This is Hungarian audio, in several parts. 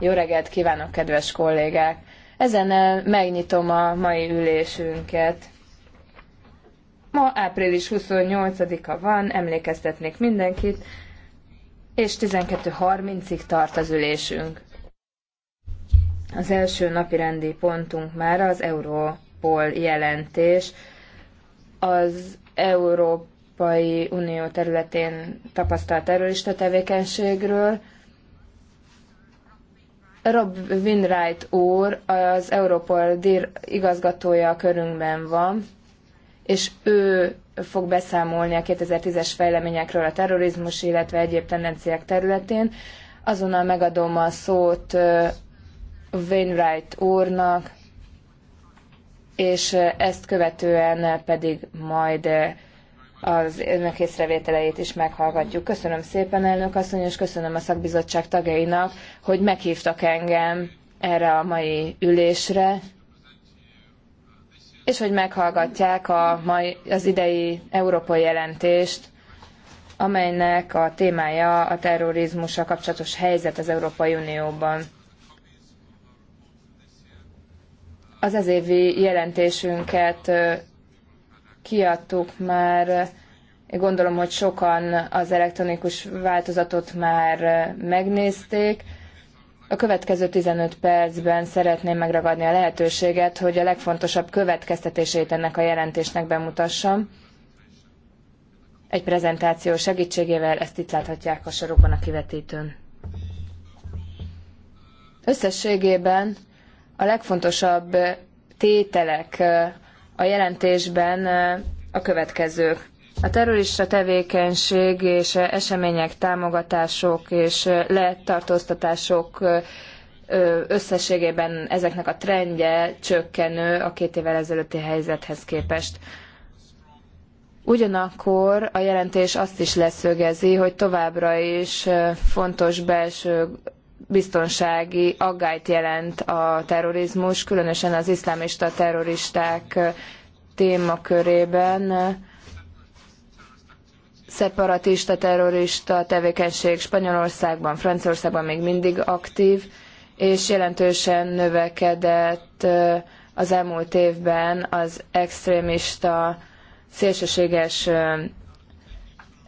Jó reggelt kívánok, kedves kollégák! Ezen megnyitom a mai ülésünket. Ma április 28-a van, emlékeztetnék mindenkit, és 12.30-ig tart az ülésünk. Az első napi rendi pontunk már az Európol jelentés. Az Európai Unió területén tapasztalt terrorista tevékenységről, Rob Winwright úr az Európol dír igazgatója a körünkben van, és ő fog beszámolni a 2010-es fejleményekről a terrorizmus, illetve egyéb tendenciák területén. Azonnal megadom a szót Wainwright úrnak, és ezt követően pedig majd az önök észrevételeit is meghallgatjuk. Köszönöm szépen, elnök asszony, és köszönöm a szakbizottság tagjainak, hogy meghívtak engem erre a mai ülésre, és hogy meghallgatják a mai, az idei európai jelentést, amelynek a témája a terrorizmussal kapcsolatos helyzet az Európai Unióban. Az ezévi jelentésünket kiadtuk már, gondolom, hogy sokan az elektronikus változatot már megnézték. A következő 15 percben szeretném megragadni a lehetőséget, hogy a legfontosabb következtetését ennek a jelentésnek bemutassam. Egy prezentáció segítségével ezt itt láthatják a sorokban a kivetítőn. Összességében a legfontosabb tételek a jelentésben a következő: A terrorista tevékenység és események, támogatások és letartóztatások összességében ezeknek a trendje csökkenő a két évvel ezelőtti helyzethez képest. Ugyanakkor a jelentés azt is leszögezi, hogy továbbra is fontos belső biztonsági aggályt jelent a terrorizmus, különösen az iszlámista terroristák témakörében. Szeparatista, terrorista tevékenység Spanyolországban, Franciaországban még mindig aktív, és jelentősen növekedett az elmúlt évben az extrémista, szélsőséges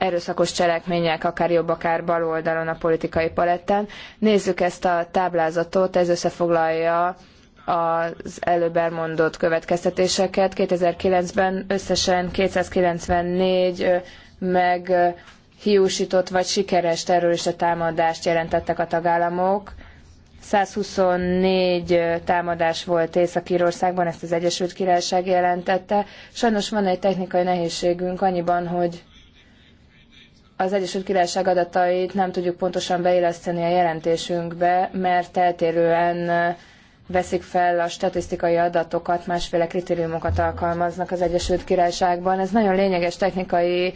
erőszakos cselekmények, akár jobb, akár bal oldalon a politikai palettán. Nézzük ezt a táblázatot, ez összefoglalja az előbb elmondott következtetéseket. 2009-ben összesen 294 meg hiúsított vagy sikeres terrorista támadást jelentettek a tagállamok. 124 támadás volt Észak-Írországban, ezt az Egyesült Királyság jelentette. Sajnos van egy technikai nehézségünk annyiban, hogy az Egyesült Királyság adatait nem tudjuk pontosan beilleszteni a jelentésünkbe, mert eltérően veszik fel a statisztikai adatokat, másféle kritériumokat alkalmaznak az Egyesült Királyságban. Ez nagyon lényeges technikai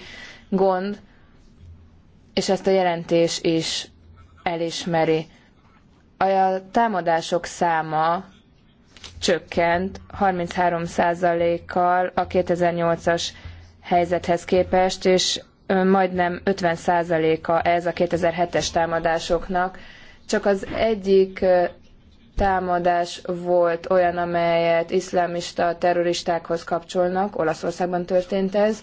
gond, és ezt a jelentés is elismeri. A támadások száma csökkent 33%-kal a 2008-as helyzethez képest, és majdnem 50%-a ez a 2007-es támadásoknak. Csak az egyik támadás volt olyan, amelyet iszlámista terroristákhoz kapcsolnak, Olaszországban történt ez.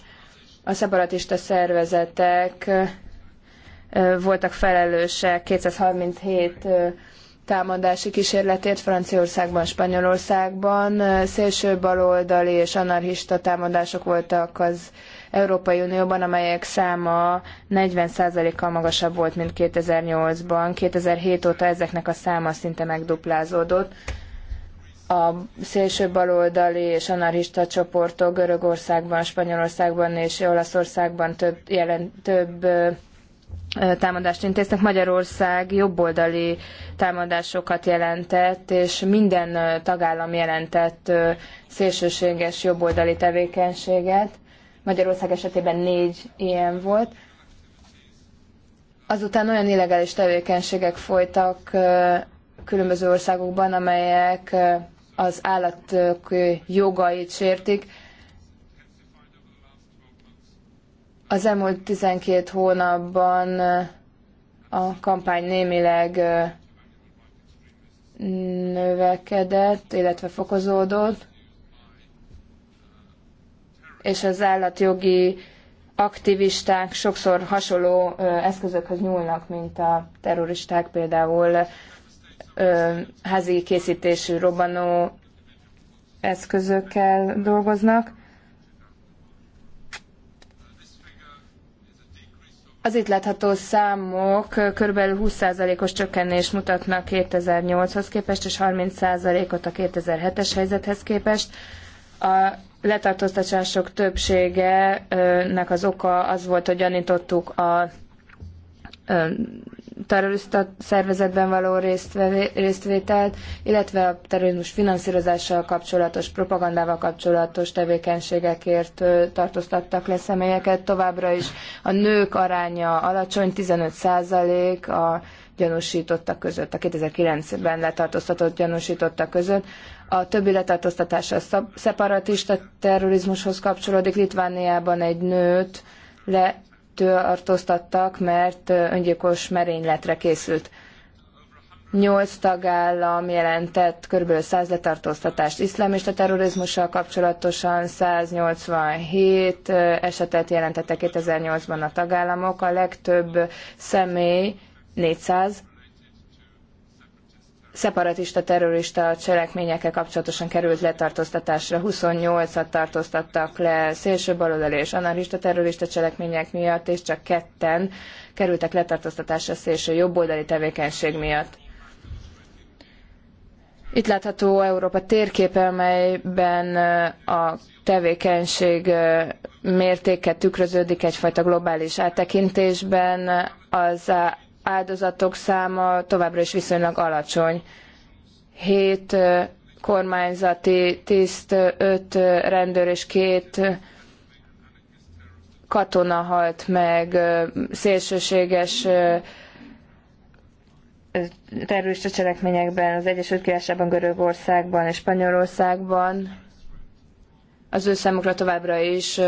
A szeparatista szervezetek voltak felelősek 237 támadási kísérletért Franciaországban, Spanyolországban. Szélső baloldali és anarchista támadások voltak az Európai Unióban, amelyek száma 40%-kal magasabb volt, mint 2008-ban. 2007 óta ezeknek a száma szinte megduplázódott. A szélső baloldali és anarchista csoportok Görögországban, Spanyolországban és Olaszországban több, jelent, több támadást intéztek. Magyarország jobboldali támadásokat jelentett, és minden tagállam jelentett szélsőséges jobboldali tevékenységet. Magyarország esetében négy ilyen volt. Azután olyan illegális tevékenységek folytak különböző országokban, amelyek az állatok jogait sértik. Az elmúlt 12 hónapban a kampány némileg növekedett, illetve fokozódott és az állatjogi aktivisták sokszor hasonló eszközökhöz nyúlnak, mint a terroristák, például házi készítésű robbanó eszközökkel dolgoznak. Az itt látható számok körülbelül 20%-os csökkenést mutatnak 2008-hoz képest, és 30%-ot a 2007-es helyzethez képest. A letartóztatások többségenek az oka az volt, hogy gyanítottuk a terrorista szervezetben való résztvételt, illetve a terrorizmus finanszírozással kapcsolatos, propagandával kapcsolatos tevékenységekért tartóztattak le személyeket. Továbbra is a nők aránya alacsony, 15 százalék, a gyanúsítottak között, a 2009-ben letartóztatott gyanúsítottak között. A többi letartóztatása szeparatista terrorizmushoz kapcsolódik. Litvániában egy nőt letartóztattak, mert öngyilkos merényletre készült. Nyolc tagállam jelentett kb. 100 letartóztatást iszlamista terrorizmussal kapcsolatosan, 187 esetet jelentettek 2008-ban a tagállamok. A legtöbb személy 400 szeparatista terrorista cselekményekkel kapcsolatosan került letartóztatásra. 28-at tartóztattak le szélsőbaloldali és anarchista terrorista cselekmények miatt, és csak ketten kerültek letartóztatásra szélső jobboldali tevékenység miatt. Itt látható Európa térképe, amelyben a tevékenység mértéke tükröződik egyfajta globális áttekintésben. Az áldozatok száma továbbra is viszonylag alacsony. Hét kormányzati tiszt, öt rendőr és két katona halt meg, szélsőséges terrorista cselekményekben, az Egyesült Királyságban, Görögországban és Spanyolországban. Az ő számukra továbbra is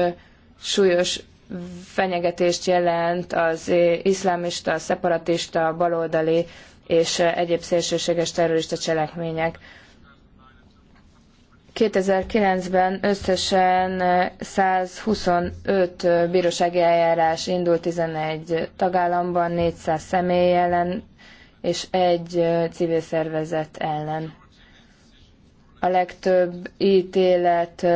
súlyos fenyegetést jelent az iszlámista, szeparatista, baloldali és egyéb szélsőséges terrorista cselekmények. 2009-ben összesen 125 bírósági eljárás indult 11 tagállamban, 400 személy ellen és egy civil szervezet ellen. A legtöbb ítélet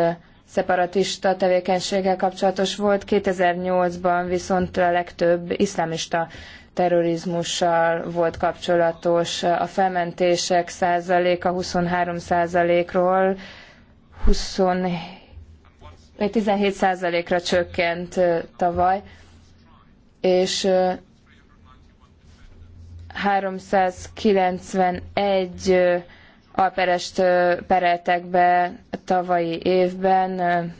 szeparatista tevékenységgel kapcsolatos volt, 2008-ban viszont a legtöbb iszlámista terrorizmussal volt kapcsolatos. A felmentések százaléka 23 százalékról 20, 17 százalékra csökkent tavaly, és 391 Alperest pereltek be tavalyi évben.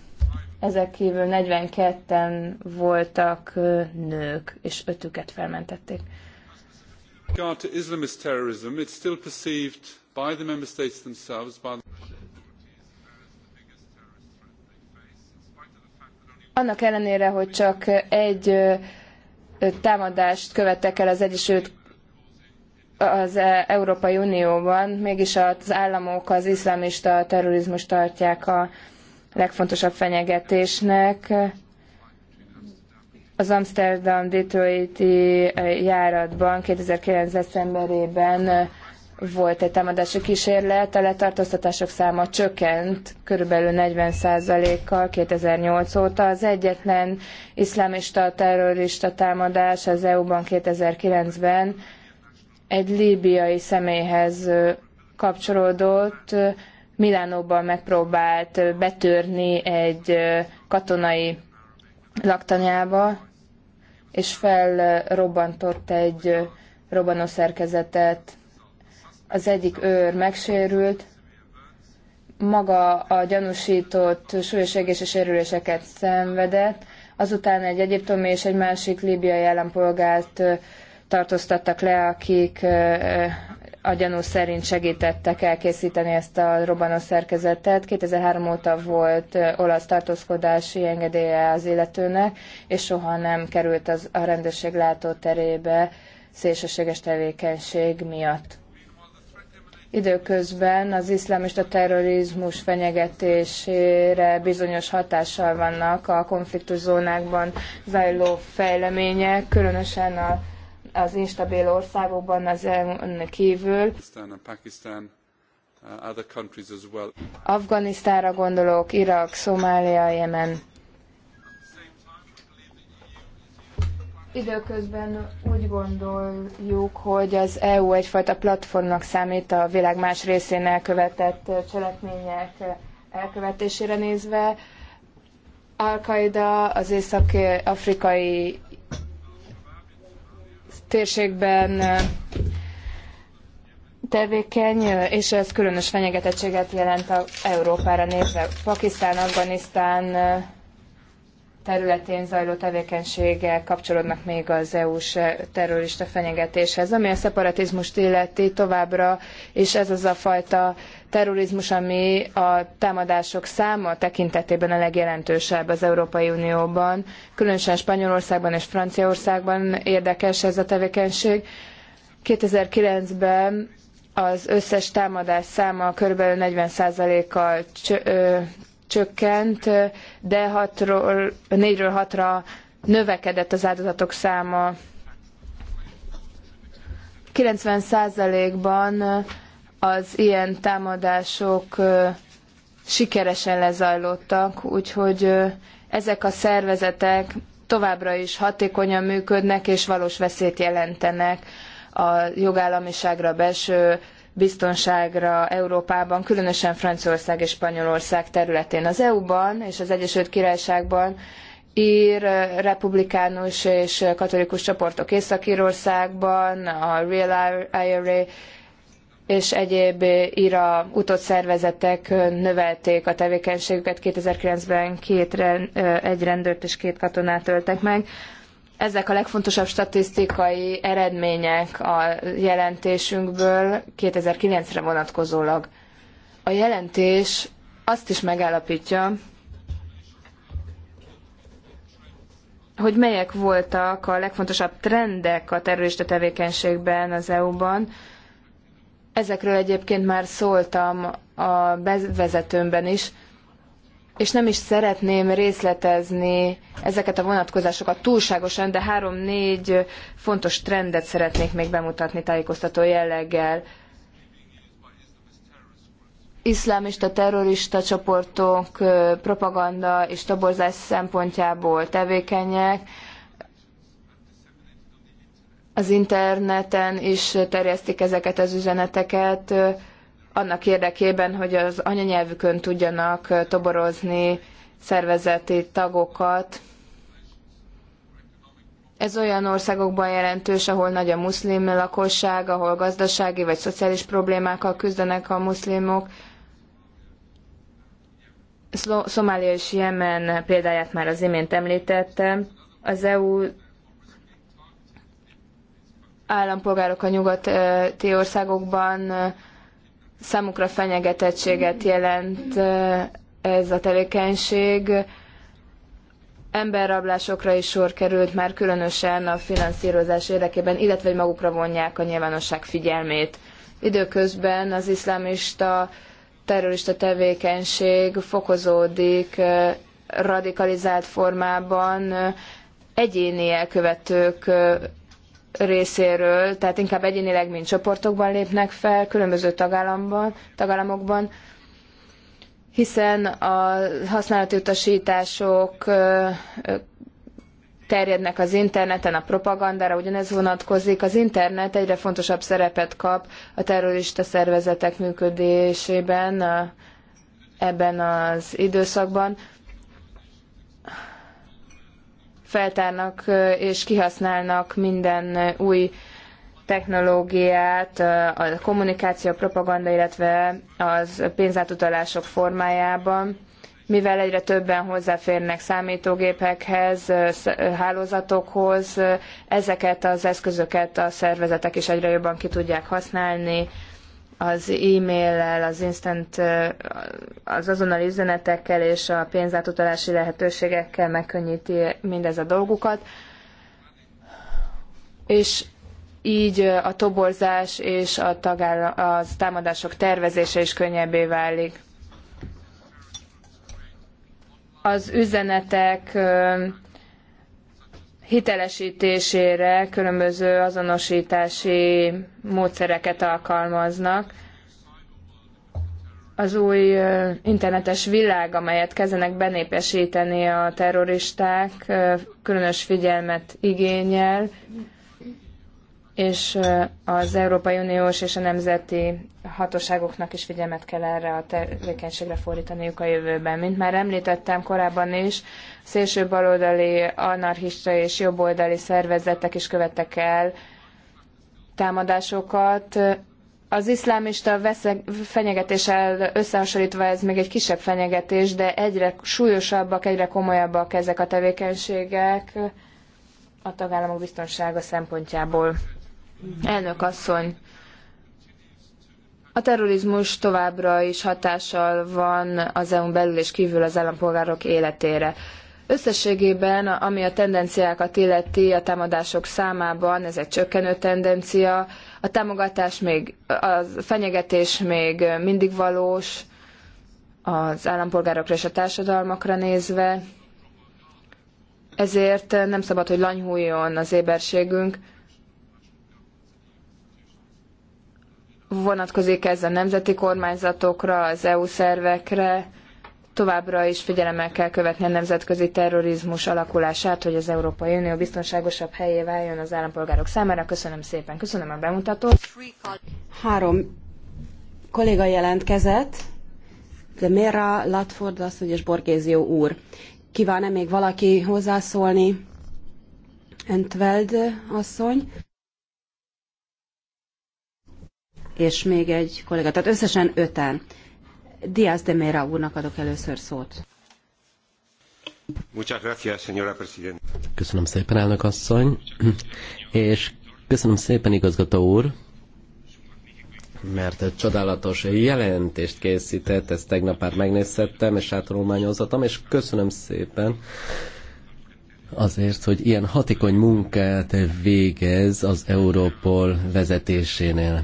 Ezek kívül 42-en voltak nők, és ötüket felmentették. annak ellenére, hogy csak egy támadást követtek el az Egyesült az e- Európai Unióban mégis az államok az iszlamista terrorizmus tartják a legfontosabb fenyegetésnek. Az Amsterdam Detroiti járatban 2009. decemberében volt egy támadási kísérlet, a letartóztatások száma csökkent körülbelül 40%-kal 2008 óta. Az egyetlen iszlamista terrorista támadás az EU-ban 2009-ben egy líbiai személyhez kapcsolódott, Milánóban megpróbált betörni egy katonai laktanyába, és felrobbantott egy robbanószerkezetet. Az egyik őr megsérült, maga a gyanúsított súlyos egészség sérüléseket szenvedett, azután egy egyiptomi és egy másik líbiai állampolgárt tartóztattak le, akik a gyanú szerint segítettek elkészíteni ezt a robbanó szerkezetet. 2003 óta volt olasz tartózkodási engedélye az illetőnek, és soha nem került az, a rendőrség látóterébe szélsőséges tevékenység miatt. Időközben az iszlámista terrorizmus fenyegetésére bizonyos hatással vannak a konfliktuszónákban zajló fejlemények, különösen a az instabil országokban az EU-n kívül. Uh, Afganisztánra gondolok, Irak, Szomália, Jemen. Időközben úgy gondoljuk, hogy az EU egyfajta platformnak számít a világ más részén elkövetett cselekmények elkövetésére nézve. Al-Qaeda, az észak-afrikai térségben tevékeny, és ez különös fenyegetettséget jelent a Európára nézve. Pakisztán, Afganisztán területén zajló tevékenysége kapcsolódnak még az EU-s terrorista fenyegetéshez, ami a szeparatizmust illeti továbbra, és ez az a fajta terrorizmus, ami a támadások száma tekintetében a legjelentősebb az Európai Unióban. Különösen Spanyolországban és Franciaországban érdekes ez a tevékenység. 2009-ben az összes támadás száma kb. 40%-kal csökkent, de 6-ról, 4-ről 6-ra növekedett az áldozatok száma. 90%-ban az ilyen támadások sikeresen lezajlottak, úgyhogy ezek a szervezetek továbbra is hatékonyan működnek és valós veszélyt jelentenek a jogállamiságra, belső biztonságra Európában, különösen Franciaország és Spanyolország területén. Az EU-ban és az Egyesült Királyságban ír republikánus és katolikus csoportok Észak-Írországban, a Real IRA és egyéb IRA utott szervezetek növelték a tevékenységüket. 2009-ben két, egy rendőrt és két katonát öltek meg. Ezek a legfontosabb statisztikai eredmények a jelentésünkből 2009-re vonatkozólag. A jelentés azt is megállapítja, hogy melyek voltak a legfontosabb trendek a terrorista tevékenységben az EU-ban, Ezekről egyébként már szóltam a bevezetőmben is, és nem is szeretném részletezni ezeket a vonatkozásokat túlságosan, de három-négy fontos trendet szeretnék még bemutatni tájékoztató jelleggel. Iszlámista terrorista csoportok propaganda és toborzás szempontjából tevékenyek, az interneten is terjesztik ezeket az üzeneteket, annak érdekében, hogy az anyanyelvükön tudjanak toborozni szervezeti tagokat. Ez olyan országokban jelentős, ahol nagy a muszlim lakosság, ahol gazdasági vagy szociális problémákkal küzdenek a muszlimok. Szomália és Jemen példáját már az imént említettem. Az EU állampolgárok a nyugati eh, országokban eh, számukra fenyegetettséget jelent eh, ez a tevékenység. Emberrablásokra is sor került már különösen a finanszírozás érdekében, illetve hogy magukra vonják a nyilvánosság figyelmét. Időközben az iszlámista terrorista tevékenység fokozódik radikalizált formában, egyéni elkövetők részéről, tehát inkább egyénileg, mint csoportokban lépnek fel, különböző tagállamban, tagállamokban, hiszen a használati utasítások terjednek az interneten, a propagandára ugyanez vonatkozik. Az internet egyre fontosabb szerepet kap a terrorista szervezetek működésében ebben az időszakban feltárnak és kihasználnak minden új technológiát, a kommunikáció, a propaganda, illetve az pénzátutalások formájában, mivel egyre többen hozzáférnek számítógépekhez, hálózatokhoz, ezeket az eszközöket a szervezetek is egyre jobban ki tudják használni, az e mail el az instant, az azonnali üzenetekkel és a pénzátutalási lehetőségekkel megkönnyíti mindez a dolgukat. És így a toborzás és a tagáll- az támadások tervezése is könnyebbé válik. Az üzenetek hitelesítésére különböző azonosítási módszereket alkalmaznak. Az új internetes világ, amelyet kezdenek benépesíteni a terroristák, különös figyelmet igényel, és az Európai Uniós és a nemzeti hatóságoknak is figyelmet kell erre a tevékenységre fordítaniuk a jövőben. Mint már említettem korábban is, szélső baloldali, anarchista és jobboldali szervezetek is követtek el támadásokat. Az iszlámista veszeg, fenyegetéssel összehasonlítva ez még egy kisebb fenyegetés, de egyre súlyosabbak, egyre komolyabbak ezek a tevékenységek a tagállamok biztonsága szempontjából. Elnök asszony, a terrorizmus továbbra is hatással van az EU-n belül és kívül az állampolgárok életére. Összességében, ami a tendenciákat illeti a támadások számában, ez egy csökkenő tendencia, a támogatás még, a fenyegetés még mindig valós az állampolgárokra és a társadalmakra nézve, ezért nem szabad, hogy lanyhuljon az éberségünk, vonatkozik ez a nemzeti kormányzatokra, az EU szervekre, továbbra is figyelemmel kell követni a nemzetközi terrorizmus alakulását, hogy az Európai Unió biztonságosabb helyé váljon az állampolgárok számára. Köszönöm szépen, köszönöm a bemutatót. Három kolléga jelentkezett, de Mera, Latford asszony és Borgézió úr. Kíván-e még valaki hozzászólni? Entveld asszony. és még egy kollega, tehát összesen öten. Diaz de Mera úrnak adok először szót. Köszönöm szépen, elnök asszony, és köszönöm szépen, igazgató úr, mert egy csodálatos jelentést készített, ezt tegnap már megnézhettem, és átolományozhatom, és köszönöm szépen azért, hogy ilyen hatékony munkát végez az Európol vezetésénél.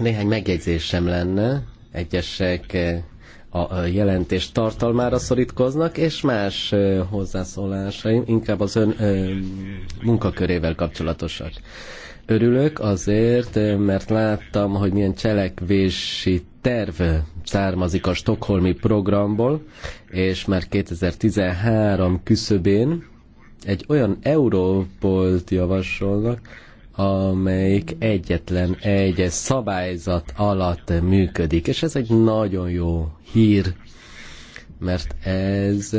Néhány megjegyzésem lenne, egyesek eh, a jelentés tartalmára szorítkoznak, és más eh, hozzászólásaim inkább az ön eh, munkakörével kapcsolatosak. Örülök azért, mert láttam, hogy milyen cselekvési terv származik a Stockholmi programból, és már 2013 küszöbén egy olyan Európolt javasolnak, amelyik egyetlen egy szabályzat alatt működik. És ez egy nagyon jó hír, mert ez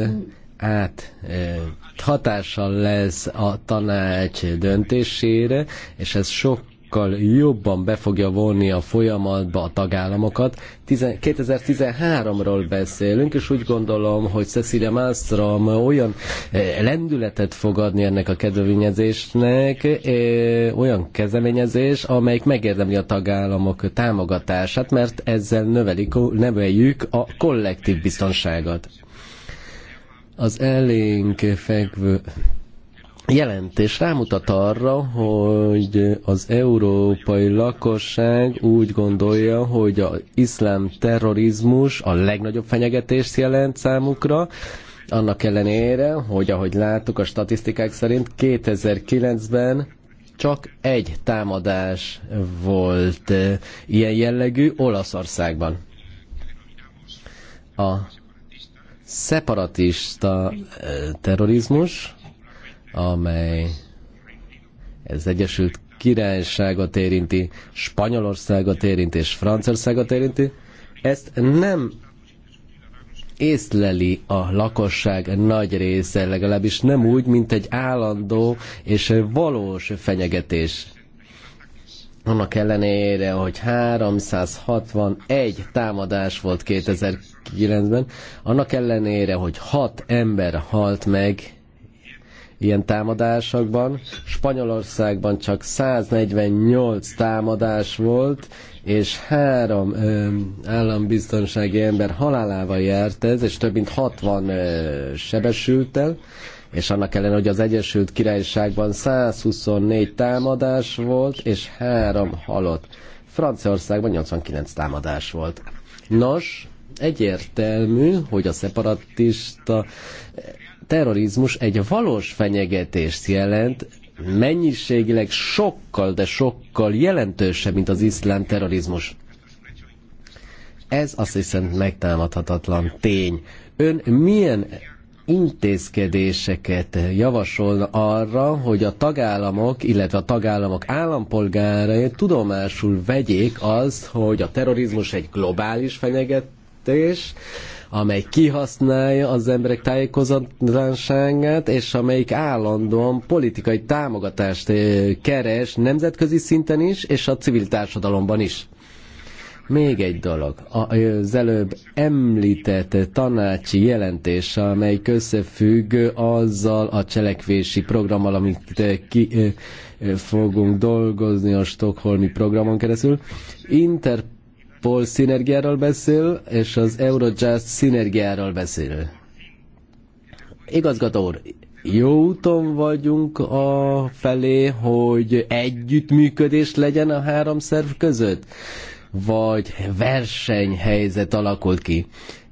át e, hatással lesz a tanács döntésére, és ez sok sokkal jobban be fogja vonni a folyamatba a tagállamokat. 2013-ról beszélünk, és úgy gondolom, hogy Cecilia Malmström olyan eh, lendületet fog adni ennek a kedvényezésnek, eh, olyan kezdeményezés, amelyik megérdemli a tagállamok támogatását, mert ezzel növelik, növeljük a kollektív biztonságot. Az elénk fekvő jelentés rámutat arra, hogy az európai lakosság úgy gondolja, hogy az iszlám terrorizmus a legnagyobb fenyegetést jelent számukra, annak ellenére, hogy ahogy láttuk a statisztikák szerint 2009-ben csak egy támadás volt eh, ilyen jellegű Olaszországban. A szeparatista eh, terrorizmus amely az Egyesült Királyságot érinti, Spanyolországot érinti és Franciaországot érinti, ezt nem észleli a lakosság nagy része, legalábbis nem úgy, mint egy állandó és valós fenyegetés. Annak ellenére, hogy 361 támadás volt 2009-ben, annak ellenére, hogy 6 ember halt meg ilyen támadásokban. Spanyolországban csak 148 támadás volt, és három ö, állambiztonsági ember halálával járt ez, és több mint 60 ö, sebesült el, és annak ellen, hogy az Egyesült Királyságban 124 támadás volt, és három halott. Franciaországban 89 támadás volt. Nos, egyértelmű, hogy a szeparatista terrorizmus egy valós fenyegetést jelent, mennyiségileg sokkal, de sokkal jelentősebb, mint az iszlám terrorizmus. Ez azt hiszem megtámadhatatlan tény. Ön milyen intézkedéseket javasolna arra, hogy a tagállamok, illetve a tagállamok állampolgárai tudomásul vegyék azt, hogy a terrorizmus egy globális fenyegetés, amely kihasználja az emberek tájékozatlanságát, és amelyik állandóan politikai támogatást eh, keres nemzetközi szinten is, és a civil társadalomban is. Még egy dolog, az előbb említett tanácsi jelentés, amely összefügg azzal a cselekvési programmal, amit eh, ki eh, fogunk dolgozni a Stockholmi programon keresztül, Interpol Paul szinergiáról beszél, és az Eurojust szinergiáról beszél. Igazgató úr, jó úton vagyunk a felé, hogy együttműködés legyen a három szerv között, vagy versenyhelyzet alakult ki.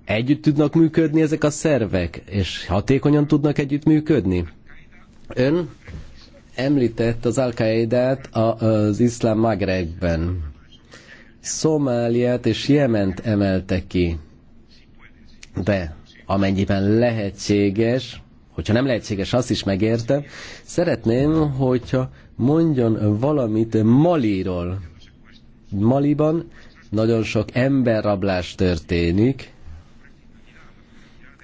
Együtt tudnak működni ezek a szervek, és hatékonyan tudnak együttműködni? Ön említett az al az iszlám Magrebben. Szomáliát és Jement emelte ki. De amennyiben lehetséges, hogyha nem lehetséges, azt is megértem, szeretném, hogyha mondjon valamit Maliról. Maliban nagyon sok emberrablás történik,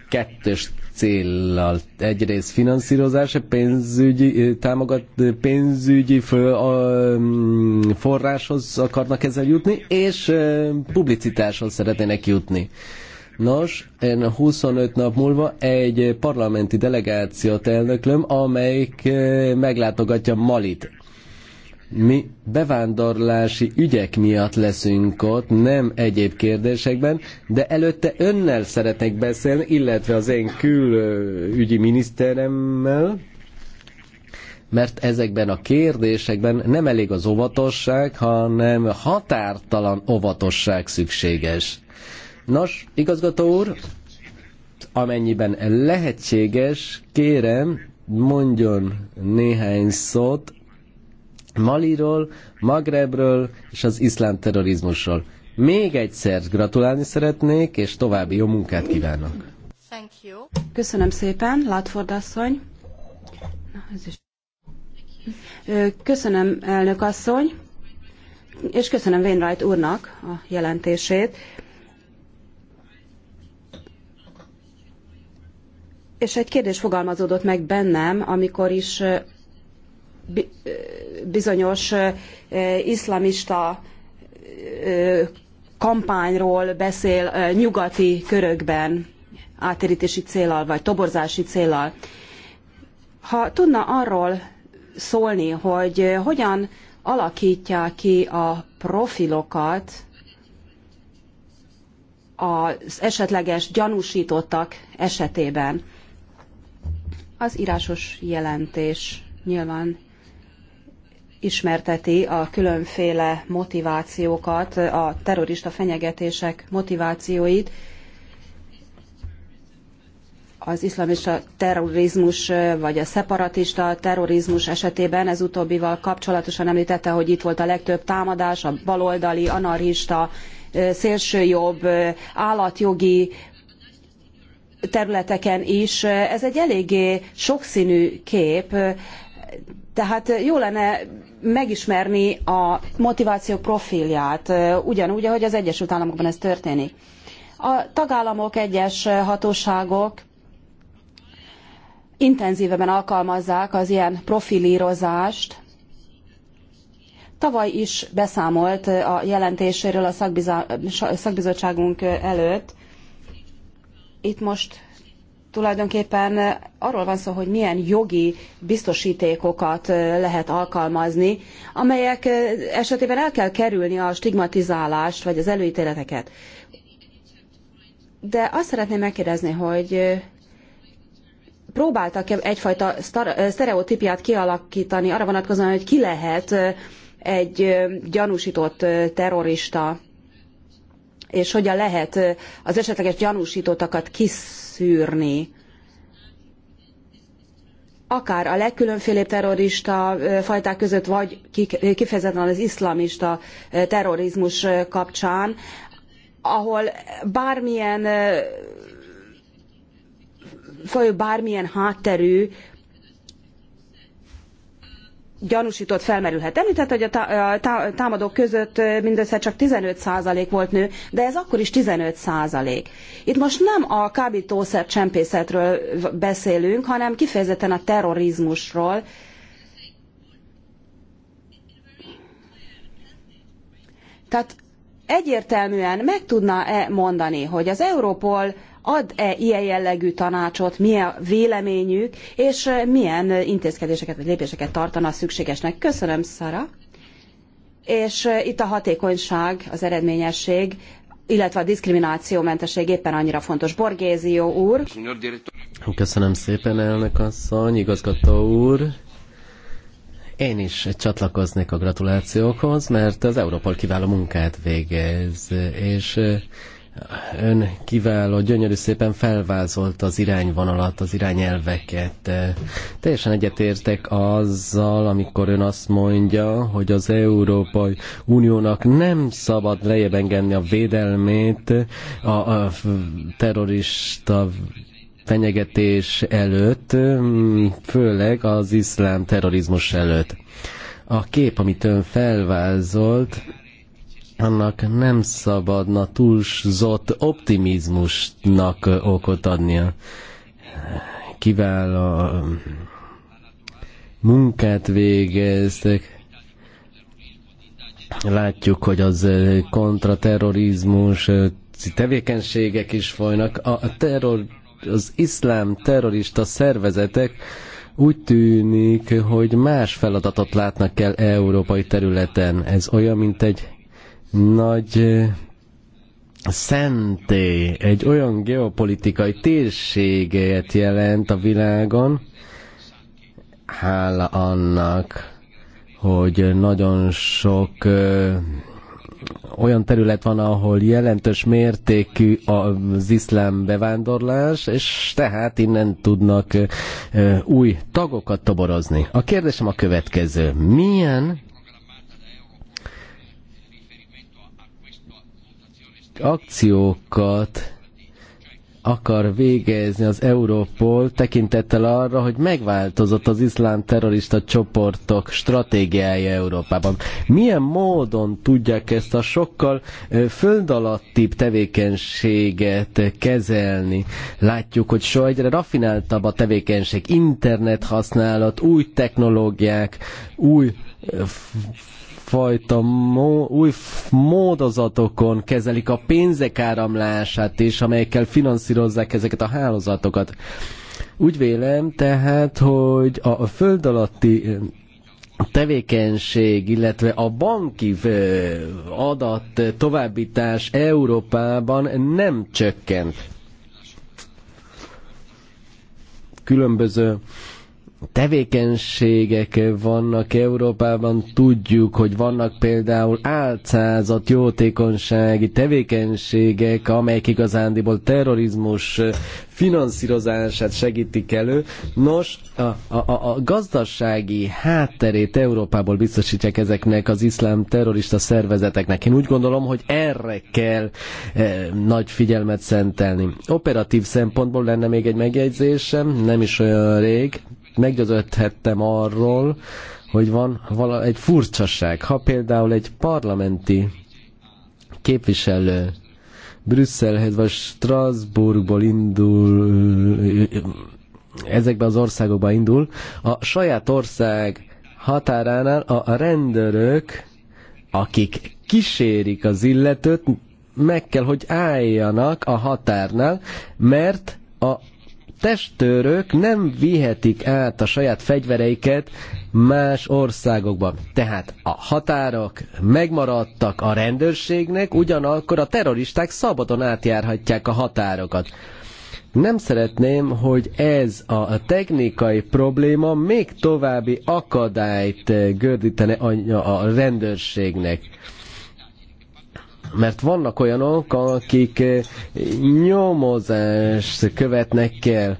kettős céllal. Egyrészt finanszírozás, pénzügyi, támogat, pénzügyi fő, a, forráshoz akarnak ezzel jutni, és publicitáshoz szeretnének jutni. Nos, én 25 nap múlva egy parlamenti delegációt elnöklöm, amelyik meglátogatja Malit mi bevándorlási ügyek miatt leszünk ott, nem egyéb kérdésekben, de előtte önnel szeretnék beszélni, illetve az én külügyi miniszteremmel, mert ezekben a kérdésekben nem elég az óvatosság, hanem határtalan óvatosság szükséges. Nos, igazgató úr, amennyiben lehetséges, kérem, mondjon néhány szót Maliról, Magrebről és az iszlám terrorizmusról. Még egyszer gratulálni szeretnék, és további jó munkát kívánok. Thank you. Köszönöm szépen, Látford asszony. Na, ez is. Köszönöm, elnök asszony, és köszönöm Wainwright úrnak a jelentését. És egy kérdés fogalmazódott meg bennem, amikor is bizonyos iszlamista kampányról beszél nyugati körökben átérítési célal, vagy toborzási célal. Ha tudna arról szólni, hogy hogyan alakítja ki a profilokat az esetleges gyanúsítottak esetében. Az írásos jelentés nyilván ismerteti a különféle motivációkat, a terrorista fenyegetések motivációit, az iszlamista terrorizmus vagy a szeparatista terrorizmus esetében ez utóbbival kapcsolatosan említette, hogy itt volt a legtöbb támadás, a baloldali, anarchista, szélsőjobb, állatjogi területeken is. Ez egy eléggé sokszínű kép, tehát jó lenne megismerni a motiváció profilját, ugyanúgy, ahogy az Egyesült Államokban ez történik. A tagállamok, egyes hatóságok intenzívebben alkalmazzák az ilyen profilírozást. Tavaly is beszámolt a jelentéséről a szakbizottságunk előtt. Itt most tulajdonképpen arról van szó, hogy milyen jogi biztosítékokat lehet alkalmazni, amelyek esetében el kell kerülni a stigmatizálást vagy az előítéleteket. De azt szeretném megkérdezni, hogy próbáltak -e egyfajta sztereotípiát kialakítani arra vonatkozóan, hogy ki lehet egy gyanúsított terrorista és hogyan lehet az esetleges gyanúsítottakat kiszűrni akár a legkülönfélébb terrorista fajták között, vagy kifejezetten az iszlamista terrorizmus kapcsán, ahol bármilyen folyó bármilyen hátterű gyanúsított felmerülhet. Említett, hogy a támadók között mindössze csak 15% volt nő, de ez akkor is 15%. Itt most nem a kábítószer csempészetről beszélünk, hanem kifejezetten a terrorizmusról. Tehát egyértelműen meg tudná-e mondani, hogy az Europol ad-e ilyen jellegű tanácsot, milyen véleményük, és eh, milyen intézkedéseket vagy lépéseket tartana szükségesnek. Köszönöm, Szara. És eh, itt a hatékonyság, az eredményesség, illetve a diszkriminációmentesség éppen annyira fontos. Borgézió úr. Köszönöm szépen, elnök asszony, igazgató úr. Én is csatlakoznék a gratulációkhoz, mert az Európol kiváló munkát végez, és eh, Ön kiváló, gyönyörű szépen felvázolt az irányvonalat, az irányelveket. Teljesen egyetértek azzal, amikor ön azt mondja, hogy az Európai Uniónak nem szabad lejjebb engedni a védelmét a, a terrorista fenyegetés előtt, főleg az iszlám terrorizmus előtt. A kép, amit ön felvázolt, annak nem szabadna túlzott optimizmusnak okot adnia. Kivel a munkát végeztek, látjuk, hogy az kontraterrorizmus tevékenységek is folynak. A terror, az iszlám terrorista szervezetek úgy tűnik, hogy más feladatot látnak el európai területen. Ez olyan, mint egy nagy eh, szenté, egy olyan geopolitikai térséget jelent a világon, hála annak, hogy nagyon sok ö, eh, olyan terület van, ahol jelentős mértékű az iszlám bevándorlás, és tehát innen tudnak eh, új tagokat toborozni. A kérdésem a következő. Milyen akciókat akar végezni az Európol tekintettel arra, hogy megváltozott az iszlám terrorista csoportok stratégiája Európában. Milyen módon tudják ezt a sokkal föld alattibb tevékenységet kezelni? Látjuk, hogy soha egyre rafináltabb a tevékenység, internet használat, új technológiák, új fajta mó, új módozatokon kezelik a pénzek áramlását és amelyekkel finanszírozzák ezeket a hálózatokat. Úgy vélem tehát, hogy a föld alatti tevékenység, illetve a banki adat továbbítás Európában nem csökkent. Különböző tevékenységek vannak Európában, tudjuk, hogy vannak például álcázat, jótékonysági tevékenységek, amelyek igazándiból terrorizmus finanszírozását segítik elő. Nos, a, a, a gazdasági hátterét Európából biztosítják ezeknek az iszlám terrorista szervezeteknek. Én úgy gondolom, hogy erre kell e, nagy figyelmet szentelni. Operatív szempontból lenne még egy megjegyzésem, nem is olyan rég, meggyőződhettem arról, hogy van vala, egy furcsaság. Ha például egy parlamenti képviselő Brüsszelhez vagy Strasbourgból indul, ezekbe az országokba indul, a saját ország határánál a rendőrök, akik kísérik az illetőt, meg kell, hogy álljanak a határnál, mert a testőrök nem vihetik át a saját fegyvereiket más országokba. Tehát a határok megmaradtak a rendőrségnek, ugyanakkor a terroristák szabadon átjárhatják a határokat. Nem szeretném, hogy ez a technikai probléma még további akadályt gördítene a rendőrségnek mert vannak olyanok, akik eh, nyomozást követnek el,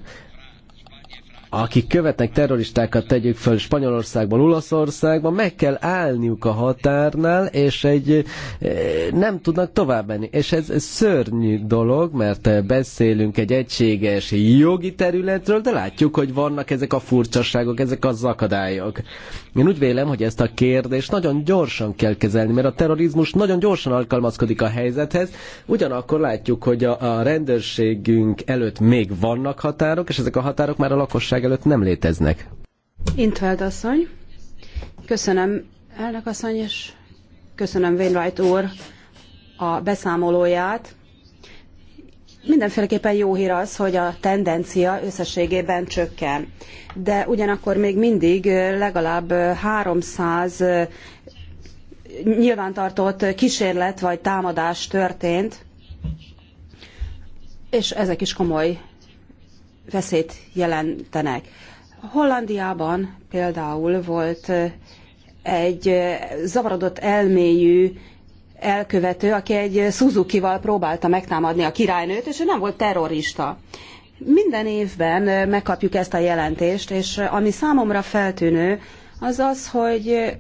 akik követnek terroristákat, tegyük föl Spanyolországban, Olaszországban, meg kell állniuk a határnál, és egy eh, nem tudnak tovább menni. És ez szörnyű dolog, mert eh, beszélünk egy egységes jogi területről, de látjuk, hogy vannak ezek a furcsaságok, ezek az akadályok. Én úgy vélem, hogy ezt a kérdést nagyon gyorsan kell kezelni, mert a terrorizmus nagyon gyorsan alkalmazkodik a helyzethez. Ugyanakkor látjuk, hogy a, a rendőrségünk előtt még vannak határok, és ezek a határok már a lakosság előtt nem léteznek. Intveld asszony, köszönöm elnök asszony, és köszönöm Wainwright úr a beszámolóját. Mindenféleképpen jó hír az, hogy a tendencia összességében csökken, de ugyanakkor még mindig legalább 300 nyilvántartott kísérlet vagy támadás történt, és ezek is komoly veszélyt jelentenek. Hollandiában például volt egy zavarodott elméjű elkövető, aki egy Suzuki-val próbálta megtámadni a királynőt, és ő nem volt terrorista. Minden évben megkapjuk ezt a jelentést, és ami számomra feltűnő, az az, hogy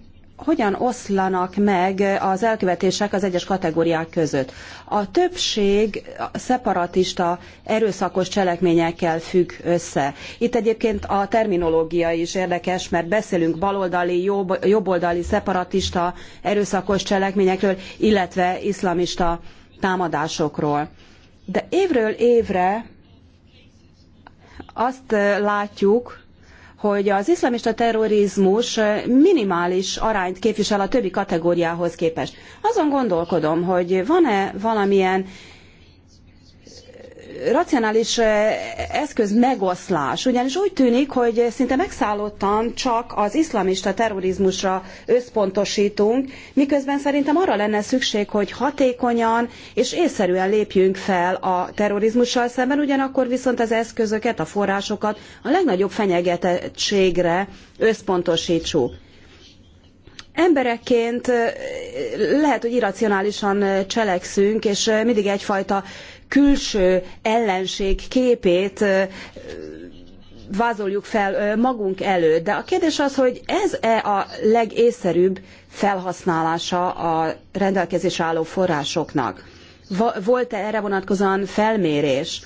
hogyan oszlanak meg az elkövetések az egyes kategóriák között. A többség szeparatista erőszakos cselekményekkel függ össze. Itt egyébként a terminológia is érdekes, mert beszélünk baloldali, jobb, jobboldali, szeparatista erőszakos cselekményekről, illetve iszlamista támadásokról. De évről évre azt látjuk, hogy az iszlamista terrorizmus minimális arányt képvisel a többi kategóriához képest. Azon gondolkodom, hogy van-e valamilyen racionális eh, eszköz megoszlás, ugyanis úgy tűnik, hogy szinte megszállottan csak az iszlamista terrorizmusra összpontosítunk, miközben szerintem arra lenne szükség, hogy hatékonyan és észszerűen lépjünk fel a terrorizmussal szemben, ugyanakkor viszont az eszközöket, a forrásokat a legnagyobb fenyegetettségre összpontosítsuk. Emberekként eh, lehet, hogy irracionálisan eh, cselekszünk, és mindig egyfajta külső ellenség képét vázoljuk fel magunk előtt. De a kérdés az, hogy ez-e a legészszerűbb felhasználása a rendelkezés álló forrásoknak? Volt-e erre vonatkozóan felmérés?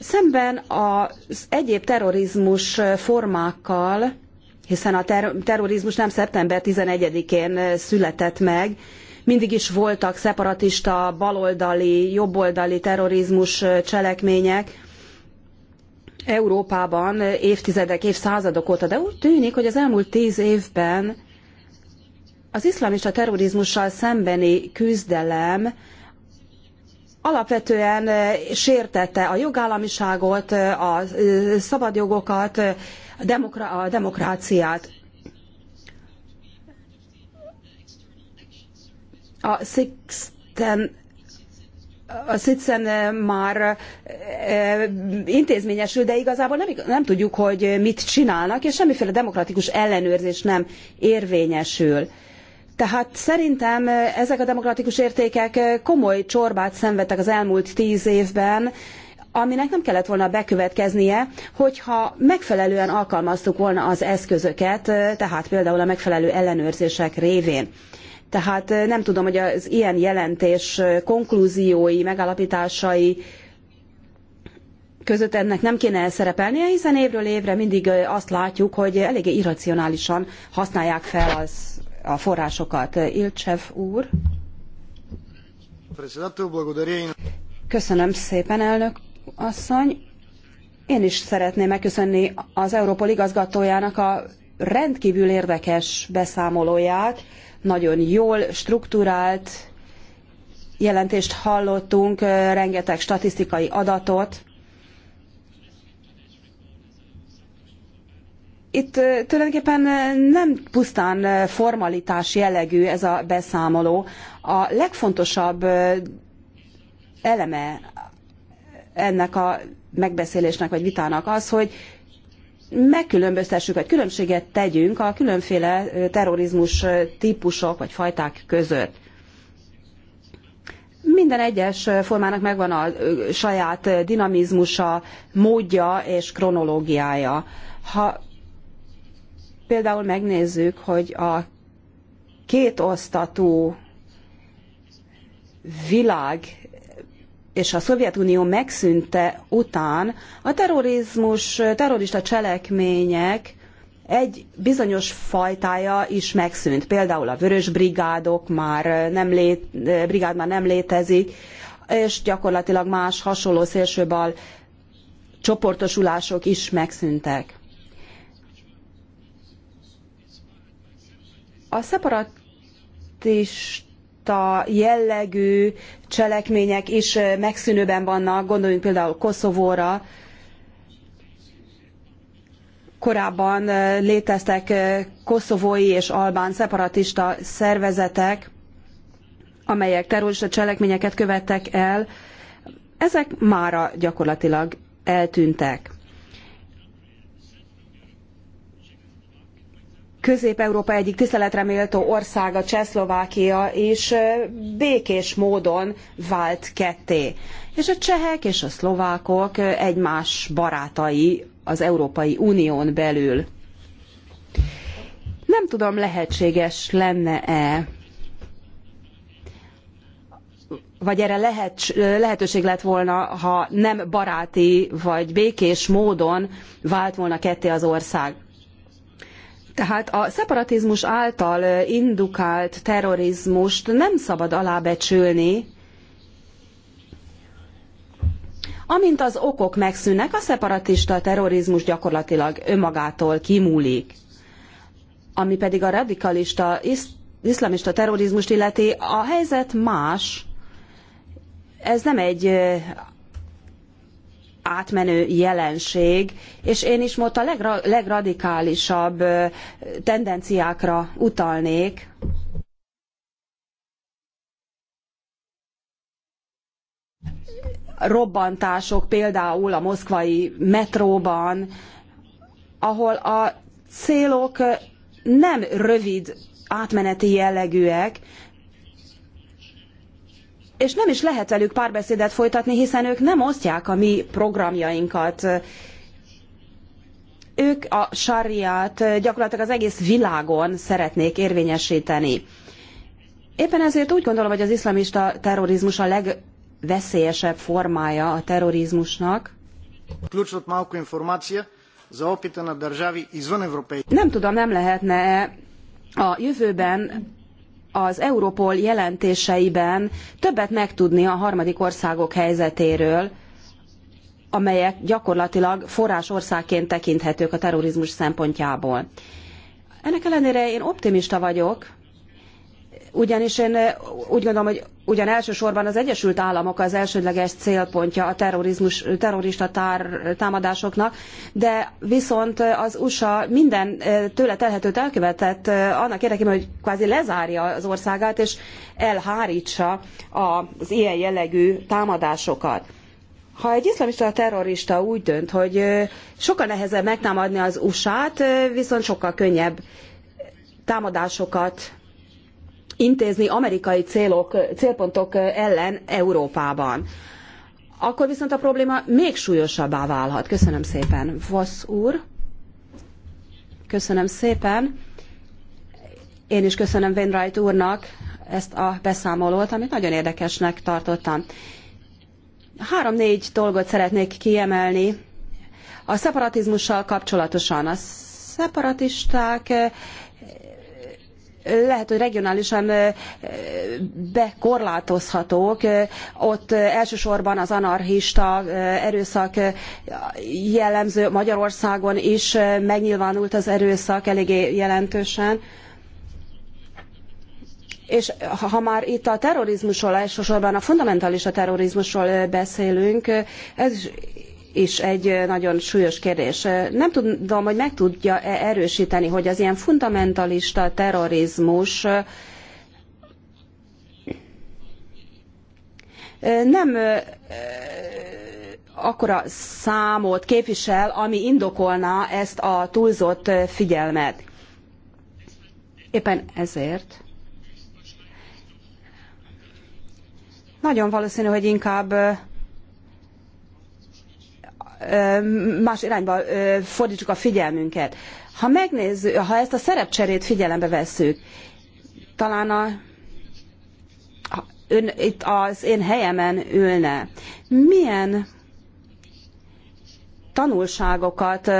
Szemben az egyéb terrorizmus formákkal, hiszen a ter- terrorizmus nem szeptember 11-én született meg, mindig is voltak szeparatista, baloldali, jobboldali terrorizmus cselekmények Európában évtizedek, évszázadok óta, de úgy tűnik, hogy az elmúlt tíz évben az iszlamista terrorizmussal szembeni küzdelem alapvetően sértette a jogállamiságot, a szabadjogokat, a demokráciát. A Sixten a már e, intézményesül, de igazából nem, nem tudjuk, hogy mit csinálnak, és semmiféle demokratikus ellenőrzés nem érvényesül. Tehát szerintem ezek a demokratikus értékek komoly csorbát szenvedtek az elmúlt tíz évben, aminek nem kellett volna bekövetkeznie, hogyha megfelelően alkalmaztuk volna az eszközöket, e, tehát például a megfelelő ellenőrzések révén. Tehát nem tudom, hogy az ilyen jelentés konklúziói, megalapításai között ennek nem kéne szerepelnie, hiszen évről évre mindig azt látjuk, hogy eléggé irracionálisan használják fel az, a forrásokat. Ilcsev úr. Köszönöm szépen, elnök asszony. Én is szeretném megköszönni az Európol igazgatójának a rendkívül érdekes beszámolóját nagyon jól strukturált jelentést hallottunk, rengeteg statisztikai adatot. Itt tulajdonképpen nem pusztán formalitás jellegű ez a beszámoló. A legfontosabb eleme ennek a megbeszélésnek vagy vitának az, hogy megkülönböztessük, vagy különbséget tegyünk a különféle terrorizmus típusok vagy fajták között. Minden egyes formának megvan a saját dinamizmusa, módja és kronológiája. Ha például megnézzük, hogy a két osztatú világ és a Szovjetunió megszűnte után a terrorizmus, terrorista cselekmények egy bizonyos fajtája is megszűnt. Például a vörös brigádok már nem lét, brigád már nem létezik, és gyakorlatilag más hasonló szélsőbal csoportosulások is megszűntek. A szeparatista a jellegű cselekmények is megszűnőben vannak, gondoljunk például Koszovóra, korábban léteztek koszovói és albán szeparatista szervezetek, amelyek terrorista cselekményeket követtek el, ezek mára gyakorlatilag eltűntek. Közép-Európa egyik méltó országa, Csehszlovákia is békés módon vált ketté. És a csehek és a szlovákok egymás barátai az Európai Unión belül. Nem tudom, lehetséges lenne-e, vagy erre lehet, lehetőség lett volna, ha nem baráti vagy békés módon vált volna ketté az ország. Tehát a szeparatizmus által indukált terrorizmust nem szabad alábecsülni, Amint az okok megszűnnek, a szeparatista terrorizmus gyakorlatilag önmagától kimúlik. Ami pedig a radikalista, iszlamista terrorizmust illeti, a helyzet más. Ez nem egy átmenő jelenség, és én is most a legra, legradikálisabb tendenciákra utalnék. Robbantások például a moszkvai metróban, ahol a célok nem rövid átmeneti jellegűek, és nem is lehet velük párbeszédet folytatni, hiszen ők nem osztják a mi programjainkat. Ők a sarriát gyakorlatilag az egész világon szeretnék érvényesíteni. Éppen ezért úgy gondolom, hogy az iszlamista terrorizmus a legveszélyesebb formája a terrorizmusnak. Nem tudom, nem lehetne a jövőben az Europol jelentéseiben többet megtudni a harmadik országok helyzetéről, amelyek gyakorlatilag forrásországként tekinthetők a terrorizmus szempontjából. Ennek ellenére én optimista vagyok, ugyanis én eh, úgy gondolom, hogy ugyan elsősorban az Egyesült Államok az elsődleges célpontja a terrorizmus, terrorista tár, támadásoknak, de viszont eh, az USA minden eh, tőle telhetőt elkövetett annak érdekében, hogy kvázi lezárja az országát, és elhárítsa az ilyen jellegű támadásokat. Ha egy iszlamista terrorista úgy dönt, hogy sokkal nehezebb megtámadni az USA-t, viszont sokkal könnyebb támadásokat intézni amerikai célok, célpontok ellen Európában. Akkor viszont a probléma még súlyosabbá válhat. Köszönöm szépen, Vosz úr. Köszönöm szépen. Én is köszönöm Wainwright úrnak ezt a beszámolót, amit nagyon érdekesnek tartottam. Három-négy dolgot szeretnék kiemelni. A szeparatizmussal kapcsolatosan a szeparatisták lehet, hogy regionálisan bekorlátozhatók, ott elsősorban az anarchista erőszak jellemző Magyarországon is megnyilvánult az erőszak eléggé jelentősen. És ha már itt a terrorizmusról, elsősorban a fundamentalista terrorizmusról beszélünk, ez is is egy nagyon súlyos kérdés. Nem tudom, hogy meg tudja-e erősíteni, hogy az ilyen fundamentalista terrorizmus nem akkora számot képvisel, ami indokolná ezt a túlzott figyelmet. Éppen ezért nagyon valószínű, hogy inkább más irányba fordítsuk a figyelmünket. Ha megnézzük, ha ezt a szerepcserét figyelembe vesszük, talán a, ön itt az én helyemen ülne. Milyen tanulságokat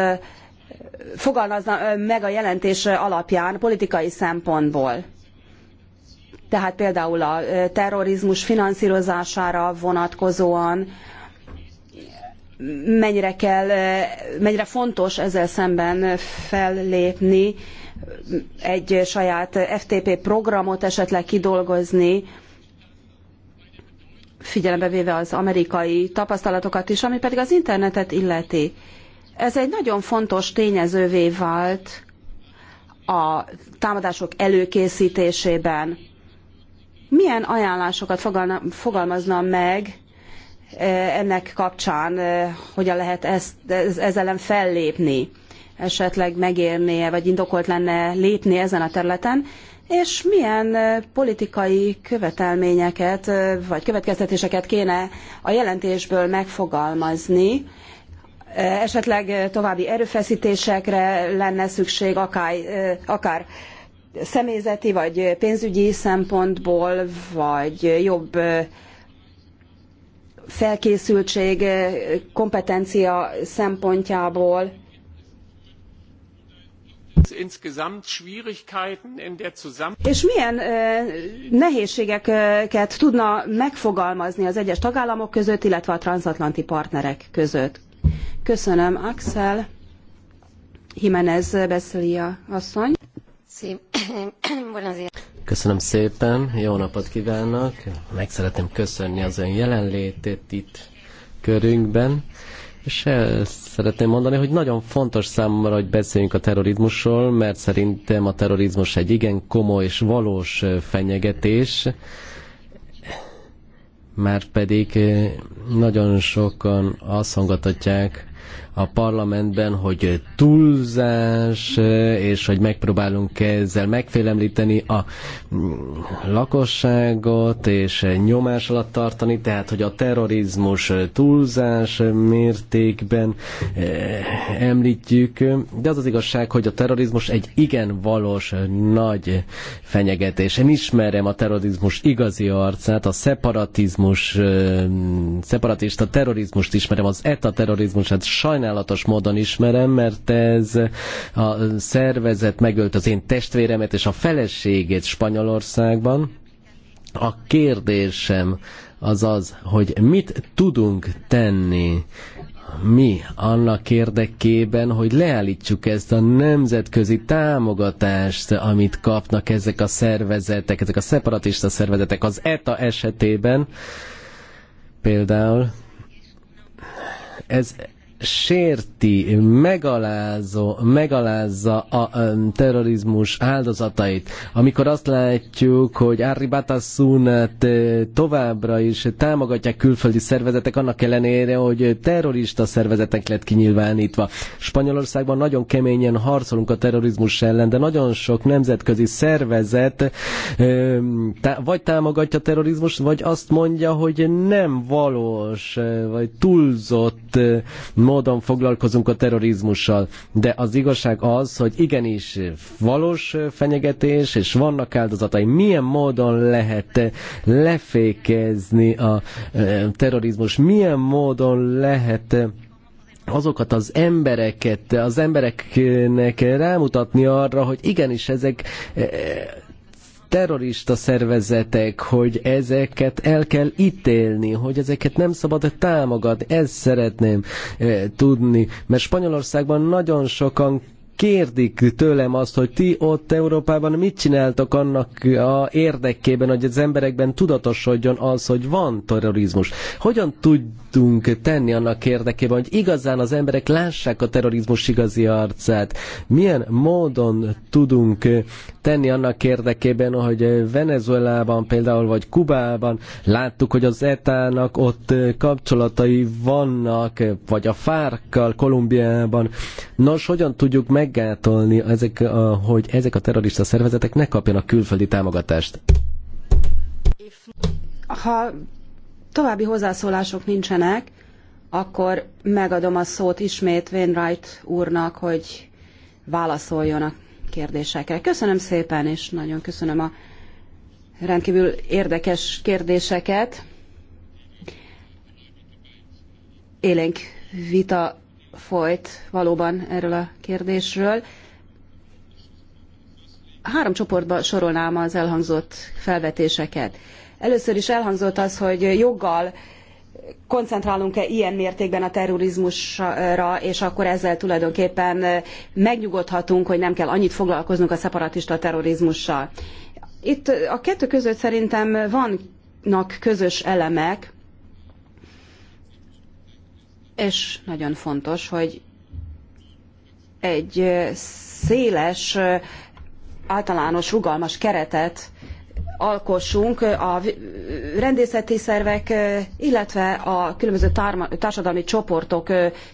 fogalmazna meg a jelentés alapján politikai szempontból? Tehát például a terrorizmus finanszírozására vonatkozóan, mennyire kell, mennyire fontos ezzel szemben fellépni, egy saját FTP programot esetleg kidolgozni, figyelembe véve az amerikai tapasztalatokat is, ami pedig az internetet illeti. Ez egy nagyon fontos tényezővé vált a támadások előkészítésében. Milyen ajánlásokat fogalmazna meg Eh, ennek kapcsán eh, hogyan lehet ez ellen fellépni, esetleg megérnie, vagy indokolt lenne lépni ezen a területen, és milyen eh, politikai követelményeket, vagy következtetéseket kéne a jelentésből megfogalmazni, esetleg további erőfeszítésekre lenne szükség, akár, akár személyzeti vagy pénzügyi szempontból, vagy jobb felkészültség, eh, kompetencia szempontjából. És milyen eh, nehézségeket tudna megfogalmazni az egyes tagállamok között, illetve a transatlanti partnerek között? Köszönöm, Axel. Jimenez Besselia asszony. Köszönöm szépen, jó napot kívánok! Meg szeretném köszönni az ön jelenlétét itt körünkben, és el szeretném mondani, hogy nagyon fontos számomra, hogy beszéljünk a terrorizmusról, mert szerintem a terrorizmus egy igen komoly és valós fenyegetés, már pedig nagyon sokan azt hangatatják, a parlamentben, hogy túlzás, és hogy megpróbálunk ezzel megfélemlíteni a mm, lakosságot, és nyomás alatt tartani, tehát hogy a terrorizmus túlzás mértékben eh, említjük, de az az igazság, hogy a terrorizmus egy igen valós nagy fenyegetés. Én ismerem a terrorizmus igazi arcát, a szeparatizmus, eh, szeparatista terrorizmust ismerem, az ETA hát sajnos sajnálatos módon ismerem, mert ez a szervezet megölt az én testvéremet és a feleségét Spanyolországban. A kérdésem az az, hogy mit tudunk tenni mi annak érdekében, hogy leállítsuk ezt a nemzetközi támogatást, amit kapnak ezek a szervezetek, ezek a szeparatista szervezetek az ETA esetében, például ez sérti, megalázó, megalázza a um, terrorizmus áldozatait. Amikor azt látjuk, hogy Ari Batasunat eh, továbbra is támogatják külföldi szervezetek, annak ellenére, hogy terrorista szervezetek lett kinyilvánítva. Spanyolországban nagyon keményen harcolunk a terrorizmus ellen, de nagyon sok nemzetközi szervezet um, tá- vagy támogatja a terrorizmust, vagy azt mondja, hogy nem valós, eh, vagy túlzott eh, módon foglalkozunk a terrorizmussal, de az igazság az, hogy igenis valós fenyegetés, és vannak áldozatai. Milyen módon lehet lefékezni a terrorizmus? Milyen módon lehet azokat az embereket, az embereknek rámutatni arra, hogy igenis ezek terrorista szervezetek, hogy ezeket el kell ítélni, hogy ezeket nem szabad támogatni. Ezt szeretném e, tudni, mert Spanyolországban nagyon sokan kérdik tőlem azt, hogy ti ott Európában mit csináltok annak a érdekében, hogy az emberekben tudatosodjon az, hogy van terrorizmus. Hogyan tudunk tenni annak érdekében, hogy igazán az emberek lássák a terrorizmus igazi arcát? Milyen módon tudunk tenni annak érdekében, hogy Venezuelában például, vagy Kubában láttuk, hogy az ETA-nak ott kapcsolatai vannak, vagy a fárkkal Kolumbiában. Nos, hogyan tudjuk meg meggátolni, ezek a, hogy ezek a terrorista szervezetek ne kapjanak külföldi támogatást? Ha további hozzászólások nincsenek, akkor megadom a szót ismét Wainwright úrnak, hogy válaszoljon a kérdésekre. Köszönöm szépen, és nagyon köszönöm a rendkívül érdekes kérdéseket. Élénk vita folyt valóban erről a kérdésről. Három csoportba sorolnám az elhangzott felvetéseket. Először is elhangzott az, hogy joggal koncentrálunk-e ilyen mértékben a terrorizmusra, és akkor ezzel tulajdonképpen megnyugodhatunk, hogy nem kell annyit foglalkoznunk a szeparatista terrorizmussal. Itt a kettő között szerintem vannak közös elemek, és nagyon fontos, hogy egy széles, általános, rugalmas keretet alkossunk a rendészeti szervek, illetve a különböző társadalmi csoportok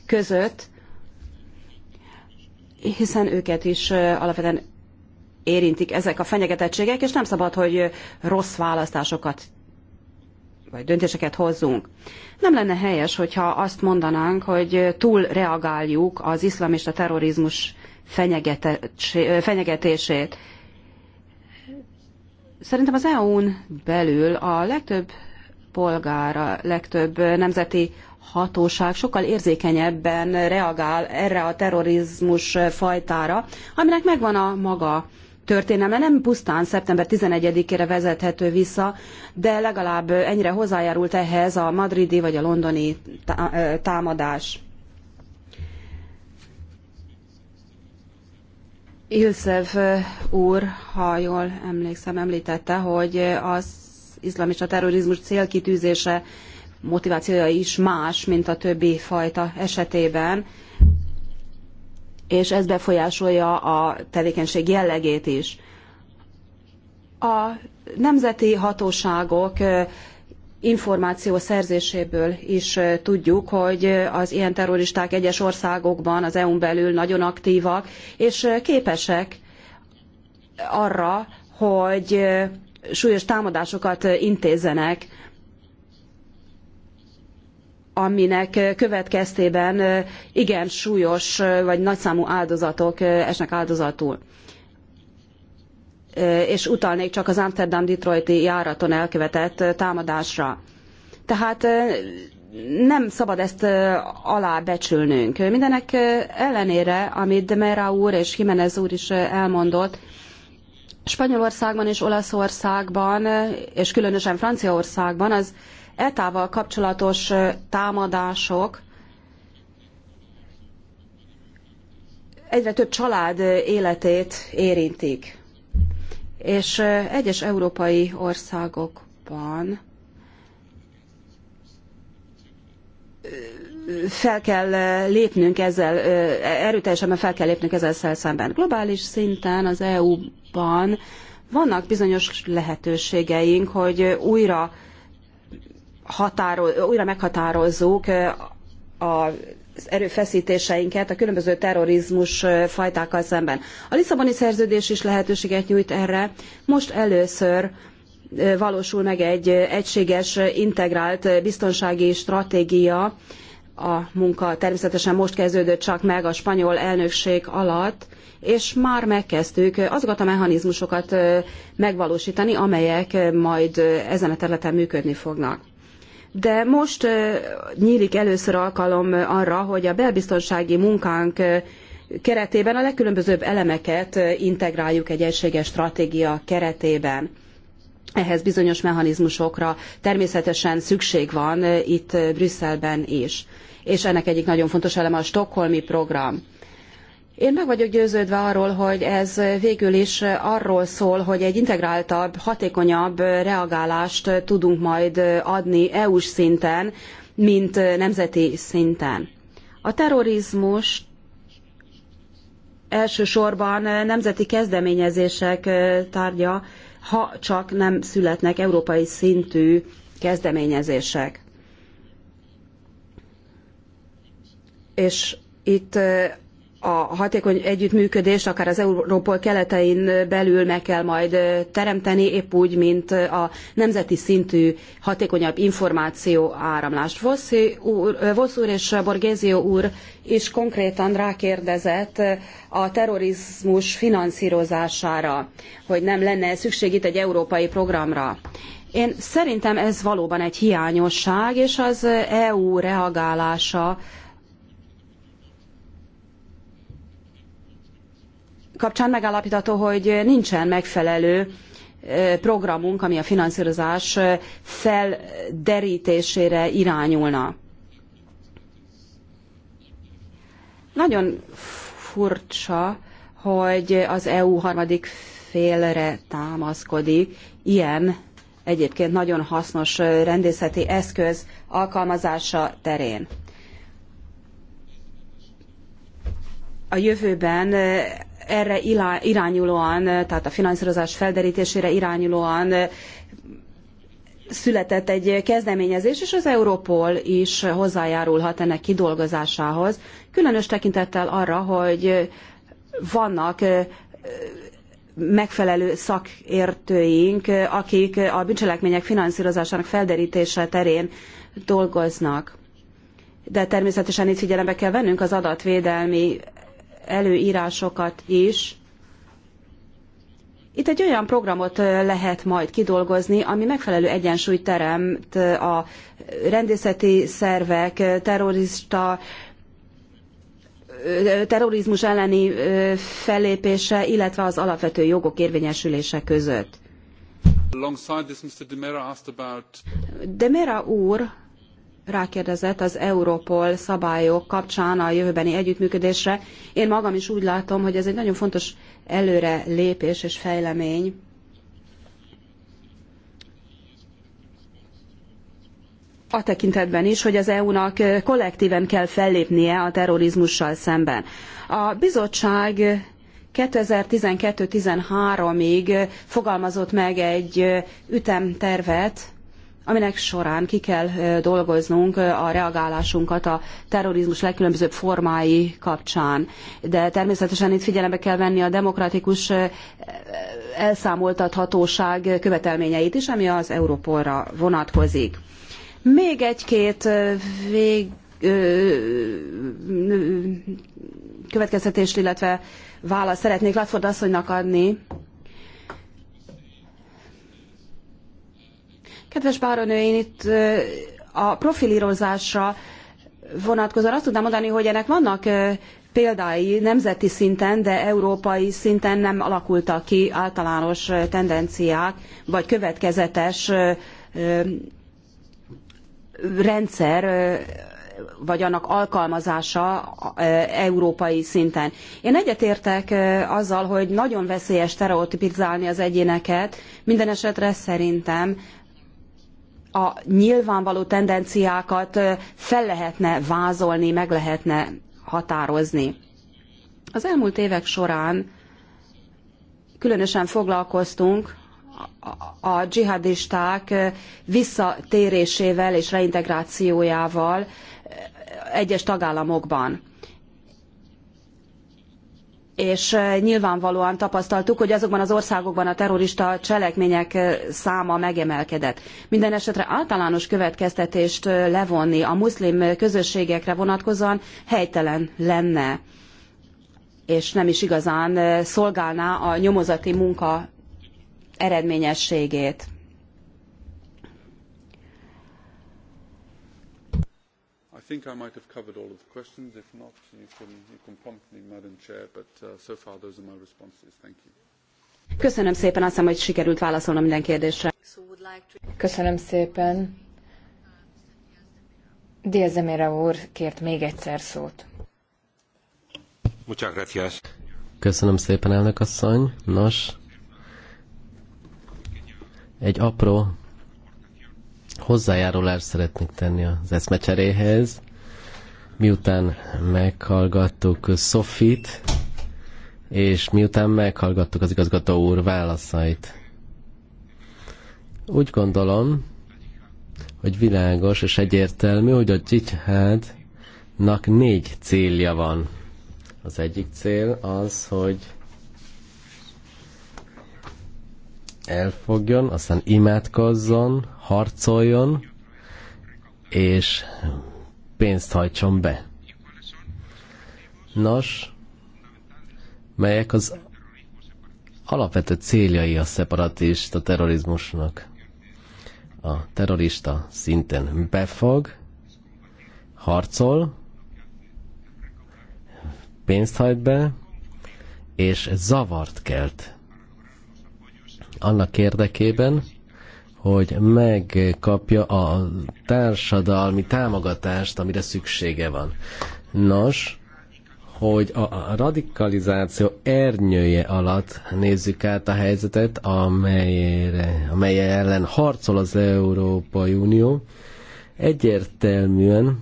között, hiszen őket is alapvetően érintik ezek a fenyegetettségek, és nem szabad, hogy rossz választásokat vagy döntéseket hozzunk. Nem lenne helyes, hogyha azt mondanánk, hogy túl reagáljuk az iszlamista terrorizmus fenyegetését. Szerintem az EU-n belül a legtöbb polgár, a legtöbb nemzeti hatóság sokkal érzékenyebben reagál erre a terrorizmus fajtára, aminek megvan a maga történelme nem pusztán szeptember 11-ére vezethető vissza, de legalább ennyire hozzájárult ehhez a madridi vagy a londoni támadás. Ilszev úr, ha jól emlékszem, említette, hogy az iszlamista terrorizmus célkitűzése motivációja is más, mint a többi fajta esetében és ez befolyásolja a tevékenység jellegét is. A nemzeti hatóságok információ szerzéséből is tudjuk, hogy az ilyen terroristák egyes országokban, az EU-n belül nagyon aktívak, és képesek arra, hogy súlyos támadásokat intézzenek aminek következtében igen súlyos vagy nagyszámú áldozatok esnek áldozatul. És utalnék csak az Amsterdam-Detroiti járaton elkövetett támadásra. Tehát nem szabad ezt alábecsülnünk. Mindenek ellenére, amit Demera úr és Jimenez úr is elmondott, Spanyolországban és Olaszországban, és különösen Franciaországban az ETA-val kapcsolatos támadások egyre több család életét érintik. És egyes európai országokban fel kell lépnünk ezzel, erőteljesen fel kell lépnünk ezzel szemben. Globális szinten az EU-ban vannak bizonyos lehetőségeink, hogy újra határo újra meghatározzuk az erőfeszítéseinket a különböző terrorizmus fajtákkal szemben. A Lisszaboni szerződés is lehetőséget nyújt erre. Most először valósul meg egy egységes, integrált biztonsági stratégia. A munka természetesen most kezdődött csak meg a spanyol elnökség alatt, és már megkezdtük azokat a mechanizmusokat megvalósítani, amelyek majd ezen a területen működni fognak. De most nyílik először alkalom arra, hogy a belbiztonsági munkánk keretében a legkülönbözőbb elemeket integráljuk egy egységes stratégia keretében. Ehhez bizonyos mechanizmusokra természetesen szükség van itt Brüsszelben is. És ennek egyik nagyon fontos eleme a Stockholmi program. Én meg vagyok győződve arról, hogy ez végül is arról szól, hogy egy integráltabb, hatékonyabb reagálást tudunk majd adni EU-s szinten, mint nemzeti szinten. A terrorizmus elsősorban nemzeti kezdeményezések tárgya, ha csak nem születnek európai szintű kezdeményezések. És itt a hatékony együttműködést akár az Európol keletein belül meg kell majd teremteni, épp úgy, mint a nemzeti szintű hatékonyabb információ áramlást. Vosszi úr, Vossz úr és Borgézió úr is konkrétan rákérdezett a terrorizmus finanszírozására, hogy nem lenne szükség itt egy európai programra. Én szerintem ez valóban egy hiányosság, és az EU reagálása kapcsán megállapítható, hogy nincsen megfelelő programunk, ami a finanszírozás felderítésére irányulna. Nagyon furcsa, hogy az EU harmadik félre támaszkodik ilyen egyébként nagyon hasznos rendészeti eszköz alkalmazása terén. A jövőben erre irányulóan, tehát a finanszírozás felderítésére irányulóan született egy kezdeményezés, és az Europol is hozzájárulhat ennek kidolgozásához, különös tekintettel arra, hogy vannak megfelelő szakértőink, akik a bűncselekmények finanszírozásának felderítése terén dolgoznak. De természetesen itt figyelembe kell vennünk az adatvédelmi előírásokat is. Itt egy olyan programot lehet majd kidolgozni, ami megfelelő egyensúlyt teremt a rendészeti szervek, terrorista terrorizmus elleni fellépése, illetve az alapvető jogok érvényesülése között. De Mera úr rákérdezett az Europol szabályok kapcsán a jövőbeni együttműködésre. Én magam is úgy látom, hogy ez egy nagyon fontos előre lépés és fejlemény. A tekintetben is, hogy az EU-nak kollektíven kell fellépnie a terrorizmussal szemben. A bizottság 2012-13-ig fogalmazott meg egy ütemtervet, aminek során ki kell dolgoznunk a reagálásunkat a terrorizmus legkülönbözőbb formái kapcsán. De természetesen itt figyelembe kell venni a demokratikus elszámoltathatóság követelményeit is, ami az Európolra vonatkozik. Még egy-két vég következtetést, illetve választ szeretnék Latford asszonynak adni. Kedves báronő, én itt a profilírozásra vonatkozóan azt tudnám mondani, hogy ennek vannak példái nemzeti szinten, de európai szinten nem alakultak ki általános tendenciák, vagy következetes rendszer vagy annak alkalmazása európai szinten. Én egyetértek azzal, hogy nagyon veszélyes stereotipizálni az egyéneket, minden esetre szerintem a nyilvánvaló tendenciákat fel lehetne vázolni, meg lehetne határozni. Az elmúlt évek során különösen foglalkoztunk a dzsihadisták visszatérésével és reintegrációjával egyes tagállamokban és eh, nyilvánvalóan tapasztaltuk, hogy azokban az országokban a terrorista cselekmények eh, száma megemelkedett. Minden esetre általános következtetést eh, levonni a muszlim közösségekre vonatkozóan helytelen lenne, és nem is igazán szolgálná a nyomozati munka eredményességét. think I might have covered all of the questions. If not, you can, you can prompt me, Madam Chair, but uh, so far those are my responses. Thank you. Köszönöm szépen, azt hiszem, hogy sikerült válaszolnom minden kérdésre. Köszönöm szépen. Diazemére úr kért még egyszer szót. Köszönöm szépen, elnök asszony. Nos, egy apró hozzájárulást szeretnék tenni az eszmecseréhez. Miután meghallgattuk Sofit, és miután meghallgattuk az igazgató úr válaszait. Úgy gondolom, hogy világos és egyértelmű, hogy a dzsihádnak négy célja van. Az egyik cél az, hogy elfogjon, aztán imádkozzon, harcoljon, és pénzt hajtson be. Nos, melyek az alapvető céljai a szeparatista terrorizmusnak? A terrorista szinten befog, harcol, pénzt hajt be, és zavart kelt annak érdekében, hogy megkapja a társadalmi támogatást, amire szüksége van. Nos, hogy a radikalizáció ernyője alatt nézzük át a helyzetet, amelyre, amely ellen harcol az Európai Unió, egyértelműen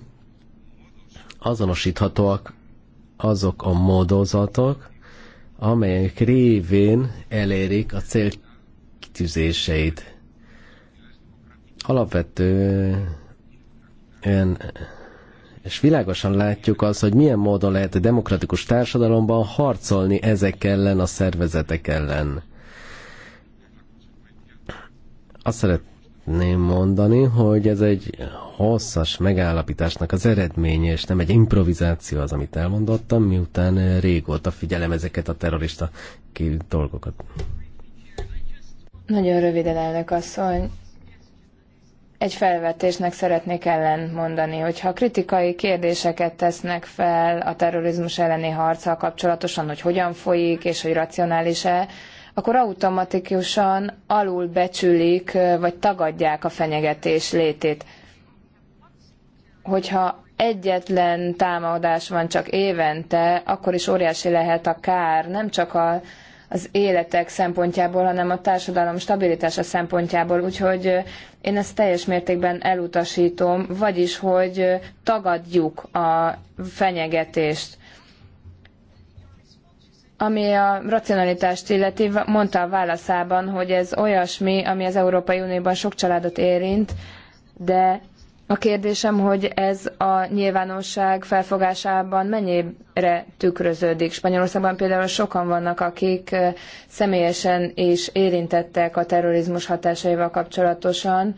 azonosíthatóak azok a módozatok, amelyek révén elérik a cél célkitűzéseit. Alapvetően és világosan látjuk azt, hogy milyen módon lehet a demokratikus társadalomban harcolni ezek ellen, a szervezetek ellen. Azt szeretném mondani, hogy ez egy hosszas megállapításnak az eredménye, és nem egy improvizáció az, amit elmondottam, miután régóta figyelem ezeket a terrorista dolgokat. Nagyon röviden, elnök asszony. Egy felvetésnek szeretnék ellen mondani, hogy ha kritikai kérdéseket tesznek fel a terrorizmus elleni harccal kapcsolatosan, hogy hogyan folyik és hogy racionális-e, akkor automatikusan alulbecsülik vagy tagadják a fenyegetés létét. Hogyha egyetlen támadás van csak évente, akkor is óriási lehet a kár, nem csak a az életek szempontjából, hanem a társadalom stabilitása szempontjából. Úgyhogy én ezt teljes mértékben elutasítom, vagyis, hogy tagadjuk a fenyegetést. Ami a racionalitást illeti, mondta a válaszában, hogy ez olyasmi, ami az Európai Unióban sok családot érint, de a kérdésem, hogy ez a nyilvánosság felfogásában mennyire tükröződik. Spanyolországban például sokan vannak, akik eh, személyesen is érintettek a terrorizmus hatásaival kapcsolatosan,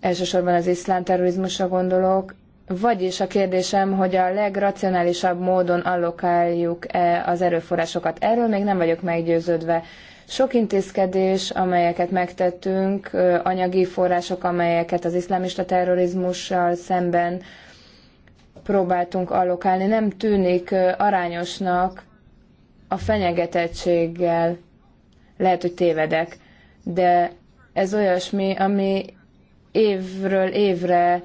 elsősorban az iszlám terrorizmusra gondolok, vagyis a kérdésem, hogy a legracionálisabb módon allokáljuk-e az erőforrásokat. Erről még nem vagyok meggyőződve. Sok intézkedés, amelyeket megtettünk, anyagi források, amelyeket az iszlámista terrorizmussal szemben próbáltunk allokálni, nem tűnik arányosnak a fenyegetettséggel. Lehet, hogy tévedek, de ez olyasmi, ami évről évre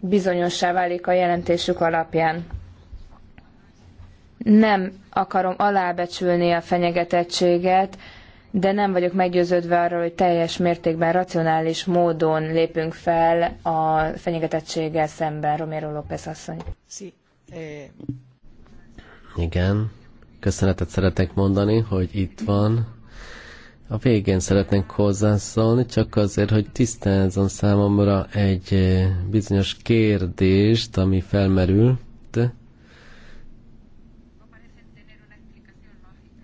bizonyossá válik a jelentésük alapján. Nem akarom alábecsülni a fenyegetettséget, de nem vagyok meggyőződve arról, hogy teljes mértékben racionális módon lépünk fel a fenyegetettséggel szemben, Romero López asszony. Eh, Igen, köszönetet szeretek mondani, hogy itt van. A végén szeretnénk hozzászólni, csak azért, hogy tisztázzon számomra egy eh, bizonyos kérdést, ami felmerült.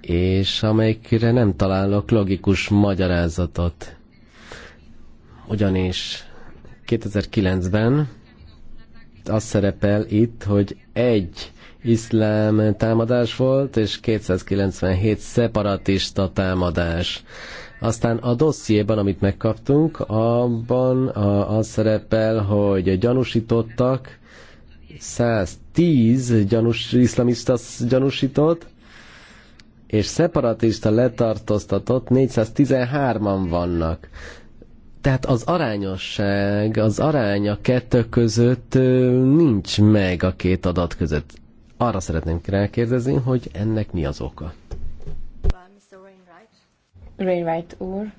és amelyikre nem találok logikus magyarázatot. Ugyanis 2009-ben az szerepel itt, hogy egy iszlám támadás volt, és 297 szeparatista támadás. Aztán a dossziéban, amit megkaptunk, abban az szerepel, hogy gyanúsítottak, 110 gyanús, iszlamista gyanúsított, és szeparatista letartóztatott 413-an vannak. Tehát az arányosság, az arány a kettő között nincs meg a két adat között. Arra szeretném rákérdezni, hogy ennek mi az oka. Rainwright úr.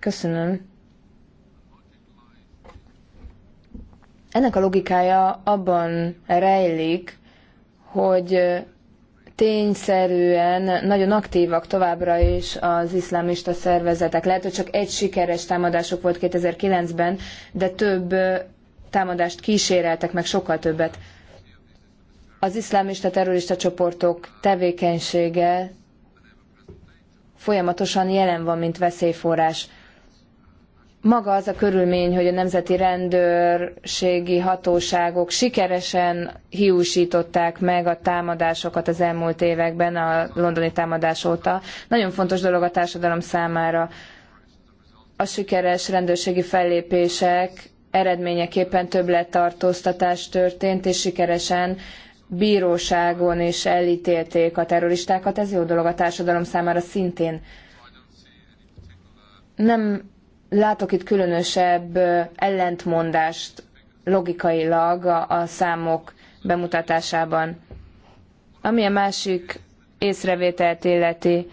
Köszönöm. Ennek a logikája abban rejlik, hogy tényszerűen nagyon aktívak továbbra is az iszlámista szervezetek. Lehet, hogy csak egy sikeres támadásuk volt 2009-ben, de több támadást kíséreltek meg, sokkal többet. Az iszlámista terrorista csoportok tevékenysége folyamatosan jelen van, mint veszélyforrás maga az a körülmény, hogy a nemzeti rendőrségi hatóságok sikeresen hiúsították meg a támadásokat az elmúlt években, a londoni támadás óta. Nagyon fontos dolog a társadalom számára. A sikeres rendőrségi fellépések eredményeképpen többlettartóztatás történt, és sikeresen bíróságon is elítélték a terroristákat. Ez jó dolog a társadalom számára szintén. Nem látok itt különösebb ellentmondást logikailag a, a számok bemutatásában. Ami a másik észrevételt illeti,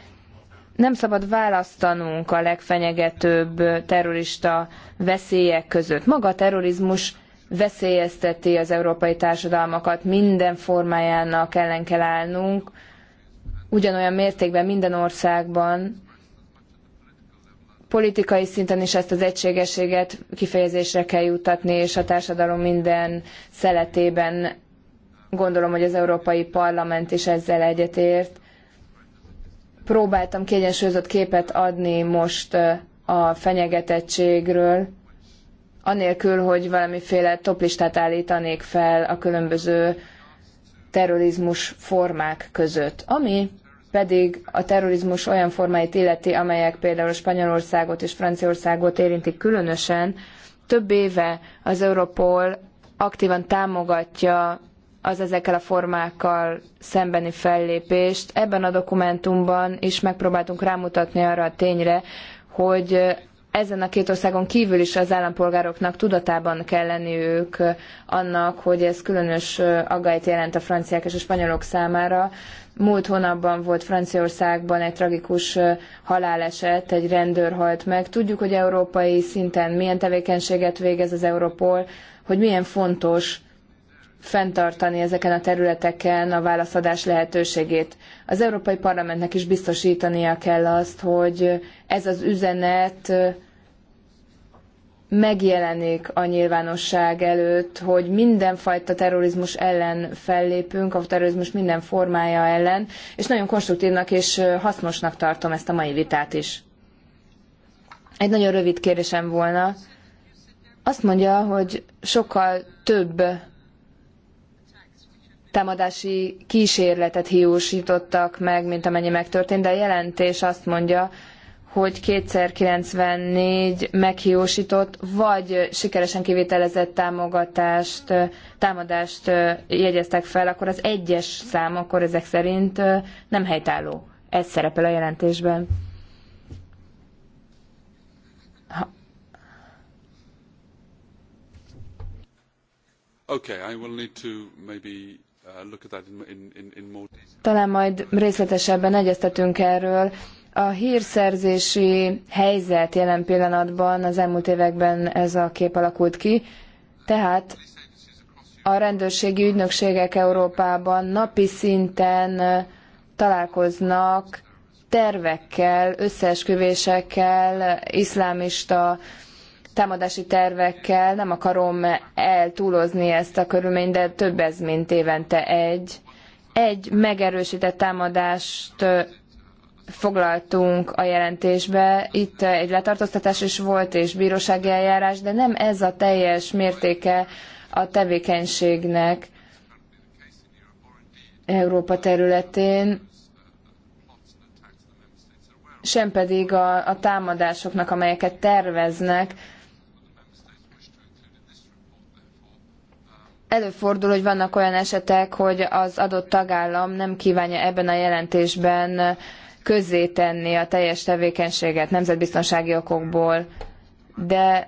nem szabad választanunk a legfenyegetőbb terrorista veszélyek között. Maga a terrorizmus veszélyezteti az európai társadalmakat, minden formájának ellen kell állnunk, ugyanolyan mértékben minden országban, politikai szinten is ezt az egységességet kifejezésre kell juttatni, és a társadalom minden szeletében gondolom, hogy az Európai Parlament is ezzel egyetért. Próbáltam kiegyensúlyozott képet adni most a fenyegetettségről, anélkül, hogy valamiféle toplistát állítanék fel a különböző terrorizmus formák között, ami pedig a terrorizmus olyan formáit illeti, amelyek például Spanyolországot és Franciaországot érintik különösen, több éve az Europol aktívan támogatja az ezekkel a formákkal szembeni fellépést. Ebben a dokumentumban is megpróbáltunk rámutatni arra a tényre, hogy ezen a két országon kívül is az állampolgároknak tudatában kell lenniük annak, hogy ez különös aggályt jelent a franciák és a spanyolok számára, Múlt hónapban volt Franciaországban egy tragikus haláleset, egy rendőr halt meg. Tudjuk, hogy európai szinten milyen tevékenységet végez az Europol, hogy milyen fontos fenntartani ezeken a területeken a válaszadás lehetőségét. Az Európai Parlamentnek is biztosítania kell azt, hogy ez az üzenet megjelenik a nyilvánosság előtt, hogy mindenfajta terrorizmus ellen fellépünk, a terrorizmus minden formája ellen, és nagyon konstruktívnak és hasznosnak tartom ezt a mai vitát is. Egy nagyon rövid kérdésem volna. Azt mondja, hogy sokkal több támadási kísérletet hiúsítottak meg, mint amennyi megtörtént, de a jelentés azt mondja, hogy kétszer 94 meghiósított vagy sikeresen kivitelezett támogatást, támadást jegyeztek fel, akkor az egyes szám akkor ezek szerint nem helytálló. Ez szerepel a jelentésben. Ha. Okay, I will need to maybe Uh, Talán majd részletesebben egyeztetünk erről. A hírszerzési helyzet jelen pillanatban az elmúlt években ez a kép alakult ki, tehát a rendőrségi ügynökségek Európában napi szinten uh, találkoznak tervekkel, összeesküvésekkel, iszlámista támadási tervekkel. Nem akarom eltúlozni ezt a körülményt, de több ez, mint évente egy. Egy megerősített támadást foglaltunk a jelentésbe. Itt egy letartóztatás is volt, és bírósági eljárás, de nem ez a teljes mértéke a tevékenységnek Európa területén, sem pedig a, a támadásoknak, amelyeket terveznek Előfordul, hogy vannak olyan esetek, hogy az adott tagállam nem kívánja ebben a jelentésben közzétenni a teljes tevékenységet nemzetbiztonsági okokból, de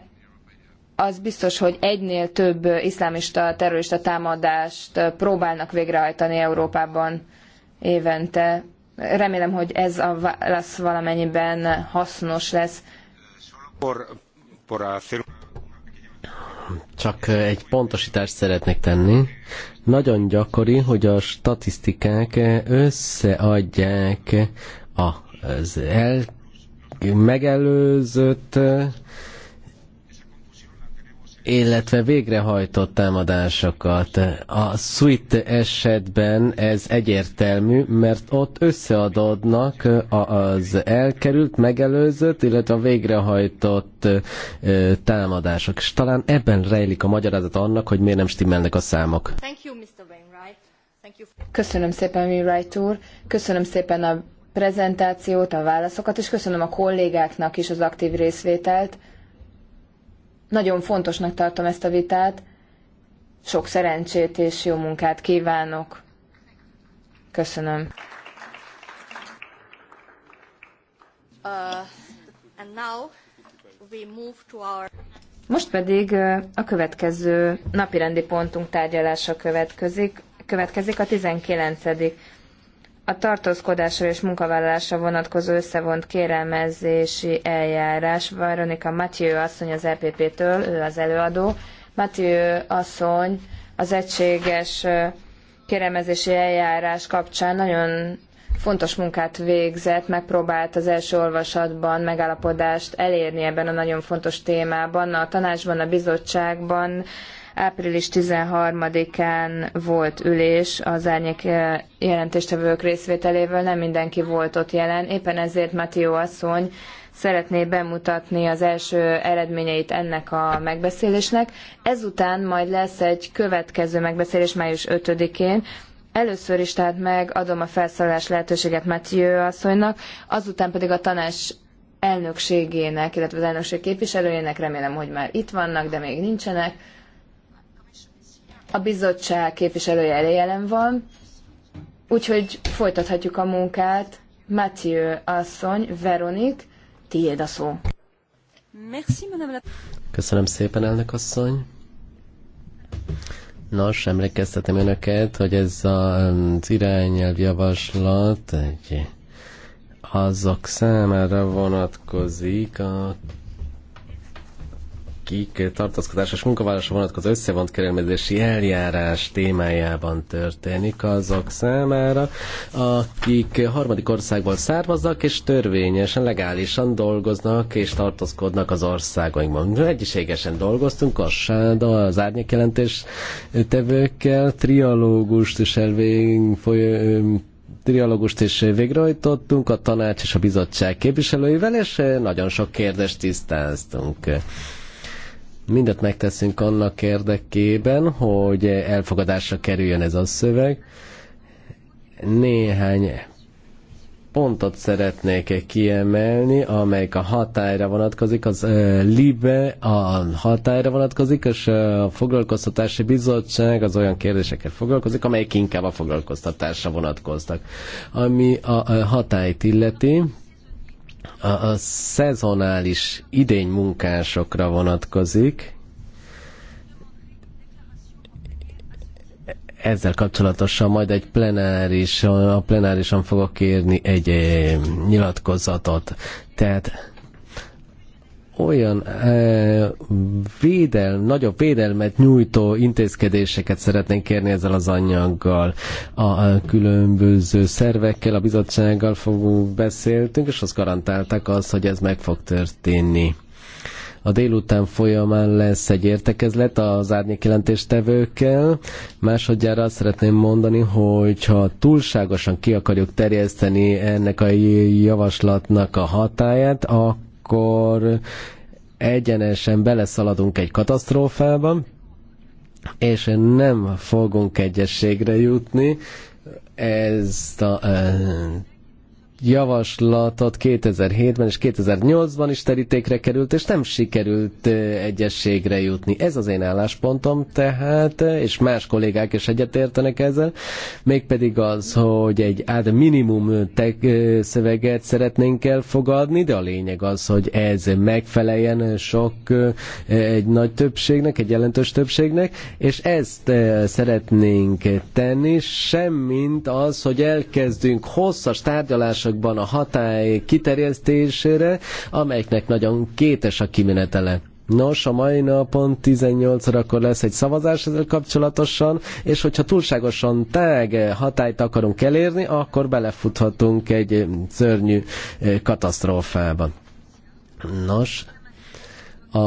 az biztos, hogy egynél több iszlámista terrorista támadást próbálnak végrehajtani Európában évente. Remélem, hogy ez a válasz valamennyiben hasznos lesz. Por, por hacer csak egy pontosítást szeretnék tenni. Nagyon gyakori, hogy a statisztikák összeadják az el megelőzött illetve végrehajtott támadásokat. A Sweet esetben ez egyértelmű, mert ott összeadódnak az elkerült, megelőzött, illetve a végrehajtott támadások. És talán ebben rejlik a magyarázat annak, hogy miért nem stimmelnek a számok. Köszönöm szépen, Wainwright úr. Köszönöm szépen a prezentációt, a válaszokat, és köszönöm a kollégáknak is az aktív részvételt. Nagyon fontosnak tartom ezt a vitát. Sok szerencsét és jó munkát kívánok. Köszönöm. Uh, and now we move to our... Most pedig uh, a következő napirendi pontunk tárgyalása következik, következik a 19 a tartózkodásra és munkavállalásra vonatkozó összevont kérelmezési eljárás. Veronika Mathieu asszony az EPP-től, ő az előadó. Mathieu asszony az egységes kérelmezési eljárás kapcsán nagyon fontos munkát végzett, megpróbált az első olvasatban megállapodást elérni ebben a nagyon fontos témában. A tanácsban, a bizottságban Április 13-án volt ülés az árnyék eh, jelentéstevők részvételével, nem mindenki volt ott jelen, éppen ezért Matió asszony szeretné bemutatni az első eredményeit ennek a megbeszélésnek. Ezután majd lesz egy következő megbeszélés május 5-én, Először is tehát megadom a felszólalás lehetőséget Mathieu asszonynak, azután pedig a tanács elnökségének, illetve az elnökség képviselőjének, remélem, hogy már itt vannak, de még nincsenek. A bizottság képviselője jelen van, úgyhogy folytathatjuk a munkát. Mathieu asszony, Veronik, tiéd a szó. Köszönöm szépen, elnök asszony. Nos, emlékeztetem önöket, hogy ez az irányelvjavaslat egy azok számára vonatkozik, a akik tartózkodásos munkavállalásra vonatkozó összevont kerülmezési eljárás témájában történik azok számára, akik harmadik országból származnak és törvényesen, legálisan dolgoznak és tartózkodnak az országainkban. Egyiségesen dolgoztunk, a Sáda, az árnyékjelentés tevőkkel, trialógust is elvégén Trialogust is végrehajtottunk a tanács és a bizottság képviselőivel, és nagyon sok kérdést tisztáztunk. Mindent megteszünk annak érdekében, hogy elfogadásra kerüljön ez a szöveg. Néhány pontot szeretnék kiemelni, amelyik a hatályra vonatkozik, az uh, LIBE a hatályra vonatkozik, és a foglalkoztatási bizottság az olyan kérdésekkel foglalkozik, amelyek inkább a foglalkoztatásra vonatkoztak. Ami a a hatályt illeti, a, a szezonális idény munkásokra vonatkozik. Ezzel kapcsolatosan majd egy plenáris, a plenárison fogok kérni egy eh, nyilatkozatot. Tehát olyan e, védel, nagyobb védelmet nyújtó intézkedéseket szeretnénk kérni ezzel az anyaggal. A, a különböző szervekkel, a bizottsággal fogunk beszéltünk, és azt garantálták az, hogy ez meg fog történni. A délután folyamán lesz egy értekezlet az árnyék jelentéstevőkkel. Másodjára azt szeretném mondani, hogy ha túlságosan ki akarjuk terjeszteni ennek a javaslatnak a hatáját, akkor akkor egyenesen beleszaladunk egy katasztrófába, és nem fogunk egyességre jutni, ezt a javaslatot 2007-ben és 2008-ban is terítékre került, és nem sikerült egyességre jutni. Ez az én álláspontom tehát, és más kollégák is egyetértenek ezzel, mégpedig az, hogy egy ad minimum szöveget szeretnénk elfogadni, de a lényeg az, hogy ez megfeleljen sok, egy nagy többségnek, egy jelentős többségnek, és ezt szeretnénk tenni, semmint az, hogy elkezdünk hosszas tárgyalás megállapodásokban a hatály kiterjesztésére, amelyeknek nagyon kétes a kimenetele. Nos, a mai napon 18 órakor lesz egy szavazás ezzel kapcsolatosan, és hogyha túlságosan tág hatályt akarunk elérni, akkor belefuthatunk egy szörnyű eh, katasztrófába. Nos, a,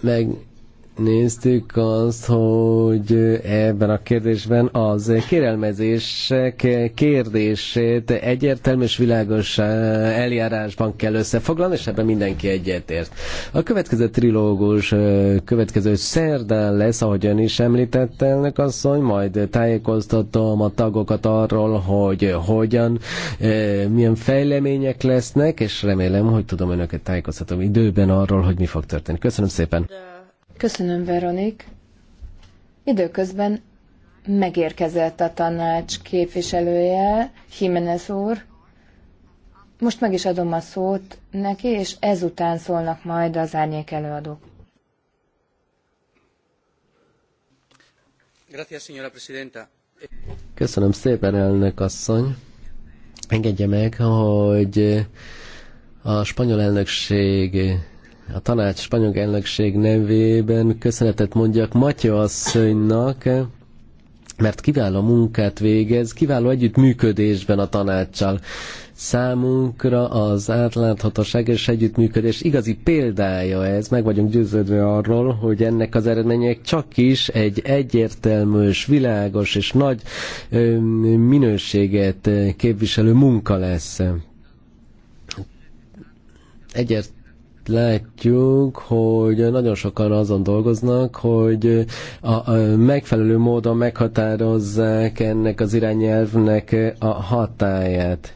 meg néztük azt, hogy ebben a kérdésben az kérelmezések kérdését egyértelmű és világos eh, eljárásban kell összefoglalni, és ebben mindenki egyetért. A következő trilógus eh, következő szerdán lesz, ahogy ön is említette, elnök asszony, majd tájékoztatom a tagokat arról, hogy hogyan, eh, milyen fejlemények lesznek, és remélem, hogy tudom önöket tájékoztatom időben arról, hogy mi fog történni. Köszönöm szépen! Köszönöm, Veronik. Időközben megérkezett a tanács képviselője, Jimenez úr. Most meg is adom a szót neki, és ezután szólnak majd az árnyék előadók. Köszönöm szépen, elnök asszony. Engedje meg, hogy a spanyol elnökség a tanács spanyol elnökség nevében köszönetet mondjak Matya asszonynak, mert kiváló munkát végez, kiváló együttműködésben a tanácssal. Számunkra az átláthatóság és együttműködés igazi példája ez, meg vagyunk győződve arról, hogy ennek az eredmények csak is egy egyértelműs, világos és nagy minőséget képviselő munka lesz. Egyértelmű látjuk, hogy nagyon sokan azon dolgoznak, hogy a, a megfelelő módon meghatározzák ennek az irányelvnek a hatáját.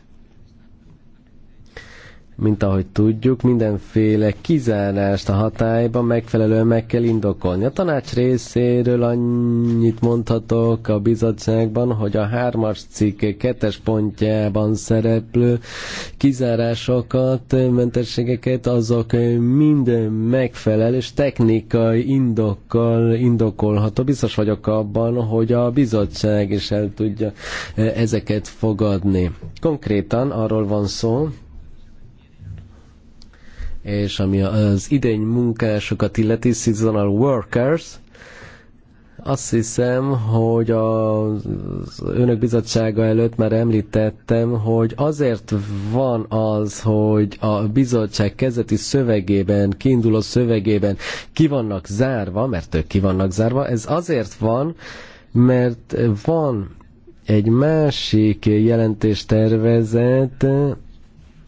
Mint ahogy tudjuk, mindenféle kizárást a hatályban megfelelően meg kell indokolni. A tanács részéről annyit mondhatok a bizottságban, hogy a hármas cikk kettes pontjában szereplő kizárásokat, mentességeket, azok minden megfelelő és technikai indokkal indokolható. Biztos vagyok abban, hogy a bizottság is el tudja eh, ezeket fogadni. Konkrétan arról van szó, és ami az idény munkásokat illeti, seasonal workers, azt hiszem, hogy az önök bizottsága előtt már említettem, hogy azért van az, hogy a bizottság kezdeti szövegében, kiinduló szövegében ki vannak zárva, mert ők ki vannak zárva, ez azért van, mert van egy másik jelentéstervezet,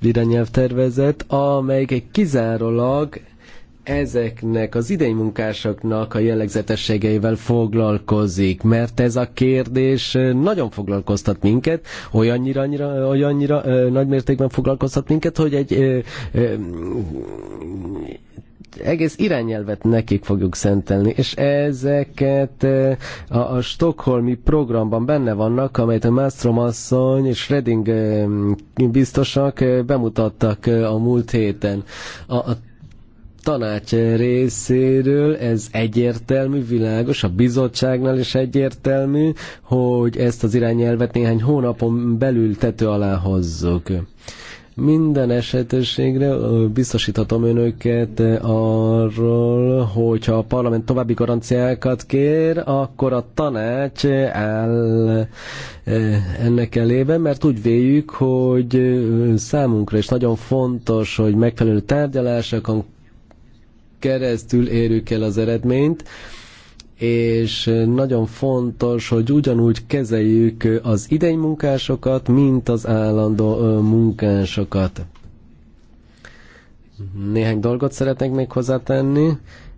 irányelvtervezet, amelyik kizárólag ezeknek az idei munkásoknak a jellegzetességeivel foglalkozik, mert ez a kérdés nagyon foglalkoztat minket, olyannyira, annyira, olyannyira ö, nagy mértékben foglalkoztat minket, hogy egy ö, ö, egész irányelvet nekik fogjuk szentelni, és ezeket eh, a, a stokholmi programban benne vannak, amelyet a Mastrom asszony és Reding eh, biztosak eh, bemutattak a múlt héten. A, a tanács részéről ez egyértelmű, világos, a bizottságnál is egyértelmű, hogy ezt az irányelvet néhány hónapon belül tető alá hozzuk. Minden esetőségre biztosíthatom önöket eh, arról, hogyha a parlament további garanciákat kér, akkor a tanács áll eh, ennek elében, mert úgy véljük, hogy eh, számunkra is nagyon fontos, hogy megfelelő tárgyalásokon keresztül érjük el az eredményt, és nagyon fontos, hogy ugyanúgy kezeljük az idei munkásokat, mint az állandó munkásokat. Néhány dolgot szeretnék még hozzátenni.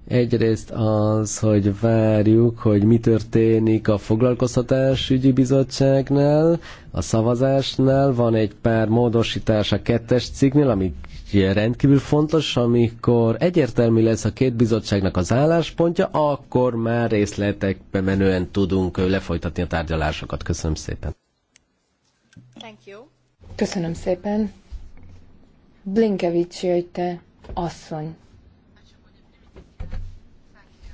Egyrészt az, hogy várjuk, hogy mi történik a foglalkoztatásügyi bizottságnál, a szavazásnál, van egy pár módosítás a kettes cikknél, amik rendkívül fontos, amikor egyértelmű lesz a két bizottságnak az álláspontja, akkor már részletekbe menően tudunk lefolytatni a tárgyalásokat. Köszönöm szépen. Thank you. Köszönöm szépen. Blinkevics jöjte, asszony.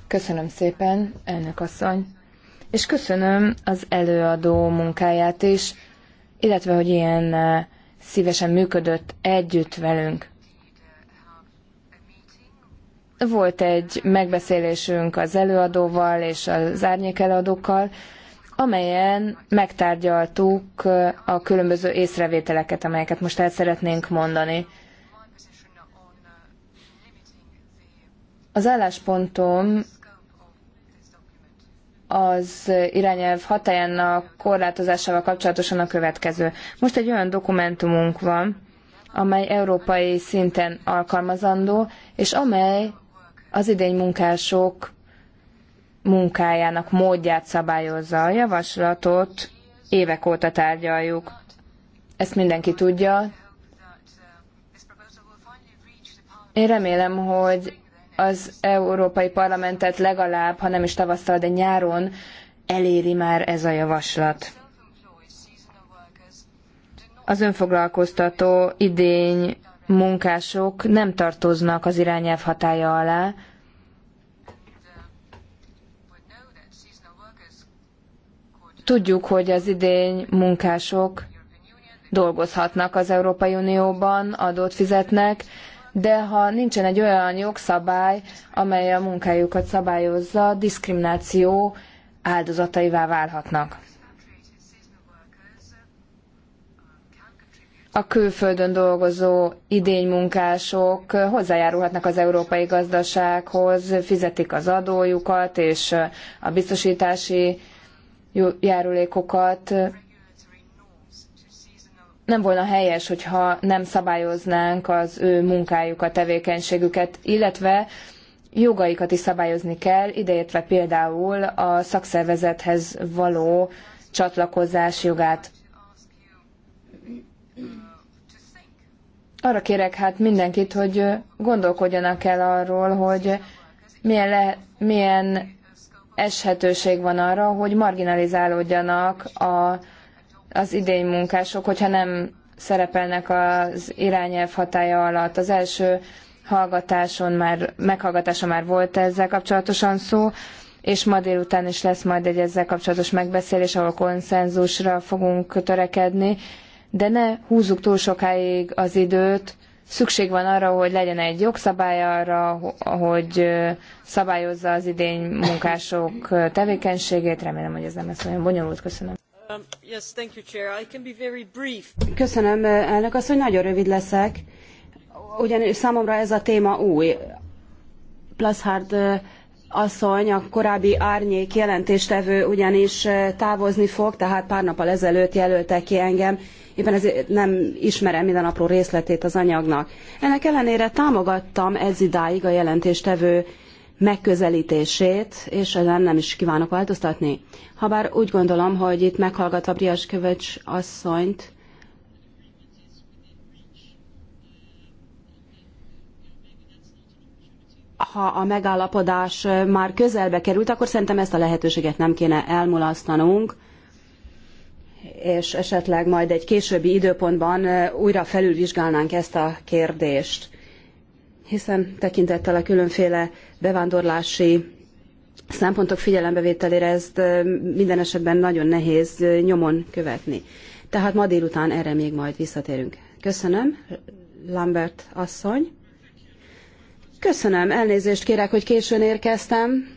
Köszönöm szépen, elnök asszony. És köszönöm az előadó munkáját is, illetve, hogy ilyen szívesen működött együtt velünk. Volt egy megbeszélésünk az előadóval és az árnyék előadókkal, amelyen megtárgyaltuk a különböző észrevételeket, amelyeket most el szeretnénk mondani. Az álláspontom az irányelv hatájának korlátozásával kapcsolatosan a következő. Most egy olyan dokumentumunk van, amely európai szinten alkalmazandó, és amely az idény munkások munkájának módját szabályozza. A javaslatot évek óta tárgyaljuk. Ezt mindenki tudja. Én remélem, hogy az Európai Parlamentet legalább, ha nem is tavasszal, de nyáron eléri már ez a javaslat. Az önfoglalkoztató idény munkások nem tartoznak az irányelv hatája alá, Tudjuk, hogy az idény munkások dolgozhatnak az Európai Unióban, adót fizetnek, de ha nincsen egy olyan jogszabály, amely a munkájukat szabályozza, diszkrimináció áldozataivá válhatnak. a külföldön dolgozó idénymunkások hozzájárulhatnak az európai gazdasághoz, fizetik az adójukat és a biztosítási járulékokat nem volna helyes, hogyha nem szabályoznánk az ő munkájukat, tevékenységüket, illetve jogaikat is szabályozni kell, ideértve például a szakszervezethez való csatlakozás jogát. Arra kérek hát mindenkit, hogy gondolkodjanak el arról, hogy milyen, le, milyen eshetőség van arra, hogy marginalizálódjanak a az idény munkások, hogyha nem szerepelnek az irányelv hatája alatt. Az első hallgatáson már, meghallgatása már volt ezzel kapcsolatosan szó, és ma délután is lesz majd egy ezzel kapcsolatos megbeszélés, ahol konszenzusra fogunk törekedni, de ne húzzuk túl sokáig az időt, szükség van arra, hogy legyen egy jogszabály arra, hogy szabályozza az idény munkások tevékenységét. Remélem, hogy ez nem lesz olyan bonyolult. Köszönöm. Köszönöm, elnök asszony, nagyon rövid leszek, ugyanis számomra ez a téma új. Plaszhárd asszony, a korábbi árnyék jelentéstevő ugyanis távozni fog, tehát pár nappal ezelőtt jelölte ki engem, éppen ezért nem ismerem minden apró részletét az anyagnak. Ennek ellenére támogattam ez idáig a jelentéstevő megközelítését, és ezen nem is kívánok változtatni. Habár úgy gondolom, hogy itt meghallgatva Briás Kövecs asszonyt, ha a megállapodás már közelbe került, akkor szerintem ezt a lehetőséget nem kéne elmulasztanunk, és esetleg majd egy későbbi időpontban újra felülvizsgálnánk ezt a kérdést. Hiszen tekintettel a különféle bevándorlási szempontok figyelembevételére ezt minden esetben nagyon nehéz nyomon követni. Tehát ma délután erre még majd visszatérünk. Köszönöm, Lambert asszony. Köszönöm, elnézést kérek, hogy későn érkeztem.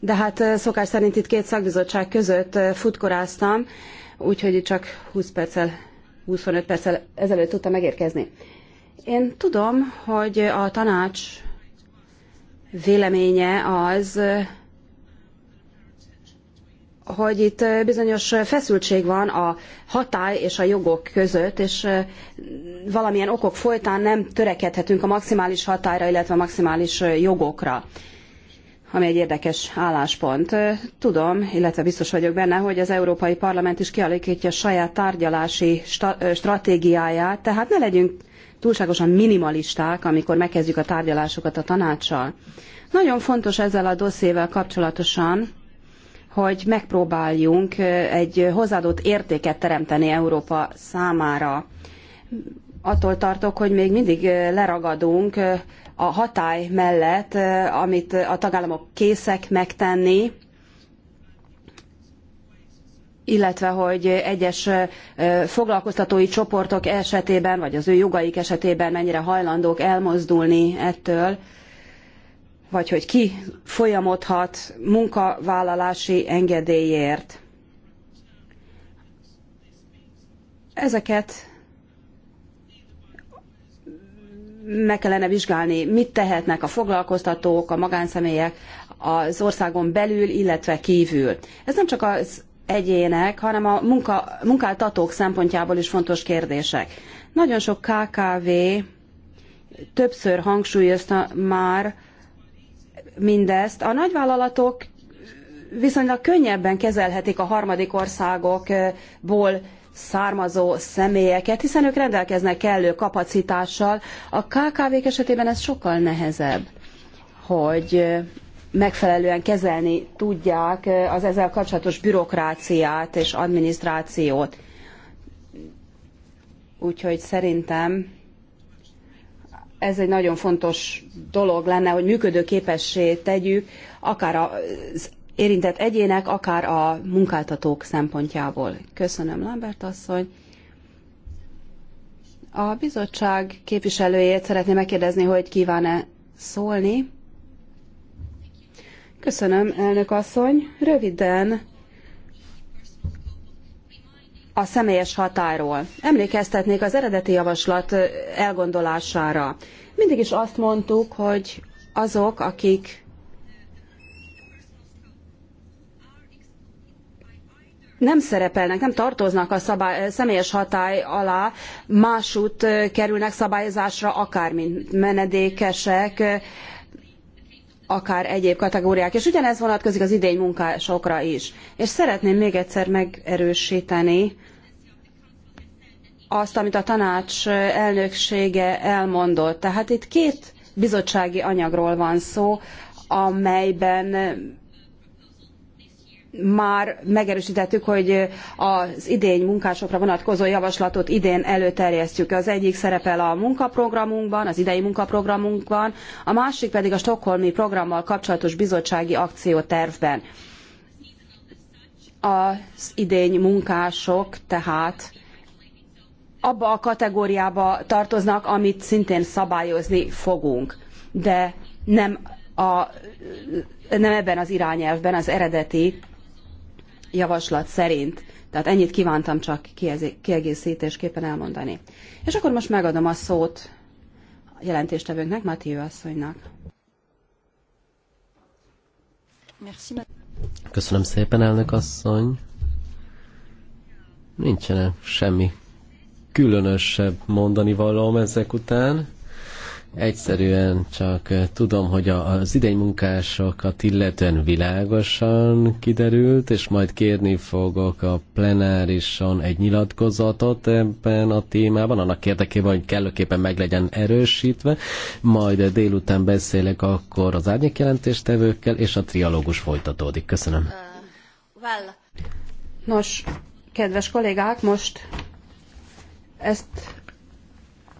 De hát szokás szerint itt két szakbizottság között futkoráztam, úgyhogy csak 20 perccel, 25 perccel ezelőtt tudtam megérkezni. Én tudom, hogy a tanács véleménye az, hogy itt bizonyos feszültség van a hatály és a jogok között, és valamilyen okok folytán nem törekedhetünk a maximális hatályra, illetve a maximális jogokra ami egy érdekes álláspont. Tudom, illetve biztos vagyok benne, hogy az Európai Parlament is kialakítja saját tárgyalási stratégiáját, tehát ne legyünk túlságosan minimalisták, amikor megkezdjük a tárgyalásokat a tanácssal. Nagyon fontos ezzel a dosszével kapcsolatosan, hogy megpróbáljunk egy hozzáadott értéket teremteni Európa számára. Attól tartok, hogy még mindig leragadunk a hatály mellett, amit a tagállamok készek megtenni, illetve hogy egyes foglalkoztatói csoportok esetében, vagy az ő jogaik esetében mennyire hajlandók elmozdulni ettől, vagy hogy ki folyamodhat munkavállalási engedélyért. Ezeket meg kellene vizsgálni, mit tehetnek a foglalkoztatók, a magánszemélyek az országon belül, illetve kívül. Ez nem csak az egyének, hanem a munka, munkáltatók szempontjából is fontos kérdések. Nagyon sok KKV többször hangsúlyozta már mindezt. A nagyvállalatok viszonylag könnyebben kezelhetik a harmadik országokból származó személyeket, hiszen ők rendelkeznek kellő kapacitással. A KKV-k esetében ez sokkal nehezebb, hogy megfelelően kezelni tudják az ezzel kapcsolatos bürokráciát és adminisztrációt. Úgyhogy szerintem ez egy nagyon fontos dolog lenne, hogy működőképessé tegyük, akár az érintett egyének, akár a munkáltatók szempontjából. Köszönöm, Lambert asszony. A bizottság képviselőjét szeretném megkérdezni, hogy kíván-e szólni. Köszönöm, elnök asszony. Röviden a személyes határól. Emlékeztetnék az eredeti javaslat elgondolására. Mindig is azt mondtuk, hogy azok, akik nem szerepelnek, nem tartoznak a szabály, személyes hatály alá, másút kerülnek szabályozásra, akár menedékesek, akár egyéb kategóriák, és ugyanez vonatkozik az idény munkásokra is. És szeretném még egyszer megerősíteni azt, amit a tanács elnöksége elmondott. Tehát itt két bizottsági anyagról van szó, amelyben már megerősítettük, hogy az idény munkásokra vonatkozó javaslatot idén előterjesztjük. Az egyik szerepel a munkaprogramunkban, az idei munkaprogramunkban, a másik pedig a Stockholmi programmal kapcsolatos bizottsági akciótervben. Az idény munkások tehát abba a kategóriába tartoznak, amit szintén szabályozni fogunk, de nem, a, nem ebben az irányelvben, az eredeti javaslat szerint. Tehát ennyit kívántam csak kiegészítésképpen elmondani. És akkor most megadom a szót a jelentéstevőnknek, Matthieu asszonynak. Köszönöm szépen, elnök asszony. Nincsen semmi különösebb mondani valóm ezek után. Egyszerűen csak eh, tudom, hogy az idei munkásokat illetően világosan kiderült, és majd kérni fogok a plenárison egy nyilatkozatot ebben a témában, annak érdekében, hogy kellőképpen meg legyen erősítve, majd délután beszélek akkor az árnyékjelentéstevőkkel, és a trialógus folytatódik. Köszönöm. Uh, well. Nos, kedves kollégák, most ezt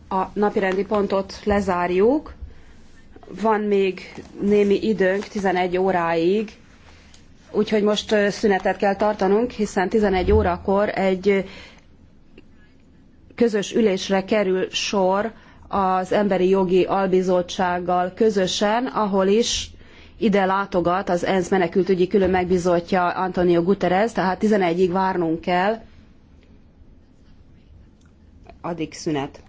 a napirendi pontot lezárjuk. Van még némi időnk 11 óráig, úgyhogy most szünetet kell tartanunk, hiszen 11 órakor egy közös ülésre kerül sor az Emberi Jogi Albizottsággal közösen, ahol is ide látogat az ENSZ menekültügyi külön megbizotja Antonio Guterres, tehát 11-ig várnunk kell. Addig szünet.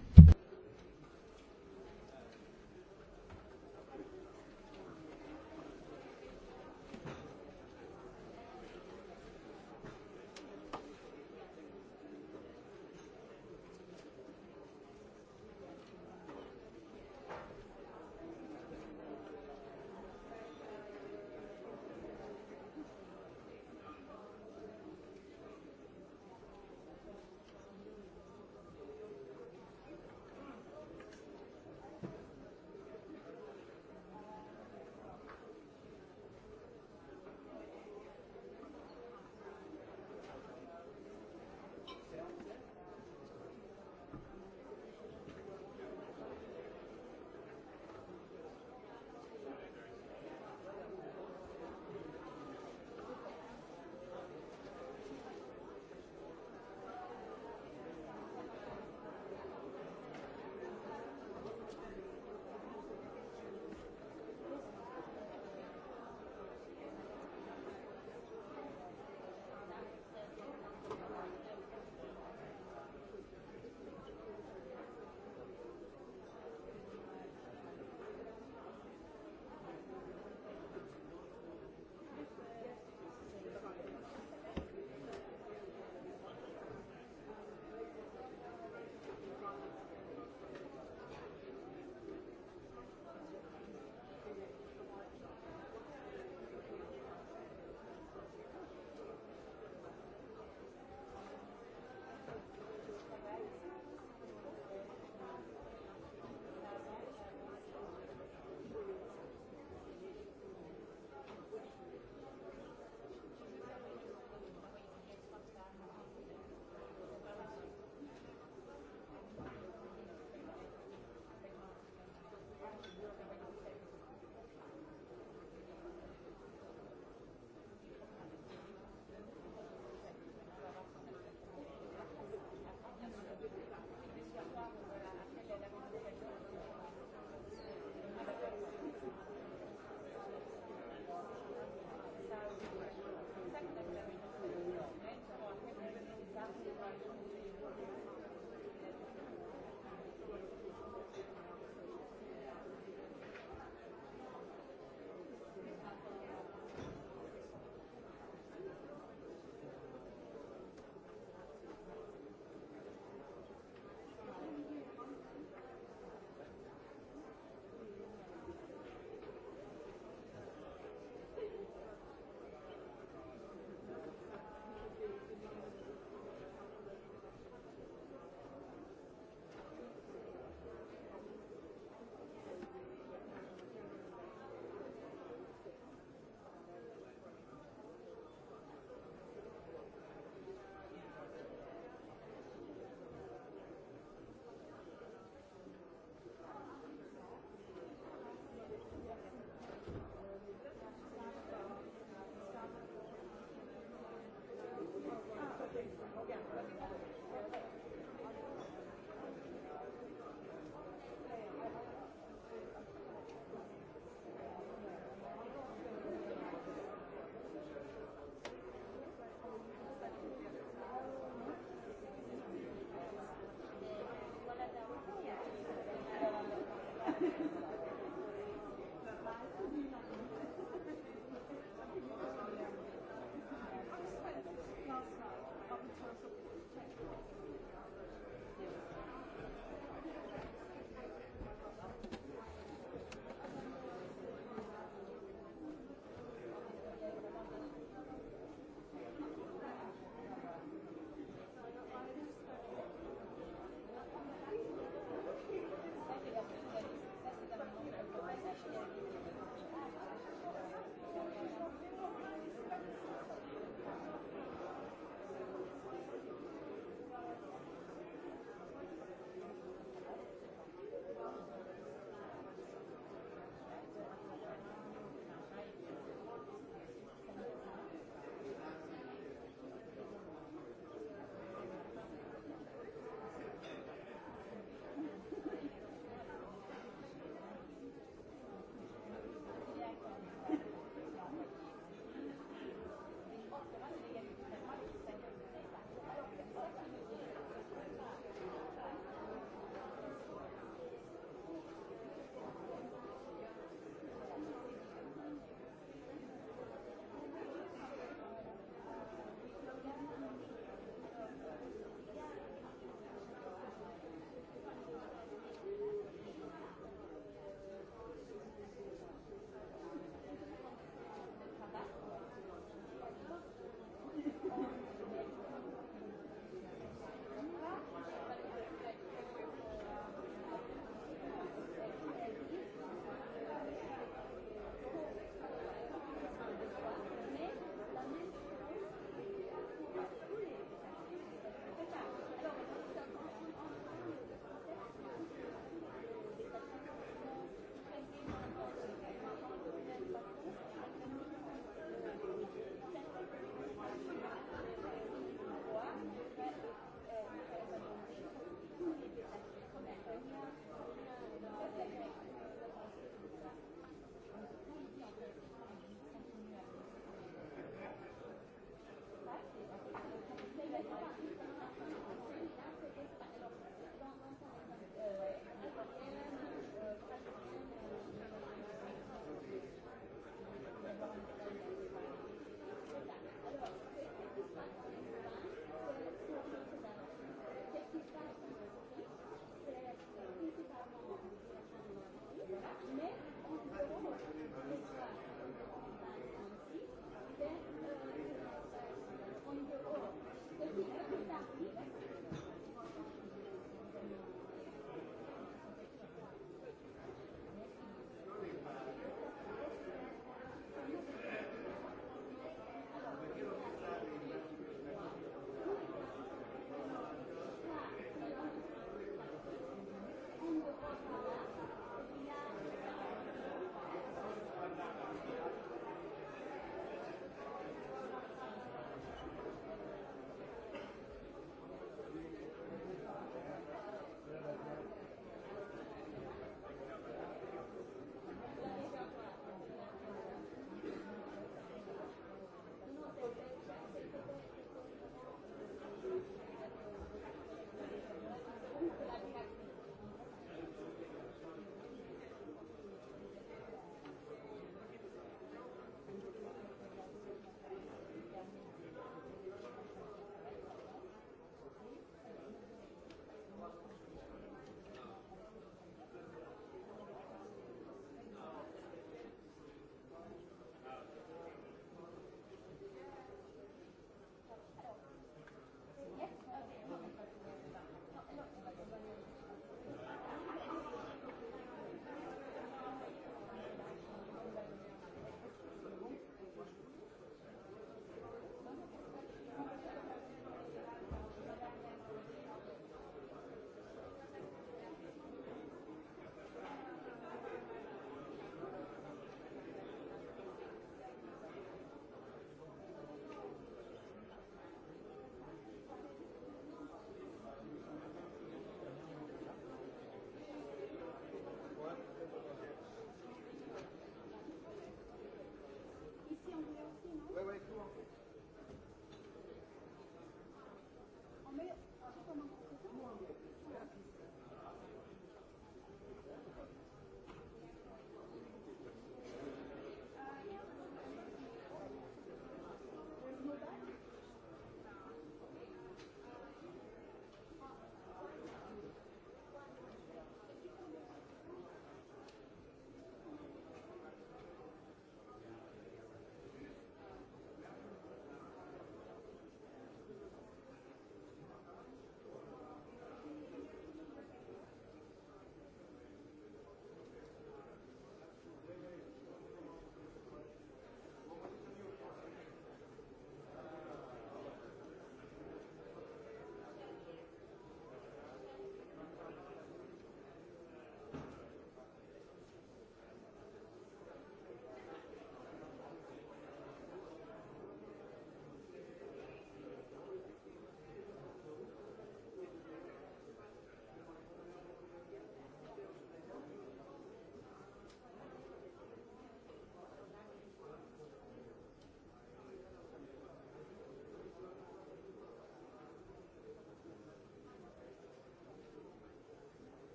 Igen, az is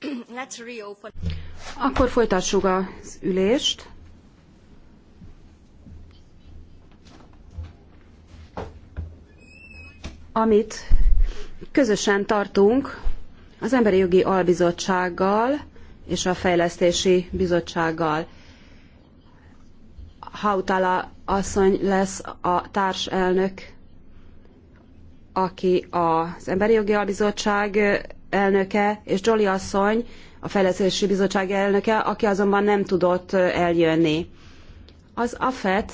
Akkor folytassuk az ülést. Amit közösen tartunk az Emberi Jogi Albizottsággal és a Fejlesztési Bizottsággal. Hautala asszony lesz a társelnök, aki az Emberi Jogi Albizottság elnöke és Jolly asszony, a Fejlesztési Bizottság elnöke, aki azonban nem tudott eljönni. Az AFET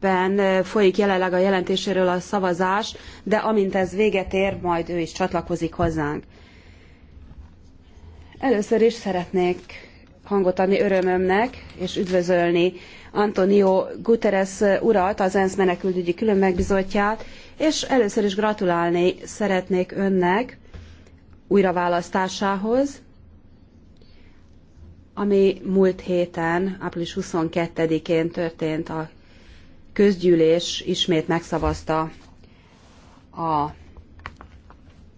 ben folyik jelenleg a jelentéséről a szavazás, de amint ez véget ér, majd ő is csatlakozik hozzánk. Először is szeretnék hangot adni örömömnek és üdvözölni Antonio Guterres urat, az ENSZ menekültügyi külön megbizotját, és először is gratulálni szeretnék önnek újraválasztásához, ami múlt héten, április 22-én történt a közgyűlés ismét megszavazta a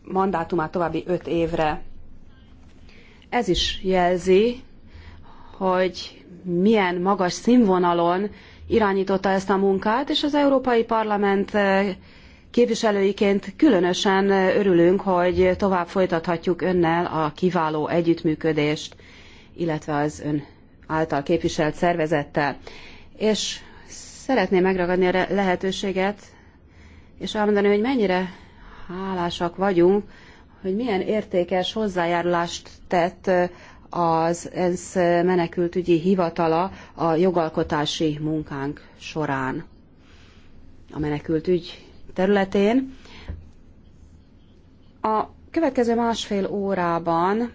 mandátumát további öt évre. Ez is jelzi, hogy milyen magas színvonalon irányította ezt a munkát, és az Európai Parlament eh, képviselőiként különösen eh, örülünk, hogy tovább folytathatjuk önnel a kiváló együttműködést, illetve az ön által képviselt szervezettel. És szeretném megragadni a lehetőséget, és elmondani, hogy mennyire hálásak vagyunk, hogy milyen értékes hozzájárulást tett eh, az ENSZ menekültügyi hivatala a jogalkotási munkánk során a menekültügy területén. A következő másfél órában,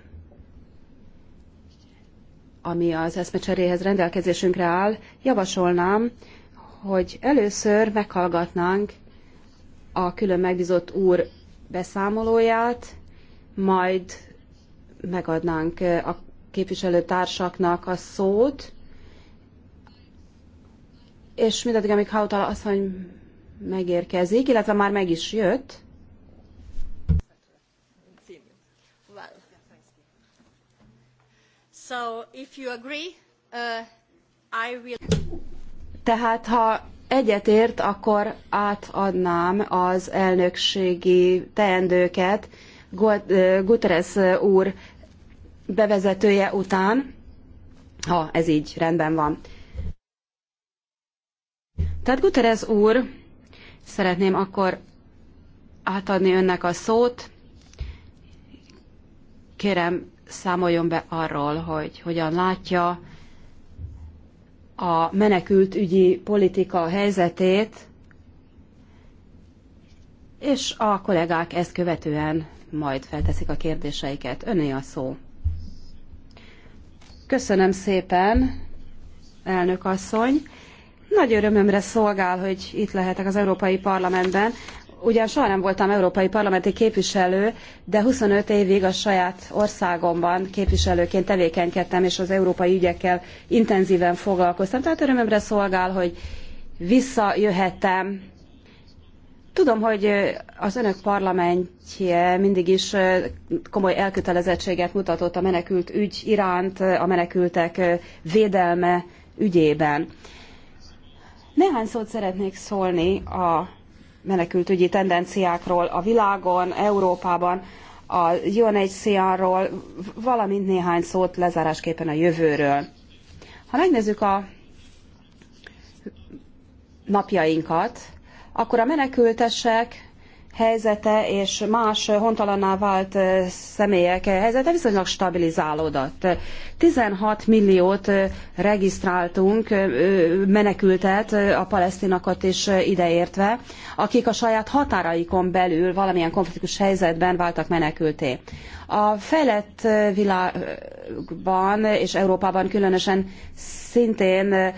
ami az eszmecseréhez rendelkezésünkre áll, javasolnám, hogy először meghallgatnánk a külön megbízott úr beszámolóját, majd megadnánk eh, a képviselőtársaknak a szót, és mindaddig, amíg Hautal asszony megérkezik, illetve már meg is jött, So if you agree, uh, I will... Tehát ha egyetért, akkor átadnám az elnökségi teendőket Guterres úr bevezetője után, ha ez így rendben van. Tehát Guterres úr, szeretném akkor átadni önnek a szót. Kérem, számoljon be arról, hogy hogyan látja a menekültügyi politika helyzetét, és a kollégák ezt követően majd felteszik a kérdéseiket. Öné a szó. Köszönöm szépen, elnök asszony. Nagy örömömre szolgál, hogy itt lehetek az Európai Parlamentben. Ugyan soha nem voltam európai parlamenti képviselő, de 25 évig a saját országomban képviselőként tevékenykedtem, és az európai ügyekkel intenzíven foglalkoztam. Tehát örömömre szolgál, hogy visszajöhettem Tudom, hogy az önök parlamentje mindig is komoly elkötelezettséget mutatott a menekült ügy iránt, a menekültek védelme ügyében. Néhány szót szeretnék szólni a menekült ügyi tendenciákról a világon, Európában, a UNHCR-ról, valamint néhány szót lezárásképpen a jövőről. Ha megnézzük a napjainkat, akkor a menekültesek helyzete és más hontalanná vált személyek helyzete viszonylag stabilizálódott. 16 milliót regisztráltunk menekültet, a palesztinakat is ideértve, akik a saját határaikon belül valamilyen konfliktus helyzetben váltak menekülté. A fejlett világban és Európában különösen szintén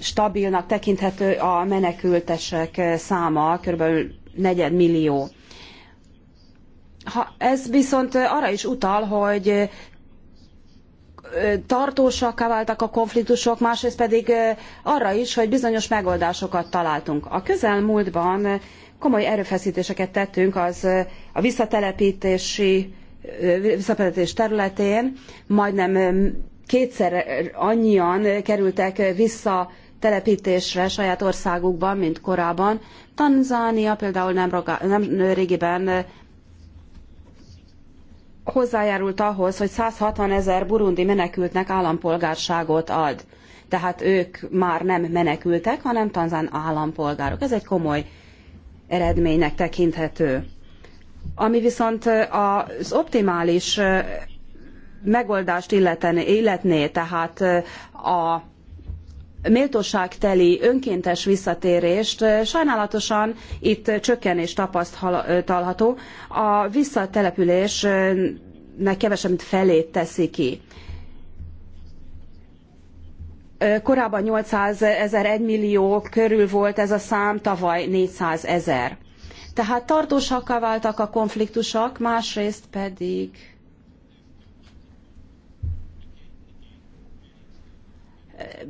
stabilnak tekinthető a menekültesek száma, kb. negyedmillió. ez viszont arra is utal, hogy tartósakká váltak a konfliktusok, másrészt pedig arra is, hogy bizonyos megoldásokat találtunk. A közelmúltban komoly erőfeszítéseket tettünk az a visszatelepítési visszatelepítés területén, majdnem kétszer annyian kerültek vissza telepítésre saját országukban, mint korábban. Tanzánia például nem, roga, nem régiben hozzájárult ahhoz, hogy 160 ezer burundi menekültnek állampolgárságot ad. Tehát ők már nem menekültek, hanem tanzán állampolgárok. Ez egy komoly eredménynek tekinthető. Ami viszont az optimális megoldást illetné, tehát a méltóságteli önkéntes visszatérést. Sajnálatosan itt csökkenés tapasztalható. A visszatelepülés kevesebb, mint felét teszi ki. Korábban 800 ezer, 1 millió körül volt ez a szám, tavaly 400 ezer. Tehát tartósakká váltak a konfliktusok, másrészt pedig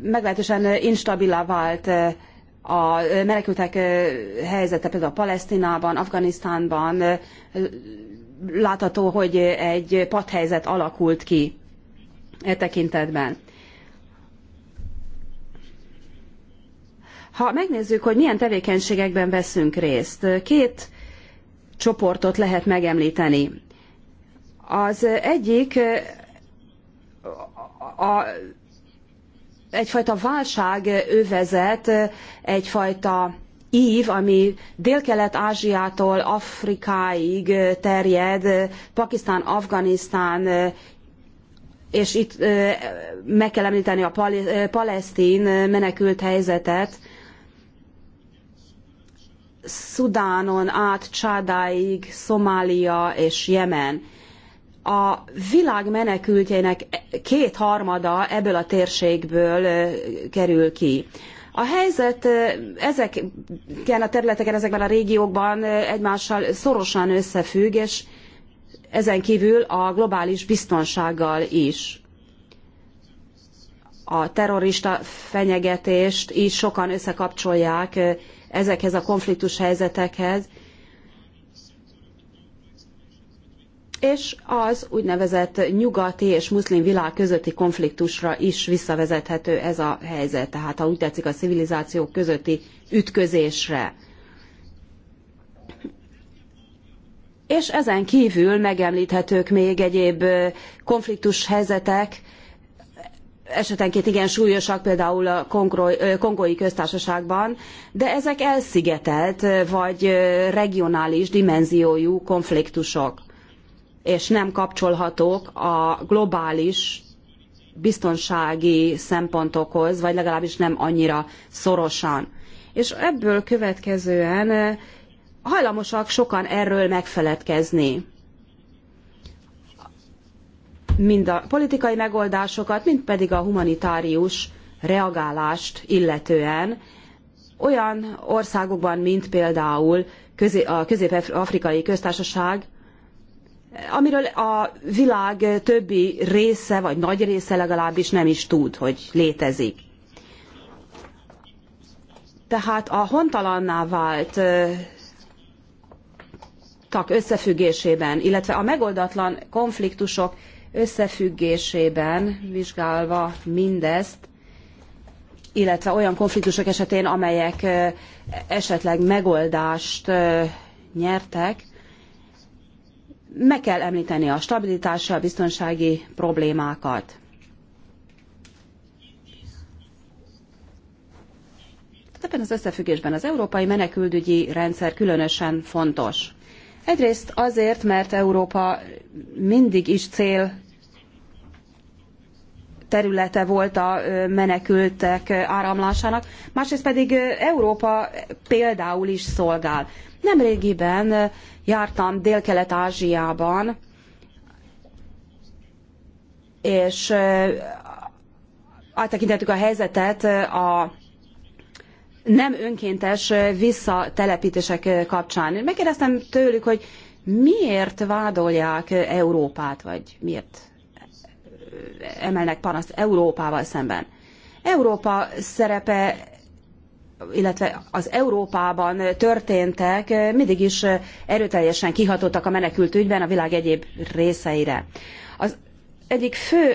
meglehetősen instabilá vált eh, a menekültek eh, helyzete például Palesztinában, Afganisztánban eh, látható, hogy egy padhelyzet alakult ki e tekintetben. Ha megnézzük, hogy milyen tevékenységekben veszünk részt, két csoportot lehet megemlíteni. Az egyik a egyfajta válság övezet, egyfajta ív, ami Dél-Kelet-Ázsiától Afrikáig terjed, Pakisztán, Afganisztán, és itt meg kell említeni a palesztin menekült helyzetet, Szudánon át Csádáig, Szomália és Jemen. A világ menekültjének kétharmada ebből a térségből kerül ki. A helyzet ezeken a területeken, ezekben a régiókban egymással szorosan összefügg, és ezen kívül a globális biztonsággal is. A terrorista fenyegetést is sokan összekapcsolják ezekhez a konfliktus helyzetekhez, és az úgynevezett nyugati és muszlim világ közötti konfliktusra is visszavezethető ez a helyzet, tehát ha úgy tetszik a civilizációk közötti ütközésre. És ezen kívül megemlíthetők még egyéb konfliktus helyzetek, esetenként igen súlyosak, például a kongói köztársaságban, de ezek elszigetelt vagy regionális dimenziójú konfliktusok és nem kapcsolhatók a globális biztonsági szempontokhoz, vagy legalábbis nem annyira szorosan. És ebből következően eh, hajlamosak sokan erről megfeledkezni. Mind a politikai megoldásokat, mind pedig a humanitárius reagálást illetően olyan országokban, mint például a Közép-Afrikai Köztársaság, amiről a világ többi része, vagy nagy része legalábbis nem is tud, hogy létezik. Tehát a hontalanná vált tak összefüggésében, illetve a megoldatlan konfliktusok összefüggésében vizsgálva mindezt, illetve olyan konfliktusok esetén, amelyek esetleg megoldást nyertek, meg kell említeni a stabilitással biztonsági problémákat. Ebben az összefüggésben az európai menekültügyi rendszer különösen fontos. Egyrészt azért, mert Európa mindig is cél területe volt a menekültek áramlásának, másrészt pedig Európa például is szolgál. Nemrégiben jártam Dél-Kelet-Ázsiában, és áttekintettük a helyzetet a nem önkéntes visszatelepítések kapcsán. Megkérdeztem tőlük, hogy miért vádolják Európát, vagy miért emelnek panaszt Európával szemben. Európa szerepe, illetve az Európában történtek mindig is erőteljesen kihatottak a menekült ügyben a világ egyéb részeire. Az egyik fő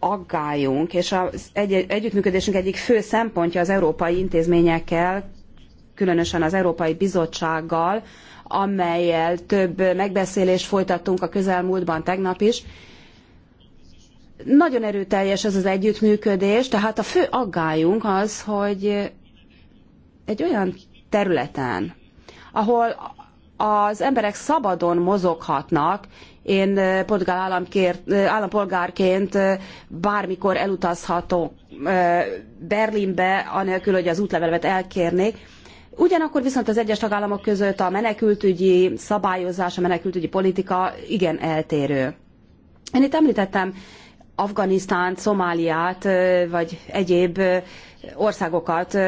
aggályunk és az egy- együttműködésünk egyik fő szempontja az európai intézményekkel, különösen az Európai Bizottsággal, amelyel több megbeszélést folytattunk a közelmúltban tegnap is, nagyon erőteljes ez az együttműködés, tehát a fő aggályunk az, hogy egy olyan területen, ahol az emberek szabadon mozoghatnak, én eh, portugál államkért, eh, állampolgárként eh, bármikor elutazhatok Berlinbe, anélkül, hogy az útlevelet elkérnék. Ugyanakkor viszont az egyes tagállamok között a menekültügyi szabályozás, a menekültügyi politika igen eltérő. Én itt említettem Afganisztánt, Szomáliát vagy egyéb országokat.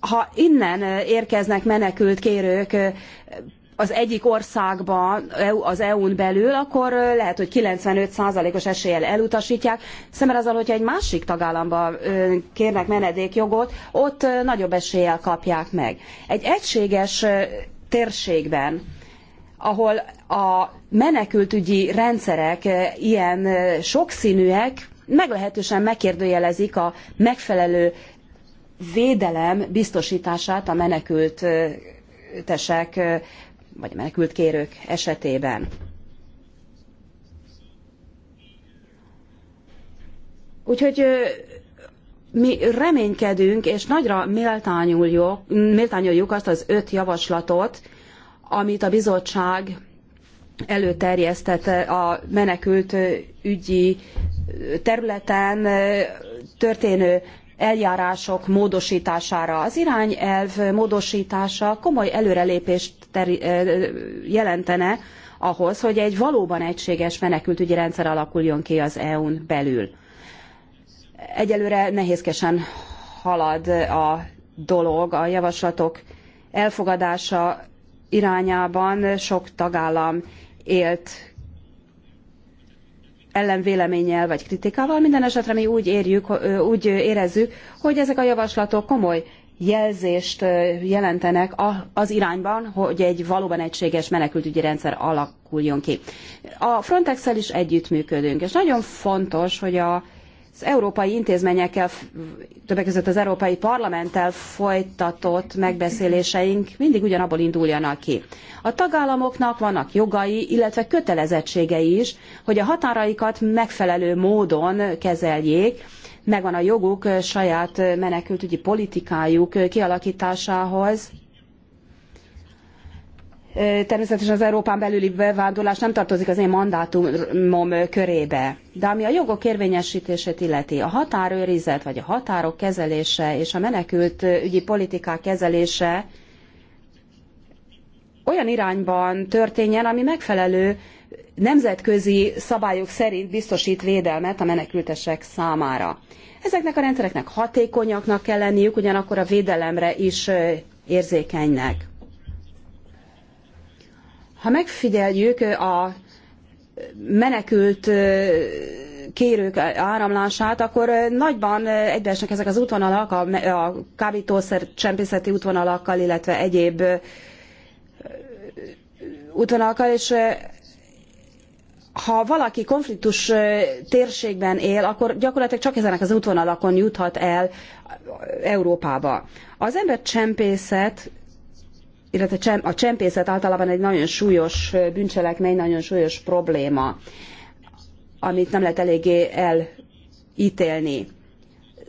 Ha innen érkeznek menekült kérők az egyik országba e az EU-n belül, akkor lehet, hogy 95%-os eséllyel elutasítják, szemben azzal, hogyha egy másik tagállamba kérnek menedékjogot, ott nagyobb eséllyel kapják meg. Egy egységes térségben, ahol a menekültügyi rendszerek eh, ilyen eh, sokszínűek, meglehetősen megkérdőjelezik a megfelelő védelem biztosítását a menekültesek eh, vagy a menekültkérők esetében. Úgyhogy mi reménykedünk, és nagyra méltányoljuk, méltányoljuk azt az öt javaslatot, amit a bizottság előterjesztette a menekült ügyi területen történő eljárások módosítására. Az irányelv módosítása komoly előrelépést jelentene ahhoz, hogy egy valóban egységes menekültügyi rendszer alakuljon ki az EU-n belül. Egyelőre nehézkesen halad a dolog, a javaslatok elfogadása irányában sok tagállam élt ellenvéleménnyel vagy kritikával, minden esetre mi úgy, érjük, úgy érezzük, hogy ezek a javaslatok komoly jelzést jelentenek az irányban, hogy egy valóban egységes menekültügyi rendszer alakuljon ki. A Frontex-el is együttműködünk, és nagyon fontos, hogy a az európai intézményekkel, többek között az Európai Parlamenttel folytatott megbeszéléseink mindig ugyanabból induljanak ki. A tagállamoknak vannak jogai, illetve kötelezettségei is, hogy a határaikat megfelelő módon kezeljék, megvan a joguk saját menekültügyi politikájuk kialakításához, Természetesen az Európán belüli bevándorlás nem tartozik az én mandátumom körébe. De ami a jogok érvényesítését illeti, a határőrizet, vagy a határok kezelése és a menekült ügyi politikák kezelése olyan irányban történjen, ami megfelelő nemzetközi szabályok szerint biztosít védelmet a menekültesek számára. Ezeknek a rendszereknek hatékonyaknak kell lenniük, ugyanakkor a védelemre is érzékenynek. Ha megfigyeljük a menekült kérők áramlását, akkor nagyban egybeesnek ezek az útvonalak, a, a kábítószer csempészeti útvonalakkal, illetve egyéb útvonalakkal, és ha valaki konfliktus térségben él, akkor gyakorlatilag csak ezenek az útvonalakon juthat el Európába. Az embercsempészet illetve a csempészet általában egy nagyon súlyos bűncselekmény, nagyon súlyos probléma, amit nem lehet eléggé elítélni.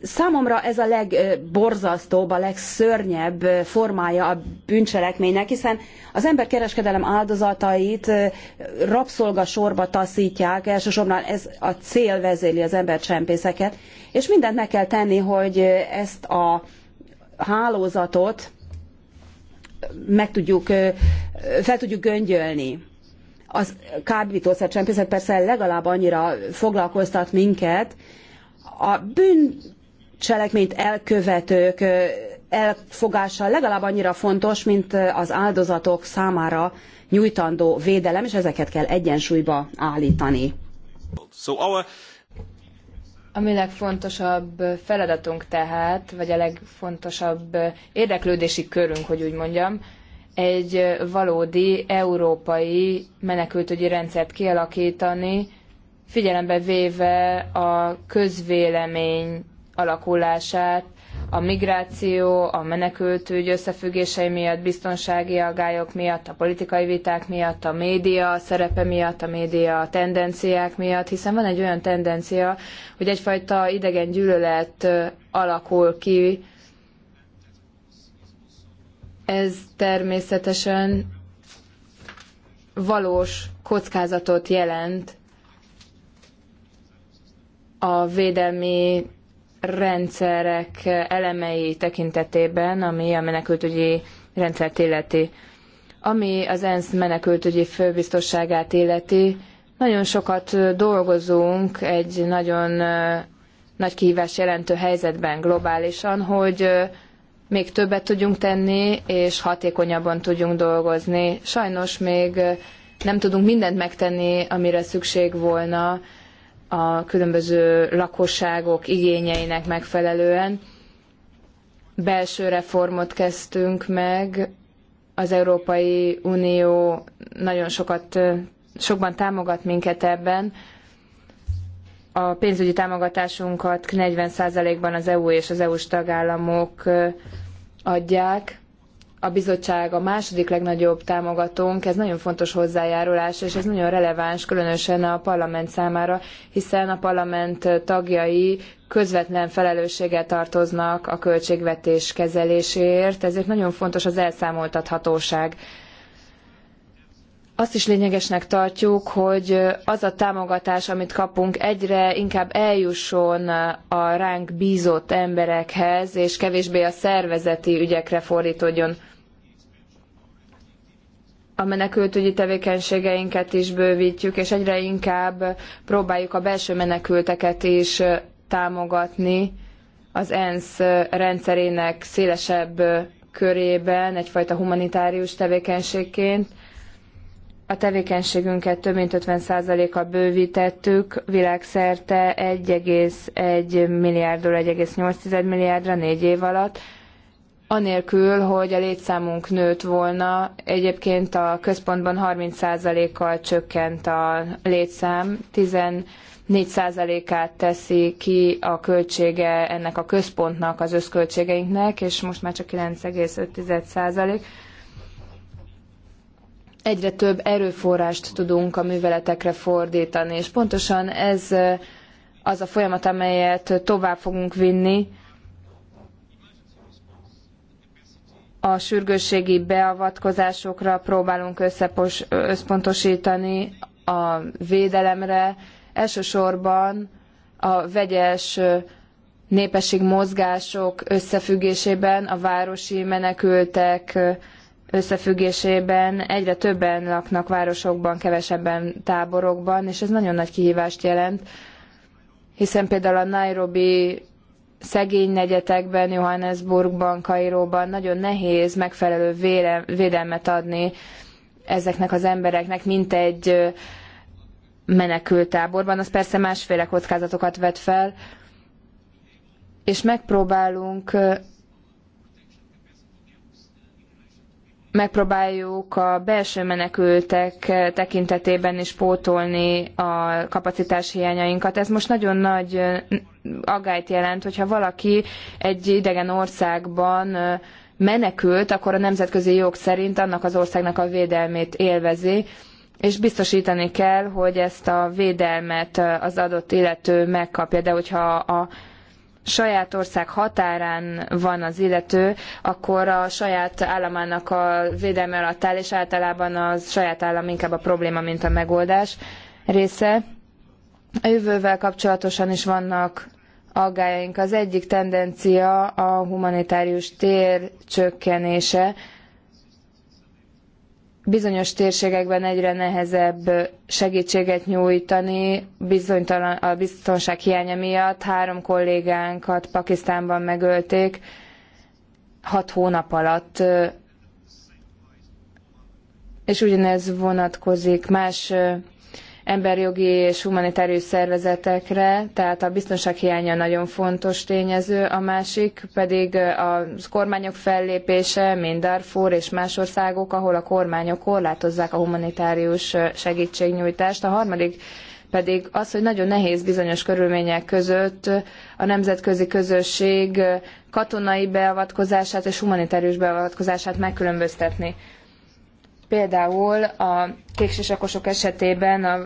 Számomra ez a legborzasztóbb, a legszörnyebb formája a bűncselekménynek, hiszen az emberkereskedelem áldozatait rabszolga sorba taszítják, elsősorban ez a cél vezéli az embercsempészeket, és mindent meg kell tenni, hogy ezt a hálózatot, meg tudjuk, fel tudjuk göngyölni. Az csempészet persze legalább annyira foglalkoztat minket. A bűncselekményt elkövetők elfogása legalább annyira fontos, mint az áldozatok számára nyújtandó védelem, és ezeket kell egyensúlyba állítani. So our a mi legfontosabb feladatunk tehát, vagy a legfontosabb érdeklődési körünk, hogy úgy mondjam, egy valódi európai menekültügyi rendszert kialakítani, figyelembe véve a közvélemény alakulását, a migráció, a menekültügy összefüggései miatt, biztonsági aggályok miatt, a politikai viták miatt, a média szerepe miatt, a média tendenciák miatt, hiszen van egy olyan tendencia, hogy egyfajta idegen gyűlölet alakul ki. Ez természetesen valós kockázatot jelent a védelmi rendszerek elemei tekintetében, ami a menekültügyi rendszert illeti. Ami az ENSZ menekültügyi főbiztosságát illeti, nagyon sokat dolgozunk egy nagyon nagy kihívás jelentő helyzetben globálisan, hogy még többet tudjunk tenni, és hatékonyabban tudjunk dolgozni. Sajnos még nem tudunk mindent megtenni, amire szükség volna a különböző lakosságok igényeinek megfelelően. Belső reformot kezdtünk meg, az Európai Unió nagyon sokat, sokban támogat minket ebben. A pénzügyi támogatásunkat 40%-ban az EU és az EU-s tagállamok adják a bizottság a második legnagyobb támogatónk, ez nagyon fontos hozzájárulás, és ez nagyon releváns, különösen a parlament számára, hiszen a parlament tagjai közvetlen felelősséggel tartoznak a költségvetés kezeléséért, ezért nagyon fontos az elszámoltathatóság azt is lényegesnek tartjuk, hogy az a támogatás, amit kapunk, egyre inkább eljusson a ránk bízott emberekhez, és kevésbé a szervezeti ügyekre fordítódjon. A menekültügyi tevékenységeinket is bővítjük, és egyre inkább próbáljuk a belső menekülteket is támogatni az ENSZ rendszerének szélesebb körében, egyfajta humanitárius tevékenységként a tevékenységünket több mint 50 a bővítettük, világszerte 1,1 milliárdról 1,8 milliárdra négy év alatt, anélkül, hogy a létszámunk nőtt volna. Egyébként a központban 30%-kal csökkent a létszám, 14%-át teszi ki a költsége ennek a központnak, az összköltségeinknek, és most már csak 9,5% egyre több erőforrást tudunk a műveletekre fordítani, és pontosan ez az a folyamat, amelyet tovább fogunk vinni, a sürgősségi beavatkozásokra próbálunk összepos, összpontosítani, a védelemre, elsősorban a vegyes népesség mozgások összefüggésében a városi menekültek összefüggésében egyre többen laknak városokban, kevesebben táborokban, és ez nagyon nagy kihívást jelent, hiszen például a Nairobi szegény negyetekben, Johannesburgban, Kairóban nagyon nehéz megfelelő védelmet adni ezeknek az embereknek, mint egy menekültáborban. Az persze másféle kockázatokat vet fel, és megpróbálunk megpróbáljuk a belső menekültek tekintetében is pótolni a kapacitás hiányainkat. Ez most nagyon nagy aggályt jelent, hogyha valaki egy idegen országban menekült, akkor a nemzetközi jog szerint annak az országnak a védelmét élvezi, és biztosítani kell, hogy ezt a védelmet az adott illető megkapja, de hogyha a saját ország határán van az illető, akkor a saját államának a védelme alatt áll, és általában a saját állam inkább a probléma, mint a megoldás része. A jövővel kapcsolatosan is vannak aggájaink. Az egyik tendencia a humanitárius tér csökkenése, bizonyos térségekben egyre nehezebb segítséget nyújtani, bizonytalan a biztonság hiánya miatt. Három kollégánkat Pakisztánban megölték, hat hónap alatt és ugyanez vonatkozik más emberjogi és humanitárius szervezetekre, tehát a biztonság hiánya nagyon fontos tényező, a másik pedig a kormányok fellépése, mint Darfur és más országok, ahol a kormányok korlátozzák a humanitárius segítségnyújtást. A harmadik pedig az, hogy nagyon nehéz bizonyos körülmények között a nemzetközi közösség katonai beavatkozását és humanitárius beavatkozását megkülönböztetni. Például a kéksisakosok esetében a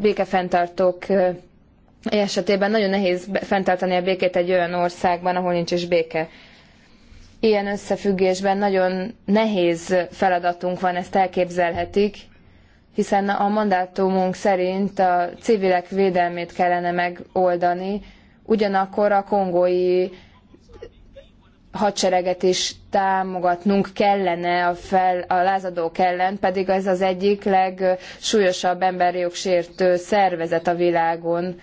békefenntartók esetében nagyon nehéz fenntartani a békét egy olyan országban, ahol nincs is béke. Ilyen összefüggésben nagyon nehéz feladatunk van, ezt elképzelhetik, hiszen a mandátumunk szerint a civilek védelmét kellene megoldani, ugyanakkor a kongói hadsereget is támogatnunk kellene a, fel, a lázadók ellen, pedig ez az egyik legsúlyosabb emberi jogsértő szervezet a világon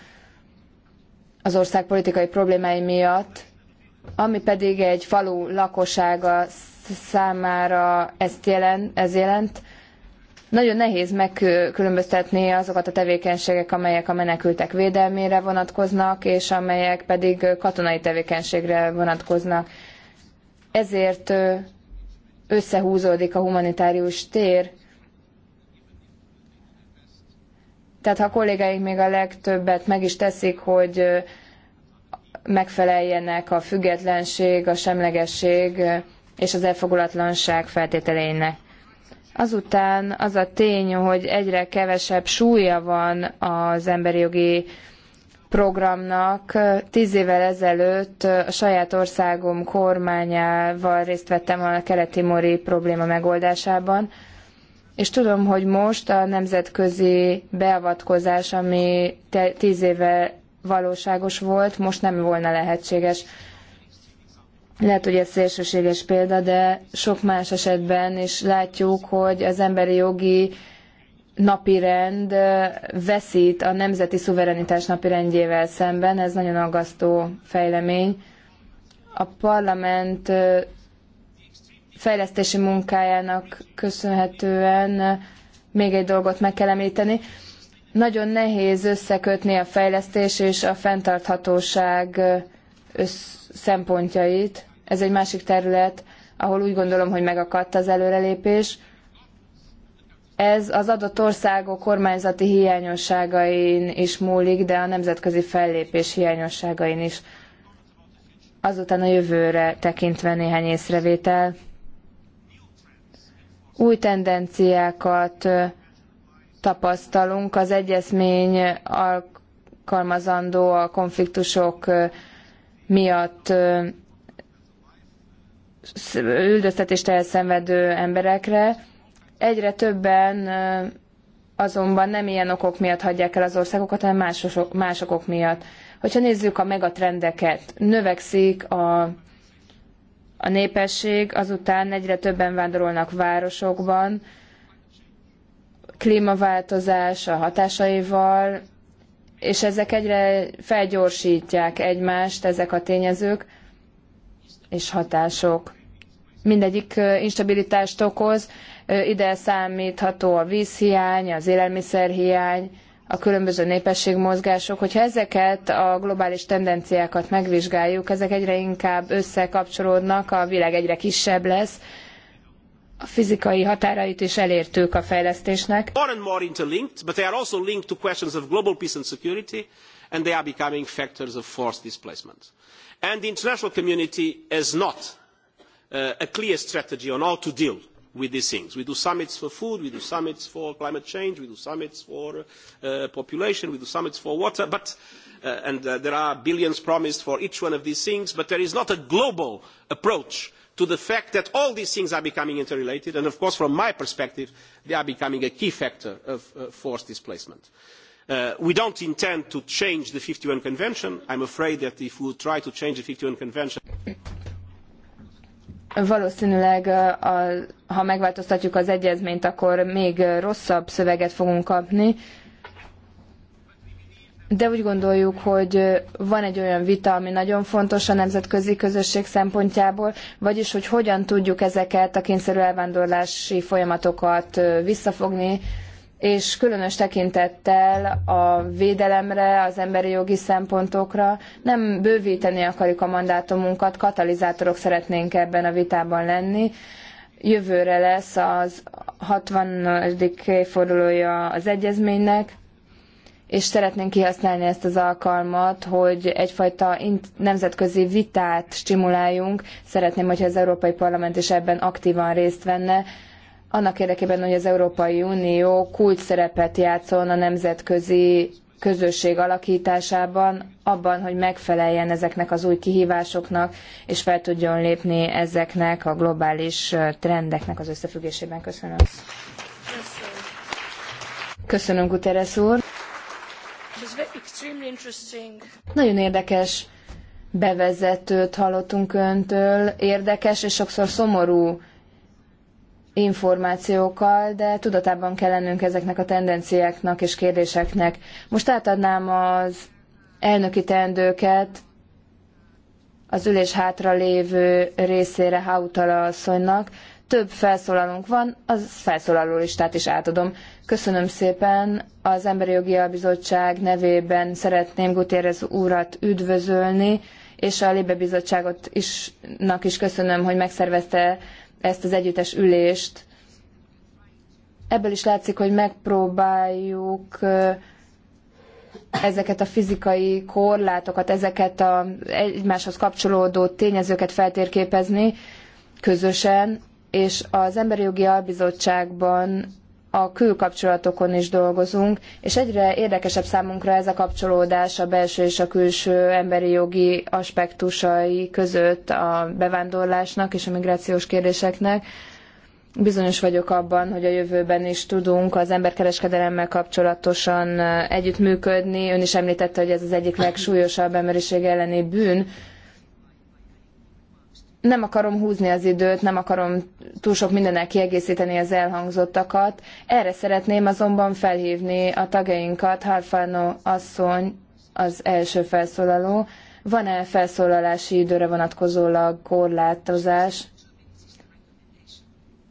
az ország politikai problémái miatt, ami pedig egy falu lakossága számára ezt jelent, ez jelent, nagyon nehéz megkülönböztetni azokat a tevékenységek, amelyek a menekültek védelmére vonatkoznak, és amelyek pedig katonai tevékenységre vonatkoznak. Ezért összehúzódik a humanitárius tér. Tehát ha a kollégáink még a legtöbbet meg is teszik, hogy megfeleljenek a függetlenség, a semlegesség és az elfogulatlanság feltételeinek. Azután az a tény, hogy egyre kevesebb súlya van az emberi jogi programnak tíz évvel ezelőtt a saját országom kormányával részt vettem a keleti timori probléma megoldásában, és tudom, hogy most a nemzetközi beavatkozás, ami tíz éve valóságos volt, most nem volna lehetséges. Lehet, hogy ez szélsőséges példa, de sok más esetben is látjuk, hogy az emberi jogi napirend veszít a nemzeti szuverenitás napirendjével szemben, ez nagyon aggasztó fejlemény. A parlament fejlesztési munkájának köszönhetően még egy dolgot meg kell említeni. Nagyon nehéz összekötni a fejlesztés és a fenntarthatóság szempontjait. Ez egy másik terület, ahol úgy gondolom, hogy megakadt az előrelépés ez az adott országok kormányzati hiányosságain is múlik, de a nemzetközi fellépés hiányosságain is. Azután a jövőre tekintve néhány észrevétel. Új tendenciákat tapasztalunk. Az egyezmény alkalmazandó a konfliktusok miatt üldöztetést elszenvedő emberekre, Egyre többen azonban nem ilyen okok miatt hagyják el az országokat, hanem másosok, más okok miatt. Hogyha nézzük a megatrendeket, növekszik a, a népesség, azután egyre többen vándorolnak városokban, klímaváltozás a hatásaival, és ezek egyre felgyorsítják egymást, ezek a tényezők és hatások. Mindegyik instabilitást okoz, ide számítható a vízhiány, az élelmiszerhiány, a különböző népességmozgások, hogyha ezeket a globális tendenciákat megvizsgáljuk, ezek egyre inkább összekapcsolódnak, a világ egyre kisebb lesz, a fizikai határait is elértük a fejlesztésnek. More and more interlinked, but they are also linked to questions of global peace and security, and they are becoming factors of forced displacement. And the international community has not uh, a clear strategy on how to deal with these things. We do summits for food, we do summits for climate change, we do summits for uh, population, we do summits for water, but, uh, and uh, there are billions promised for each one of these things, but there is not a global approach to the fact that all these things are becoming interrelated, and of course from my perspective they are becoming a key factor of uh, forced displacement. Uh, we do not intend to change the fifty one convention. i am afraid that if we try to change the fifty one convention valószínűleg a, ha megváltoztatjuk az egyezményt, akkor még rosszabb szöveget fogunk kapni. De úgy gondoljuk, hogy van egy olyan vita, ami nagyon fontos a nemzetközi közösség szempontjából, vagyis hogy hogyan tudjuk ezeket a kényszerű elvándorlási folyamatokat visszafogni, és különös tekintettel a védelemre, az emberi jogi szempontokra nem bővíteni akarjuk a mandátumunkat, katalizátorok szeretnénk ebben a vitában lenni. Jövőre lesz az 60. évfordulója az egyezménynek, és szeretnénk kihasználni ezt az alkalmat, hogy egyfajta nemzetközi vitát stimuláljunk. Szeretném, hogyha az Európai Parlament is ebben aktívan részt venne, annak érdekében, hogy az Európai Unió kult szerepet játszon a nemzetközi közösség alakításában, abban, hogy megfeleljen ezeknek az új kihívásoknak, és fel tudjon lépni ezeknek a globális trendeknek az összefüggésében. Köszönöm. Köszönöm, Köszönöm Guterres úr. Nagyon érdekes bevezetőt hallottunk öntől, érdekes és sokszor szomorú információkkal, de tudatában kell lennünk ezeknek a tendenciáknak és kérdéseknek. Most átadnám az elnöki teendőket az ülés hátra lévő részére Hautala asszonynak. Több felszólalónk van, az felszólaló listát is átadom. Köszönöm szépen. Az Emberi Jogi Bizottság nevében szeretném Gutérrez úrat üdvözölni, és a Libe Bizottságot isnak is köszönöm, hogy megszervezte ezt az együttes ülést. Ebből is látszik, hogy megpróbáljuk ezeket a fizikai korlátokat, ezeket a egymáshoz kapcsolódó tényezőket feltérképezni közösen, és az Emberi Jogi Albizottságban a külkapcsolatokon is dolgozunk, és egyre érdekesebb számunkra ez a kapcsolódás a belső és a külső emberi jogi aspektusai között a bevándorlásnak és a migrációs kérdéseknek. Bizonyos vagyok abban, hogy a jövőben is tudunk az emberkereskedelemmel kapcsolatosan együttműködni. Ön is említette, hogy ez az egyik legsúlyosabb emberiség elleni bűn, nem akarom húzni az időt, nem akarom túl sok mindennel kiegészíteni az elhangzottakat. Erre szeretném azonban felhívni a tagjainkat, Halfano asszony az első felszólaló. Van-e felszólalási időre vonatkozólag korlátozás?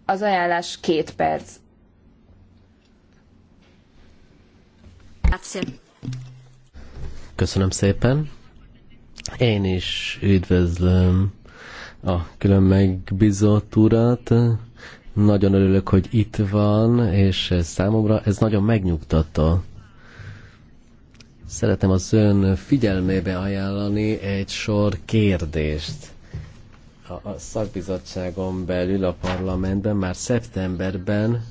Az ajánlás két perc. Köszönöm szépen. Én is üdvözlöm a külön megbízott urat. Nagyon örülök, hogy itt van, és számomra ez nagyon megnyugtatta. Szeretem az ön figyelmébe ajánlani egy sor kérdést. A szakbizottságon belül a parlamentben már szeptemberben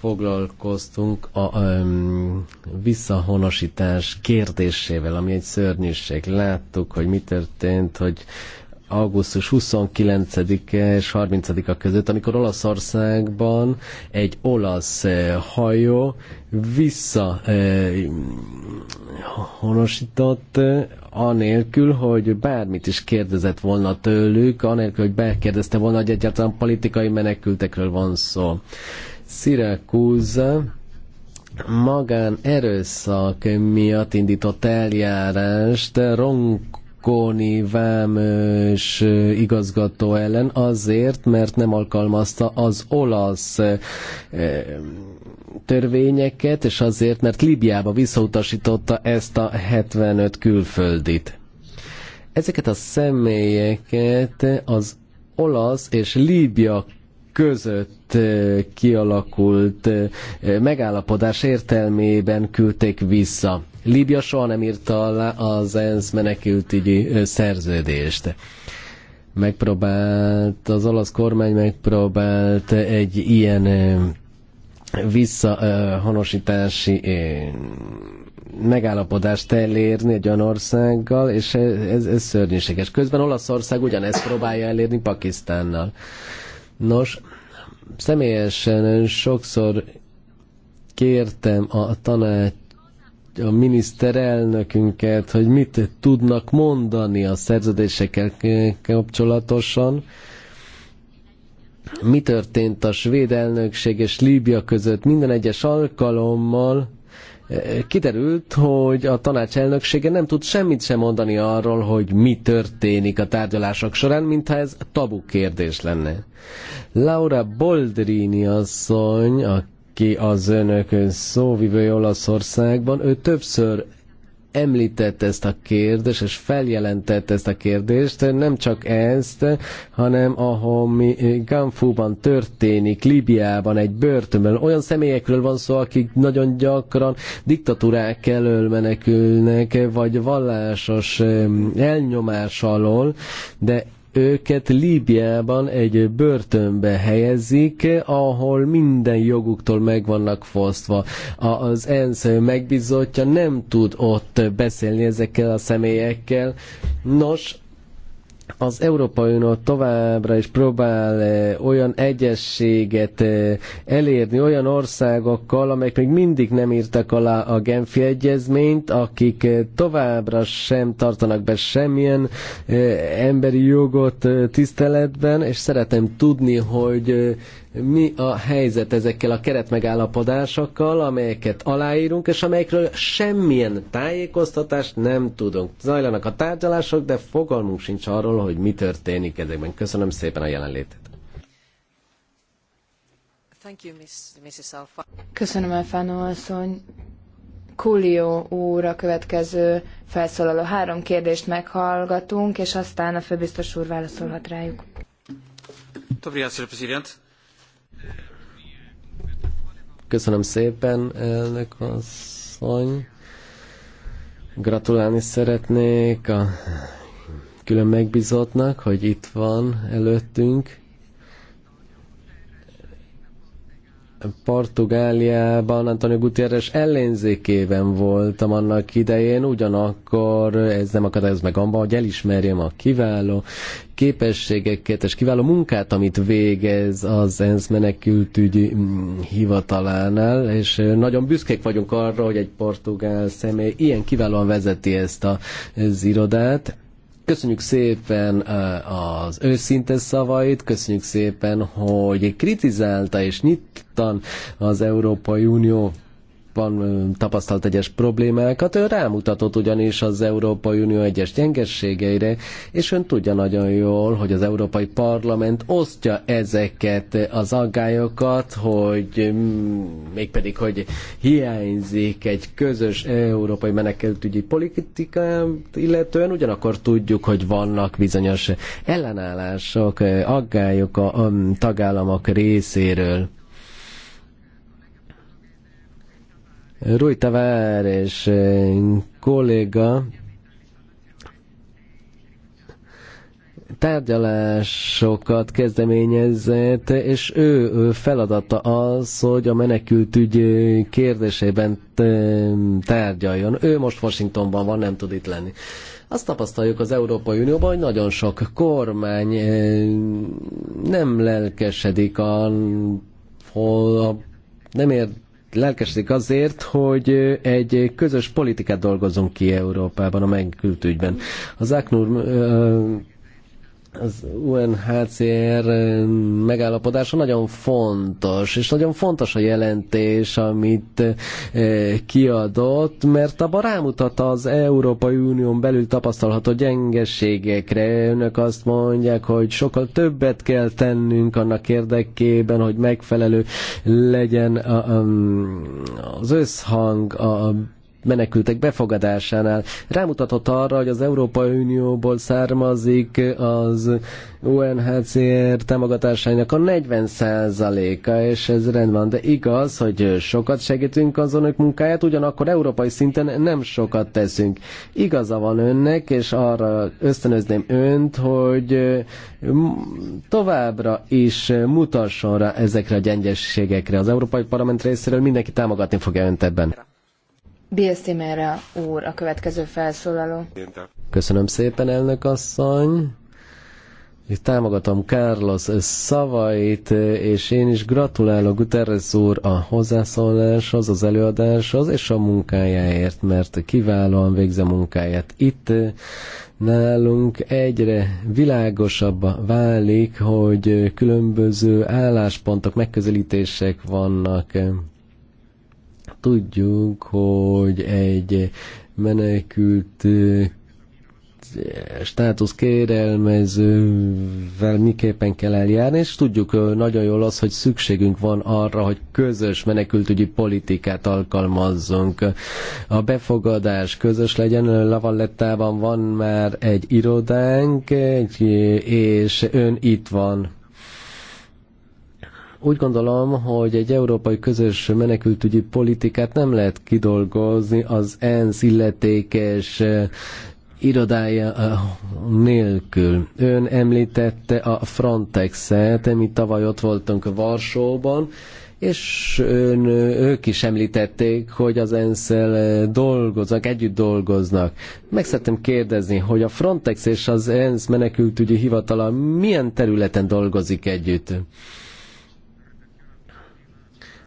foglalkoztunk a um, visszahonosítás kérdésével, ami egy szörnyűség. Láttuk, hogy mi történt, hogy augusztus 29-e és 30-a között, amikor Olaszországban egy olasz eh, hajó visszahonosított eh, eh, anélkül, hogy bármit is kérdezett volna tőlük, anélkül, hogy bekérdezte volna, hogy egyáltalán politikai menekültekről van szó. Szirakúza magán erőszak miatt indított eljárást Ronkoni vámös igazgató ellen azért, mert nem alkalmazta az olasz eh, törvényeket, és azért, mert Libiába visszautasította ezt a 75 külföldit. Ezeket a személyeket az olasz és líbia között eh, kialakult eh, megállapodás értelmében küldték vissza. Líbia soha nem írta alá az ENSZ menekültügyi eh, szerződést. Megpróbált, az olasz kormány megpróbált egy ilyen visszahonosítási megállapodást elérni egy olyan országgal, és ez, ez, szörnyűséges. Közben Olaszország ugyanezt próbálja elérni Pakisztánnal. Nos, személyesen sokszor kértem a tanács a miniszterelnökünket, hogy mit tudnak mondani a szerződésekkel kapcsolatosan. Mi történt a svéd elnökség és Líbia között minden egyes alkalommal kiderült, hogy a tanács elnöksége nem tud semmit sem mondani arról, hogy mi történik a tárgyalások során, mintha ez tabu kérdés lenne. Laura Boldrini asszony, aki az önök szóvivője Olaszországban, ő többször említett ezt a kérdést, és feljelentett ezt a kérdést, nem csak ezt, hanem ahomi Ganfúban történik, Libiában, egy börtönben. Olyan személyekről van szó, akik nagyon gyakran diktatúrák elől menekülnek, vagy vallásos elnyomás alól, de őket Líbiában egy börtönbe helyezik, ahol minden joguktól meg vannak fosztva. Az ENSZ megbizotja nem tud ott beszélni ezekkel a személyekkel. Nos, az Európai Unió továbbra is próbál eh, olyan egyességet eh, elérni olyan országokkal, amelyek még mindig nem írtak alá a Genfi Egyezményt, akik eh, továbbra sem tartanak be semmilyen emberi jogot tiszteletben, és szeretem tudni, hogy mi a helyzet ezekkel a keretmegállapodásokkal, amelyeket aláírunk, és amelyekről semmilyen tájékoztatást nem tudunk. Zajlanak a tárgyalások, de fogalmunk sincs arról, hogy mi történik ezekben. Köszönöm szépen a jelenlétet. Köszönöm, Alfano asszony. Kulió úr a következő felszólaló. Három kérdést meghallgatunk, és aztán a főbiztos úr válaszolhat rájuk. Muito obrigado, Sr. Presidente. Köszönöm szépen, elnök asszony. Gratulálni szeretnék a külön megbízottnak, hogy itt van előttünk. Portugáliában Antonio Gutiérrez ellenzékében voltam annak idején, ugyanakkor ez nem akadályoz meg abban, hogy elismerjem a kiváló képességeket és kiváló munkát, amit végez az ENSZ menekültügyi mm, hivatalánál, és nagyon büszkék vagyunk arra, hogy egy portugál személy ilyen kiválóan vezeti ezt az irodát, Köszönjük szépen az őszinte szavait, köszönjük szépen, hogy kritizálta és nyitottan az Európai Unió Európában tapasztalt egyes problémákat, ő rámutatott ugyanis az Európai Unió egyes gyengességeire, és ön tudja nagyon jól, hogy az Európai Parlament osztja ezeket az aggályokat, hogy mm, mégpedig, hogy hiányzik egy közös európai menekültügyi politika, illetően ugyanakkor tudjuk, hogy vannak bizonyos ellenállások, aggályok a, a tagállamok részéről Rui Tavares eh, kolléga tárgyalásokat kezdeményezett, és ő feladata az, hogy a menekültügy kérdésében tárgyaljon. Ő most Washingtonban van, nem tud itt lenni. Azt tapasztaljuk az Európai Unióban, hogy nagyon sok kormány eh, nem lelkesedik a, a nem ért lelkesedik azért, hogy egy közös politikát dolgozzunk ki Európában a menekültügyben. Az Aknur az UNHCR megállapodása nagyon fontos, és nagyon fontos a jelentés, amit kiadott, mert abban rámutat az Európai Unión belül tapasztalható gyengeségekre. Önök azt mondják, hogy sokkal többet kell tennünk annak érdekében, hogy megfelelő legyen az összhang a menekültek befogadásánál. Rámutatott arra, hogy az Európai Unióból származik az UNHCR támogatásának a 40%-a, és ez rendben. De igaz, hogy sokat segítünk az önök munkáját, ugyanakkor európai szinten nem sokat teszünk. Igaza van önnek, és arra ösztönözném önt, hogy továbbra is mutasson rá ezekre a gyengességekre. Az Európai Parlament részéről mindenki támogatni fogja önt ebben. Bill Simera úr a következő felszólaló. Köszönöm szépen, elnök asszony. Támogatom Carlos szavait, és én is gratulálok Guterres úr a hozzászóláshoz, az előadáshoz és a munkájáért, mert kiválóan végzi a munkáját. Itt nálunk egyre világosabb válik, hogy különböző álláspontok, megközelítések vannak tudjuk, hogy egy menekült státusz kérelmezővel miképpen kell eljárni, és tudjuk nagyon jól az, hogy szükségünk van arra, hogy közös menekültügyi politikát alkalmazzunk. A befogadás közös legyen, Lavallettában van már egy irodánk, és ön itt van úgy gondolom, hogy egy európai közös menekültügyi politikát nem lehet kidolgozni az ENSZ illetékes eh, irodája eh, nélkül. Ön említette a Frontex-et, mi tavaly ott voltunk Varsóban, és ön, ők is említették, hogy az ensz eh, dolgoznak, együtt dolgoznak. Meg szeretném kérdezni, hogy a Frontex és az ENSZ menekültügyi hivatala milyen területen dolgozik együtt?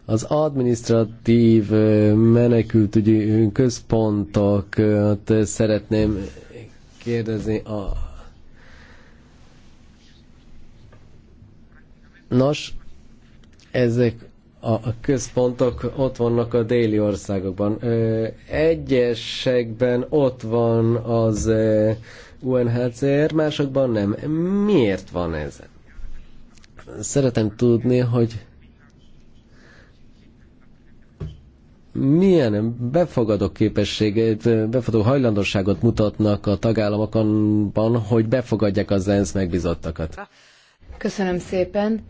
Az administratív menekültügyi központok, szeretném kérdezni a... Nos, ezek a központok ott vannak a déli országokban. Egyesekben ott van az UNHCR, másokban nem. Miért van ez? Szeretem tudni, hogy milyen befogadó képességet, befogadó hajlandóságot mutatnak a tagállamokban, hogy befogadják az ENSZ megbizottakat. Köszönöm szépen,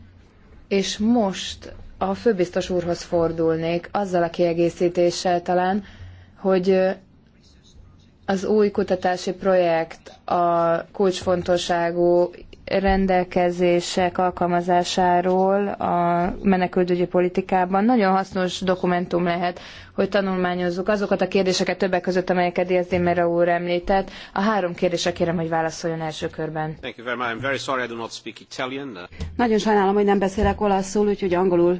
és most a főbiztos úrhoz fordulnék, azzal a kiegészítéssel talán, hogy az új kutatási projekt a kulcsfontosságú rendelkezések alkalmazásáról a menekültügyi politikában nagyon hasznos dokumentum lehet, hogy tanulmányozzuk azokat a kérdéseket többek között, amelyeket Diaz Dimera úr említett. A három kérdésre kérem, hogy válaszoljon első körben. Uh, nagyon sajnálom, hogy nem beszélek olaszul, úgyhogy angolul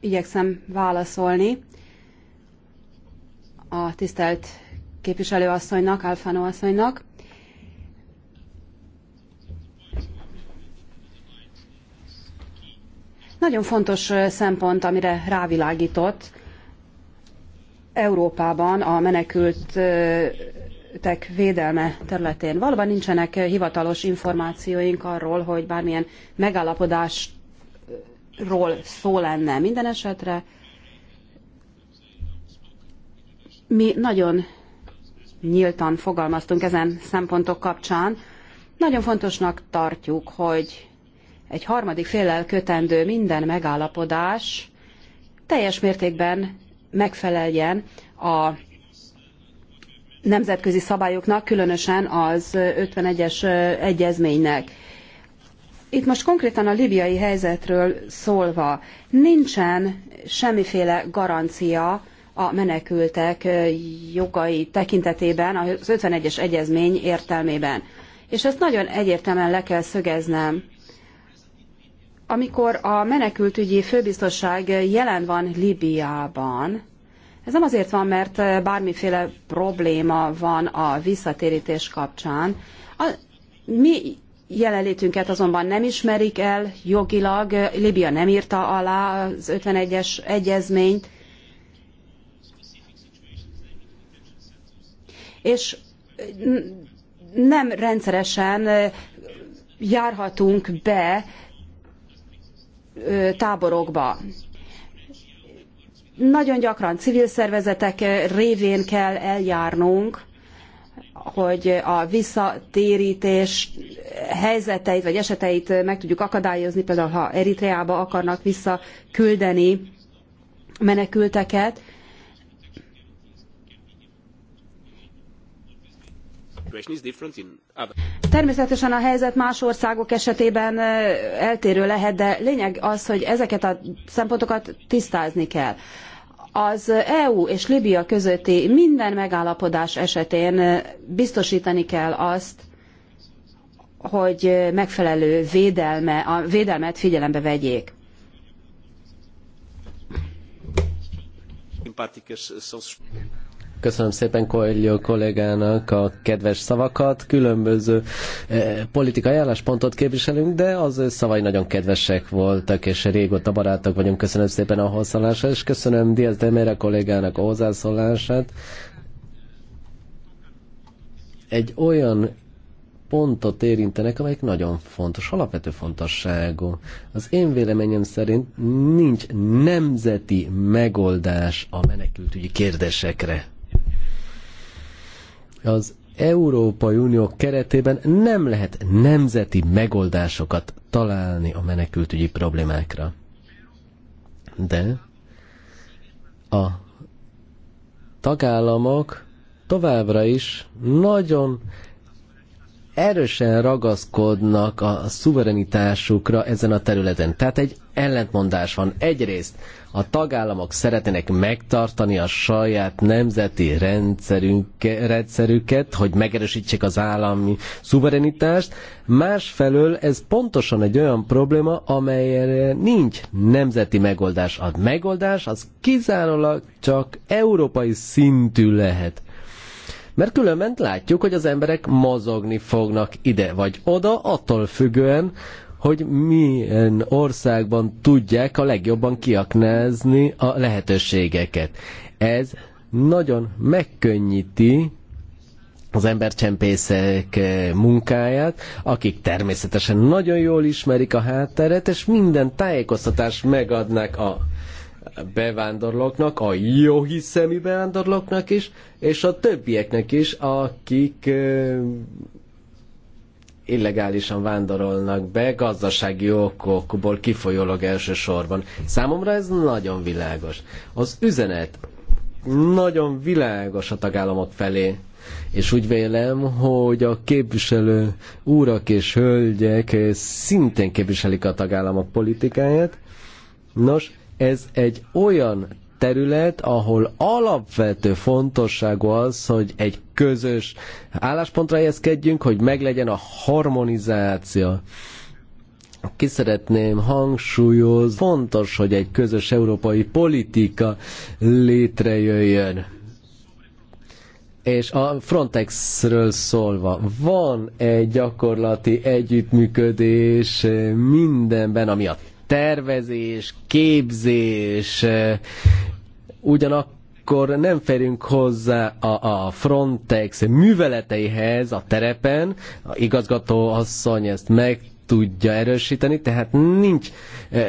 igyekszem válaszolni a tisztelt képviselőasszonynak, Alfano asszonynak. Nagyon fontos szempont, amire rávilágított Európában a menekültek védelme területén. Valóban nincsenek hivatalos információink arról, hogy bármilyen megállapodásról szó lenne. Minden esetre mi nagyon nyíltan fogalmaztunk ezen szempontok kapcsán. Nagyon fontosnak tartjuk, hogy egy harmadik féllel kötendő minden megállapodás teljes mértékben megfeleljen a nemzetközi szabályoknak, különösen az 51-es egyezménynek. Itt most konkrétan a libiai helyzetről szólva nincsen semmiféle garancia a menekültek jogai tekintetében az 51-es egyezmény értelmében. És ezt nagyon egyértelműen le kell szögeznem. Amikor a menekültügyi főbiztosság jelen van Libiában, ez nem azért van, mert bármiféle probléma van a visszatérítés kapcsán. A, mi jelenlétünket azonban nem ismerik el jogilag, Libia nem írta alá az 51-es egyezményt, és nem rendszeresen járhatunk be táborokba. Nagyon gyakran civil szervezetek révén kell eljárnunk, hogy a visszatérítés helyzeteit vagy eseteit meg tudjuk akadályozni, például ha Eritreába akarnak visszaküldeni menekülteket, Természetesen a helyzet más országok esetében eltérő lehet, de lényeg az, hogy ezeket a szempontokat tisztázni kell. Az EU és Libia közötti minden megállapodás esetén biztosítani kell azt, hogy megfelelő védelme, a védelmet figyelembe vegyék. Köszönöm szépen Koelho kollégának a kedves szavakat. Különböző eh, politikai álláspontot képviselünk, de az ő szavai nagyon kedvesek voltak, és régóta barátok vagyunk. Köszönöm szépen a hozzászólását, és köszönöm Diaz Demere kollégának a hozzászólását. Egy olyan pontot érintenek, amelyik nagyon fontos, alapvető fontosságú. Az én véleményem szerint nincs nemzeti megoldás a menekültügyi kérdésekre az Európai Unió keretében nem lehet nemzeti megoldásokat találni a menekültügyi problémákra. De a tagállamok továbbra is nagyon erősen ragaszkodnak a szuverenitásukra ezen a területen. Tehát egy ellentmondás van. Egyrészt a tagállamok szeretnének megtartani a saját nemzeti rendszerüket, hogy megerősítsék az állami szuverenitást, másfelől ez pontosan egy olyan probléma, amelyre nincs nemzeti megoldás. A megoldás az kizárólag csak európai szintű lehet. Mert különben látjuk, hogy az emberek mozogni fognak ide vagy oda, attól függően, hogy milyen országban tudják a legjobban kiaknázni a lehetőségeket. Ez nagyon megkönnyíti az embercsempészek eh, munkáját, akik természetesen nagyon jól ismerik a hátteret, és minden tájékoztatást megadnak a bevándorlóknak, a jó hiszemű bevándorlóknak is, és a többieknek is, akik illegálisan vándorolnak be gazdasági okokból kifolyólag elsősorban. Számomra ez nagyon világos. Az üzenet nagyon világos a tagállamok felé. És úgy vélem, hogy a képviselő úrak és hölgyek szintén képviselik a tagállamok politikáját. Nos, ez egy olyan terület, ahol alapvető fontosságú az, hogy egy közös álláspontra helyezkedjünk, hogy meglegyen a harmonizáció. Ki szeretném hangsúlyozni, fontos, hogy egy közös európai politika létrejöjjön. És a Frontexről szólva, van egy gyakorlati együttműködés mindenben, ami a tervezés, képzés, ugyanakkor akkor nem férünk hozzá a, a Frontex műveleteihez a terepen, a igazgató asszony ezt meg tudja erősíteni, tehát nincs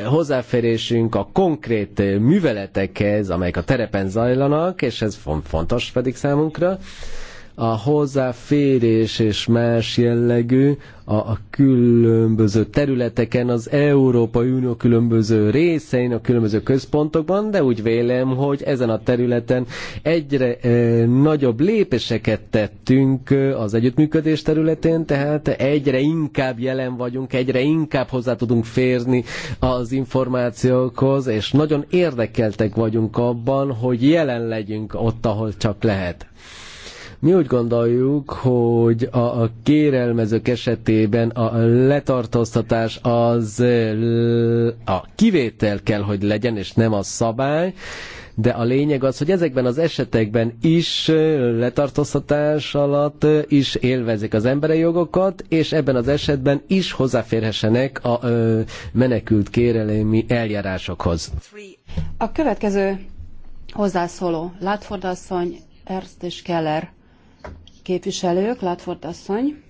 hozzáférésünk a konkrét műveletekhez, amelyek a terepen zajlanak, és ez fontos pedig számunkra a hozzáférés és más jellegű a, a különböző területeken, az Európai Unió különböző részein, a különböző központokban, de úgy vélem, hogy ezen a területen egyre e, nagyobb lépéseket tettünk eh, az együttműködés területén, tehát egyre inkább jelen vagyunk, egyre inkább hozzá tudunk férni az információkhoz, és nagyon érdekeltek vagyunk abban, hogy jelen legyünk ott, ahol csak lehet. Mi úgy gondoljuk, hogy a kérelmezők esetében a letartóztatás az a kivétel kell, hogy legyen, és nem a szabály, de a lényeg az, hogy ezekben az esetekben is letartóztatás alatt is élvezik az emberi jogokat, és ebben az esetben is hozzáférhessenek a menekült kérelemi eljárásokhoz. A következő hozzászóló Látfordasszony, Ernst és Keller képviselők, Latford asszony.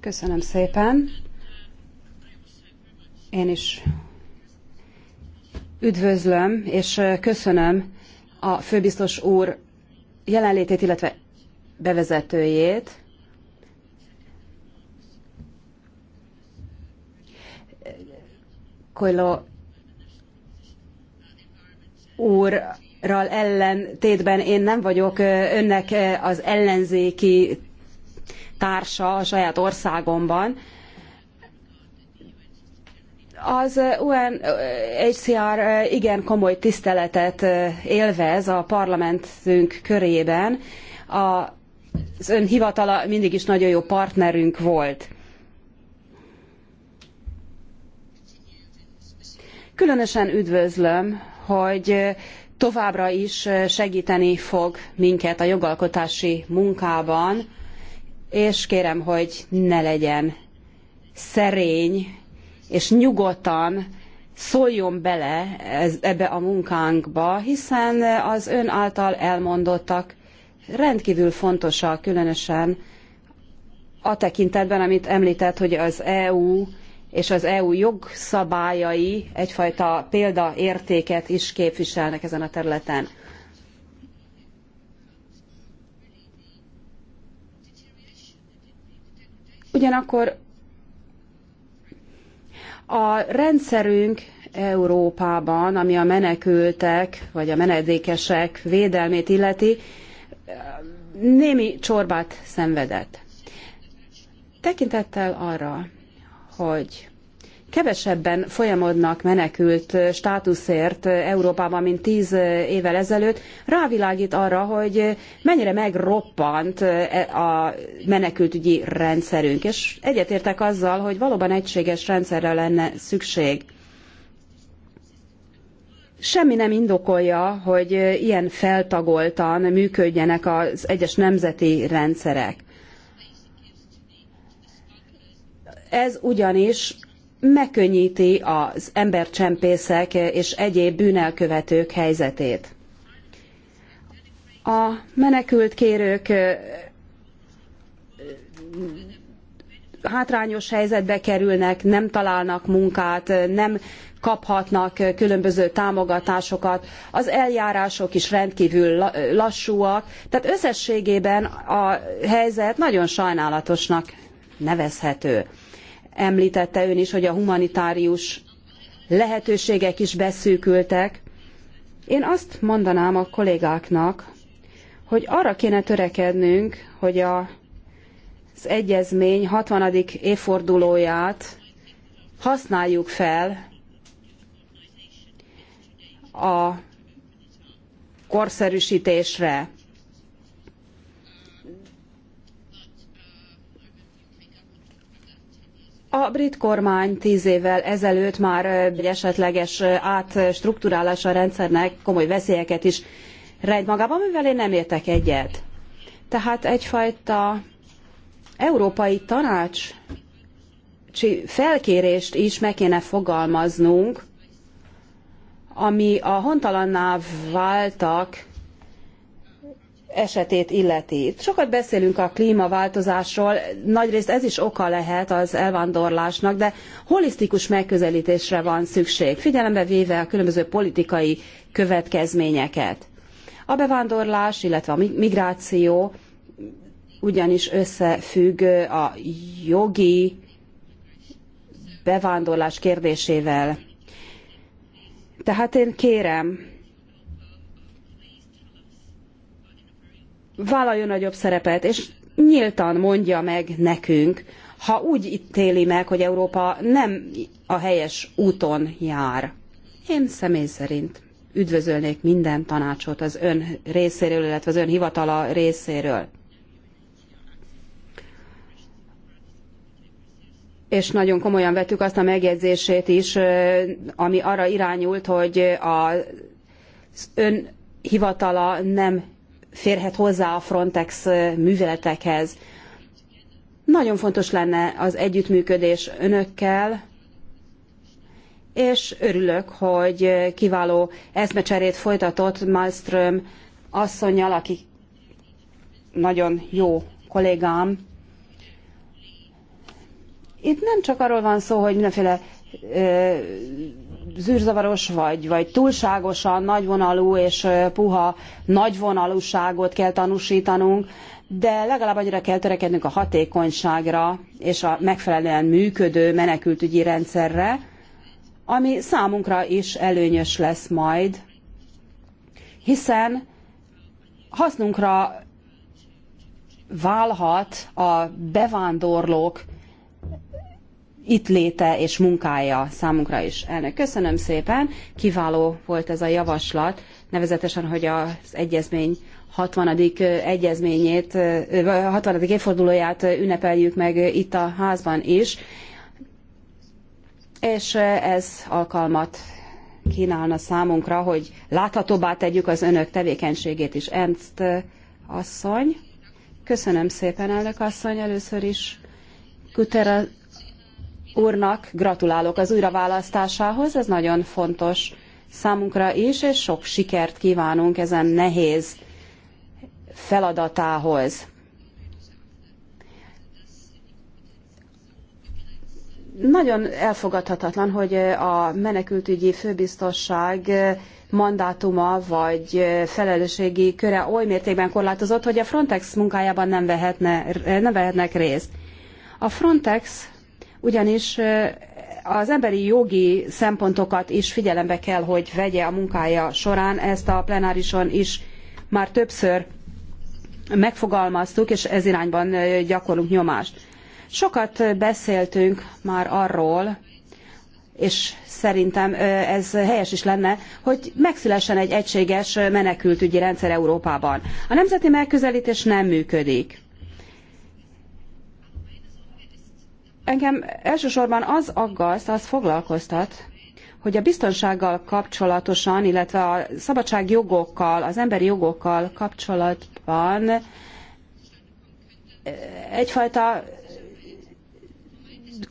Köszönöm szépen. Én is üdvözlöm és köszönöm a főbiztos úr jelenlétét, illetve bevezetőjét. Koilo úr ral ellentétben én nem vagyok önnek az ellenzéki társa a saját országomban. Az UNHCR igen komoly tiszteletet élvez a parlamentünk körében. Az ön hivatala mindig is nagyon jó partnerünk volt. Különösen üdvözlöm, hogy továbbra is eh, segíteni fog minket a jogalkotási munkában, és kérem, hogy ne legyen szerény, és nyugodtan szóljon bele ebbe a munkánkba, hiszen az ön által elmondottak rendkívül fontosak, különösen a tekintetben, amit említett, hogy az EU és az EU jogszabályai egyfajta példaértéket is képviselnek ezen a területen. Ugyanakkor a rendszerünk Európában, ami a menekültek vagy a menedékesek védelmét illeti, némi csorbát szenvedett. Tekintettel arra, hogy kevesebben folyamodnak menekült státuszért Európában, mint tíz évvel ezelőtt, rávilágít arra, hogy mennyire megroppant a menekültügyi rendszerünk. És egyetértek azzal, hogy valóban egységes rendszerre lenne szükség. Semmi nem indokolja, hogy ilyen feltagoltan működjenek az egyes nemzeti rendszerek. Ez ugyanis megkönnyíti az embercsempészek és egyéb bűnelkövetők helyzetét. A menekültkérők hátrányos helyzetbe kerülnek, nem találnak munkát, nem kaphatnak különböző támogatásokat, az eljárások is rendkívül lassúak, tehát összességében a helyzet nagyon sajnálatosnak nevezhető említette ön is, hogy a humanitárius lehetőségek is beszűkültek. Én azt mondanám a kollégáknak, hogy arra kéne törekednünk, hogy a, az egyezmény 60. évfordulóját használjuk fel a korszerűsítésre. A brit kormány tíz évvel ezelőtt már egy esetleges átstruktúrálása a rendszernek komoly veszélyeket is rejt magában, mivel én nem értek egyet. Tehát egyfajta európai tanács felkérést is meg kéne fogalmaznunk, ami a hontalanná váltak esetét illeti. Itt sokat beszélünk a klímaváltozásról, nagyrészt ez is oka lehet az elvándorlásnak, de holisztikus megközelítésre van szükség, figyelembe véve a különböző politikai következményeket. A bevándorlás, illetve a migráció ugyanis összefügg a jogi bevándorlás kérdésével. Tehát én kérem, vállaljon nagyobb szerepet, és nyíltan mondja meg nekünk, ha úgy ítéli meg, hogy Európa nem a helyes úton jár. Én személy szerint üdvözölnék minden tanácsot az ön részéről, illetve az ön hivatala részéről. és nagyon komolyan vettük azt a megjegyzését is, ami arra irányult, hogy az ön hivatala nem férhet hozzá a Frontex műveletekhez. Nagyon fontos lenne az együttműködés önökkel, és örülök, hogy kiváló eszmecserét folytatott Malmström asszonyjal, aki nagyon jó kollégám. Itt nem csak arról van szó, hogy mindenféle zűrzavaros vagy, vagy túlságosan nagyvonalú és puha nagyvonalúságot kell tanúsítanunk, de legalább annyira kell törekednünk a hatékonyságra és a megfelelően működő menekültügyi rendszerre, ami számunkra is előnyös lesz majd, hiszen hasznunkra válhat a bevándorlók itt léte és munkája számunkra is. Elnök, köszönöm szépen, kiváló volt ez a javaslat, nevezetesen, hogy az egyezmény 60. Eh, egyezményét, 60. Eh, évfordulóját eh, ünnepeljük meg itt a házban is, és ez alkalmat kínálna számunkra, hogy láthatóbbá tegyük az önök tevékenységét is. Ernst asszony, köszönöm szépen, elnök asszony, először is Kutera úrnak gratulálok az újraválasztásához, ez nagyon fontos számunkra is, és sok sikert kívánunk ezen nehéz feladatához. Nagyon elfogadhatatlan, hogy a menekültügyi főbiztosság mandátuma vagy felelősségi köre oly mértékben korlátozott, hogy a Frontex munkájában nem, vehetne, nem vehetnek részt. A Frontex ugyanis az emberi jogi szempontokat is figyelembe kell, hogy vegye a munkája során. Ezt a plenárison is már többször megfogalmaztuk, és ez irányban gyakorlunk nyomást. Sokat beszéltünk már arról, és szerintem ez helyes is lenne, hogy megszülessen egy egységes menekültügyi rendszer Európában. A nemzeti megközelítés nem működik. Engem elsősorban az aggaszt, az foglalkoztat, hogy a biztonsággal kapcsolatosan, illetve a szabadságjogokkal, az emberi jogokkal kapcsolatban eh, egyfajta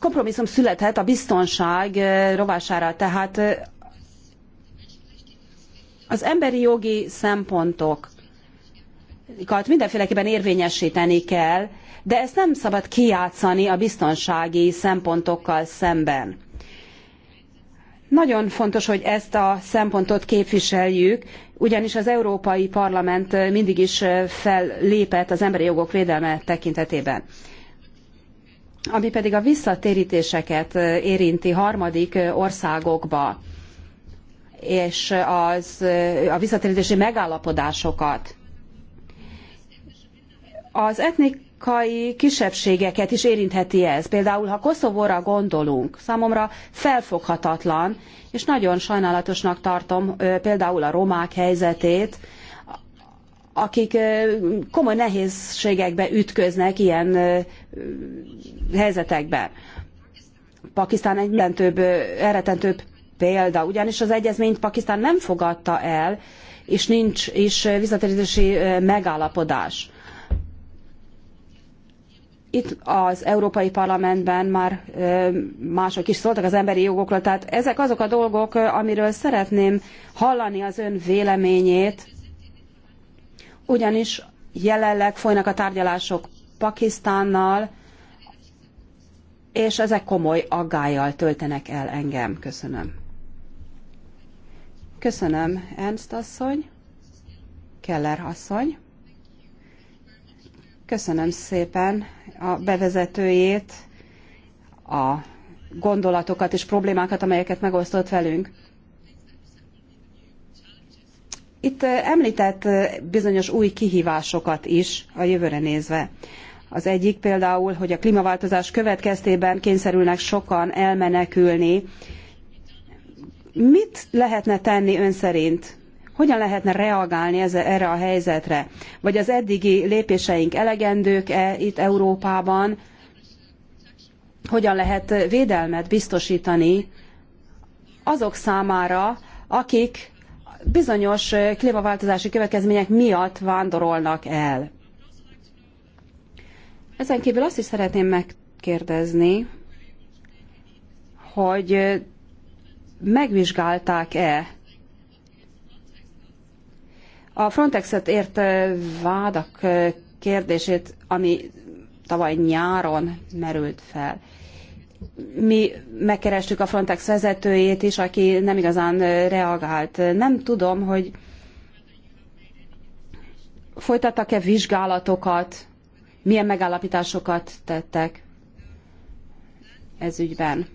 kompromisszum születhet a biztonság eh, rovására. Tehát eh, az emberi jogi szempontokat mindenféleképpen érvényesíteni kell, de ezt nem szabad kijátszani a biztonsági szempontokkal szemben. Nagyon fontos, hogy ezt a szempontot képviseljük, ugyanis az Európai Parlament mindig is fellépett az emberi jogok védelme tekintetében. Ami pedig a visszatérítéseket érinti harmadik országokba, és az, a visszatérítési megállapodásokat. Az etnik éjszakai kisebbségeket is érintheti ez. Például, ha Koszovóra gondolunk, számomra felfoghatatlan, és nagyon sajnálatosnak tartom például a romák helyzetét, akik komoly nehézségekbe ütköznek ilyen helyzetekben. Pakisztán egy rendőbb, elretentőbb példa, ugyanis az egyezményt Pakisztán nem fogadta el, és nincs is visszatérítési megállapodás itt az Európai Parlamentben már mások is szóltak az emberi jogokról, tehát ezek azok a dolgok, amiről szeretném hallani az ön véleményét, ugyanis jelenleg folynak a tárgyalások Pakisztánnal, és ezek komoly aggájjal töltenek el engem. Köszönöm. Köszönöm, Ernst asszony, Keller asszony. Köszönöm szépen a bevezetőjét, a gondolatokat és problémákat, amelyeket megosztott velünk. Itt eh, említett eh, bizonyos új kihívásokat is a jövőre nézve. Az egyik például, hogy a klímaváltozás következtében kényszerülnek sokan elmenekülni. Mit lehetne tenni ön szerint? hogyan lehetne reagálni ez, erre a helyzetre? Vagy az eddigi lépéseink elegendők-e itt Európában? Hogyan lehet védelmet biztosítani azok számára, akik bizonyos klímaváltozási következmények miatt vándorolnak el? Ezen kívül azt is szeretném megkérdezni, hogy megvizsgálták-e a Frontexet ért vádak kérdését, ami tavaly nyáron merült fel. Mi megkerestük a Frontex vezetőjét is, aki nem igazán reagált. Nem tudom, hogy folytattak-e vizsgálatokat, milyen megállapításokat tettek ez ügyben.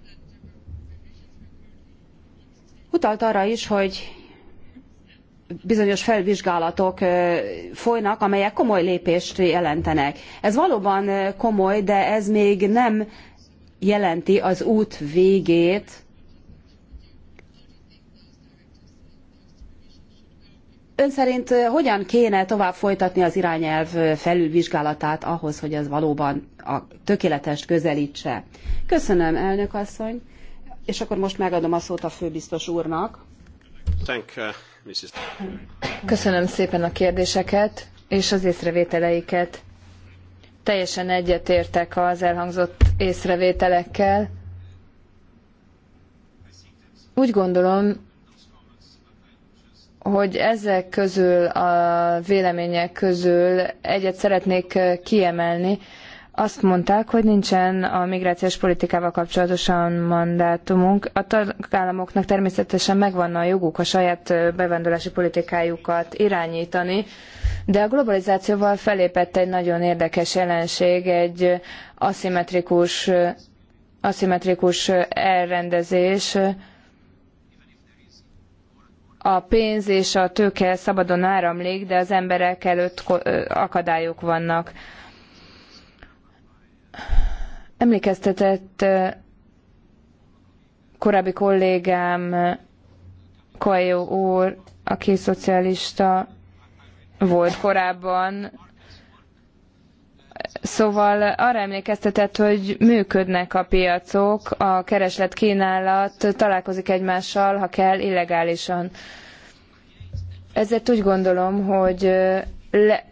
Utalt arra is, hogy bizonyos felvizsgálatok folynak, amelyek komoly lépést jelentenek. Ez valóban komoly, de ez még nem jelenti az út végét. Ön szerint hogyan kéne tovább folytatni az irányelv felülvizsgálatát ahhoz, hogy ez valóban a tökéletes közelítse? Köszönöm, elnök asszony. És akkor most megadom a szót a főbiztos úrnak. Thank, Köszönöm szépen a kérdéseket és az észrevételeiket. Teljesen egyetértek az elhangzott észrevételekkel. Úgy gondolom, hogy ezek közül, a vélemények közül egyet szeretnék kiemelni, azt mondták, hogy nincsen a migrációs politikával kapcsolatosan mandátumunk. A tagállamoknak természetesen megvan a joguk a saját bevándorlási politikájukat irányítani, de a globalizációval felépett egy nagyon érdekes jelenség, egy aszimmetrikus, aszimmetrikus elrendezés, a pénz és a tőke szabadon áramlik, de az emberek előtt akadályok vannak Emlékeztetett korábbi kollégám Kajó úr, aki szocialista volt korábban, Szóval arra emlékeztetett, hogy működnek a piacok, a kereslet kínálat találkozik egymással, ha kell, illegálisan. Ezért úgy gondolom, hogy le,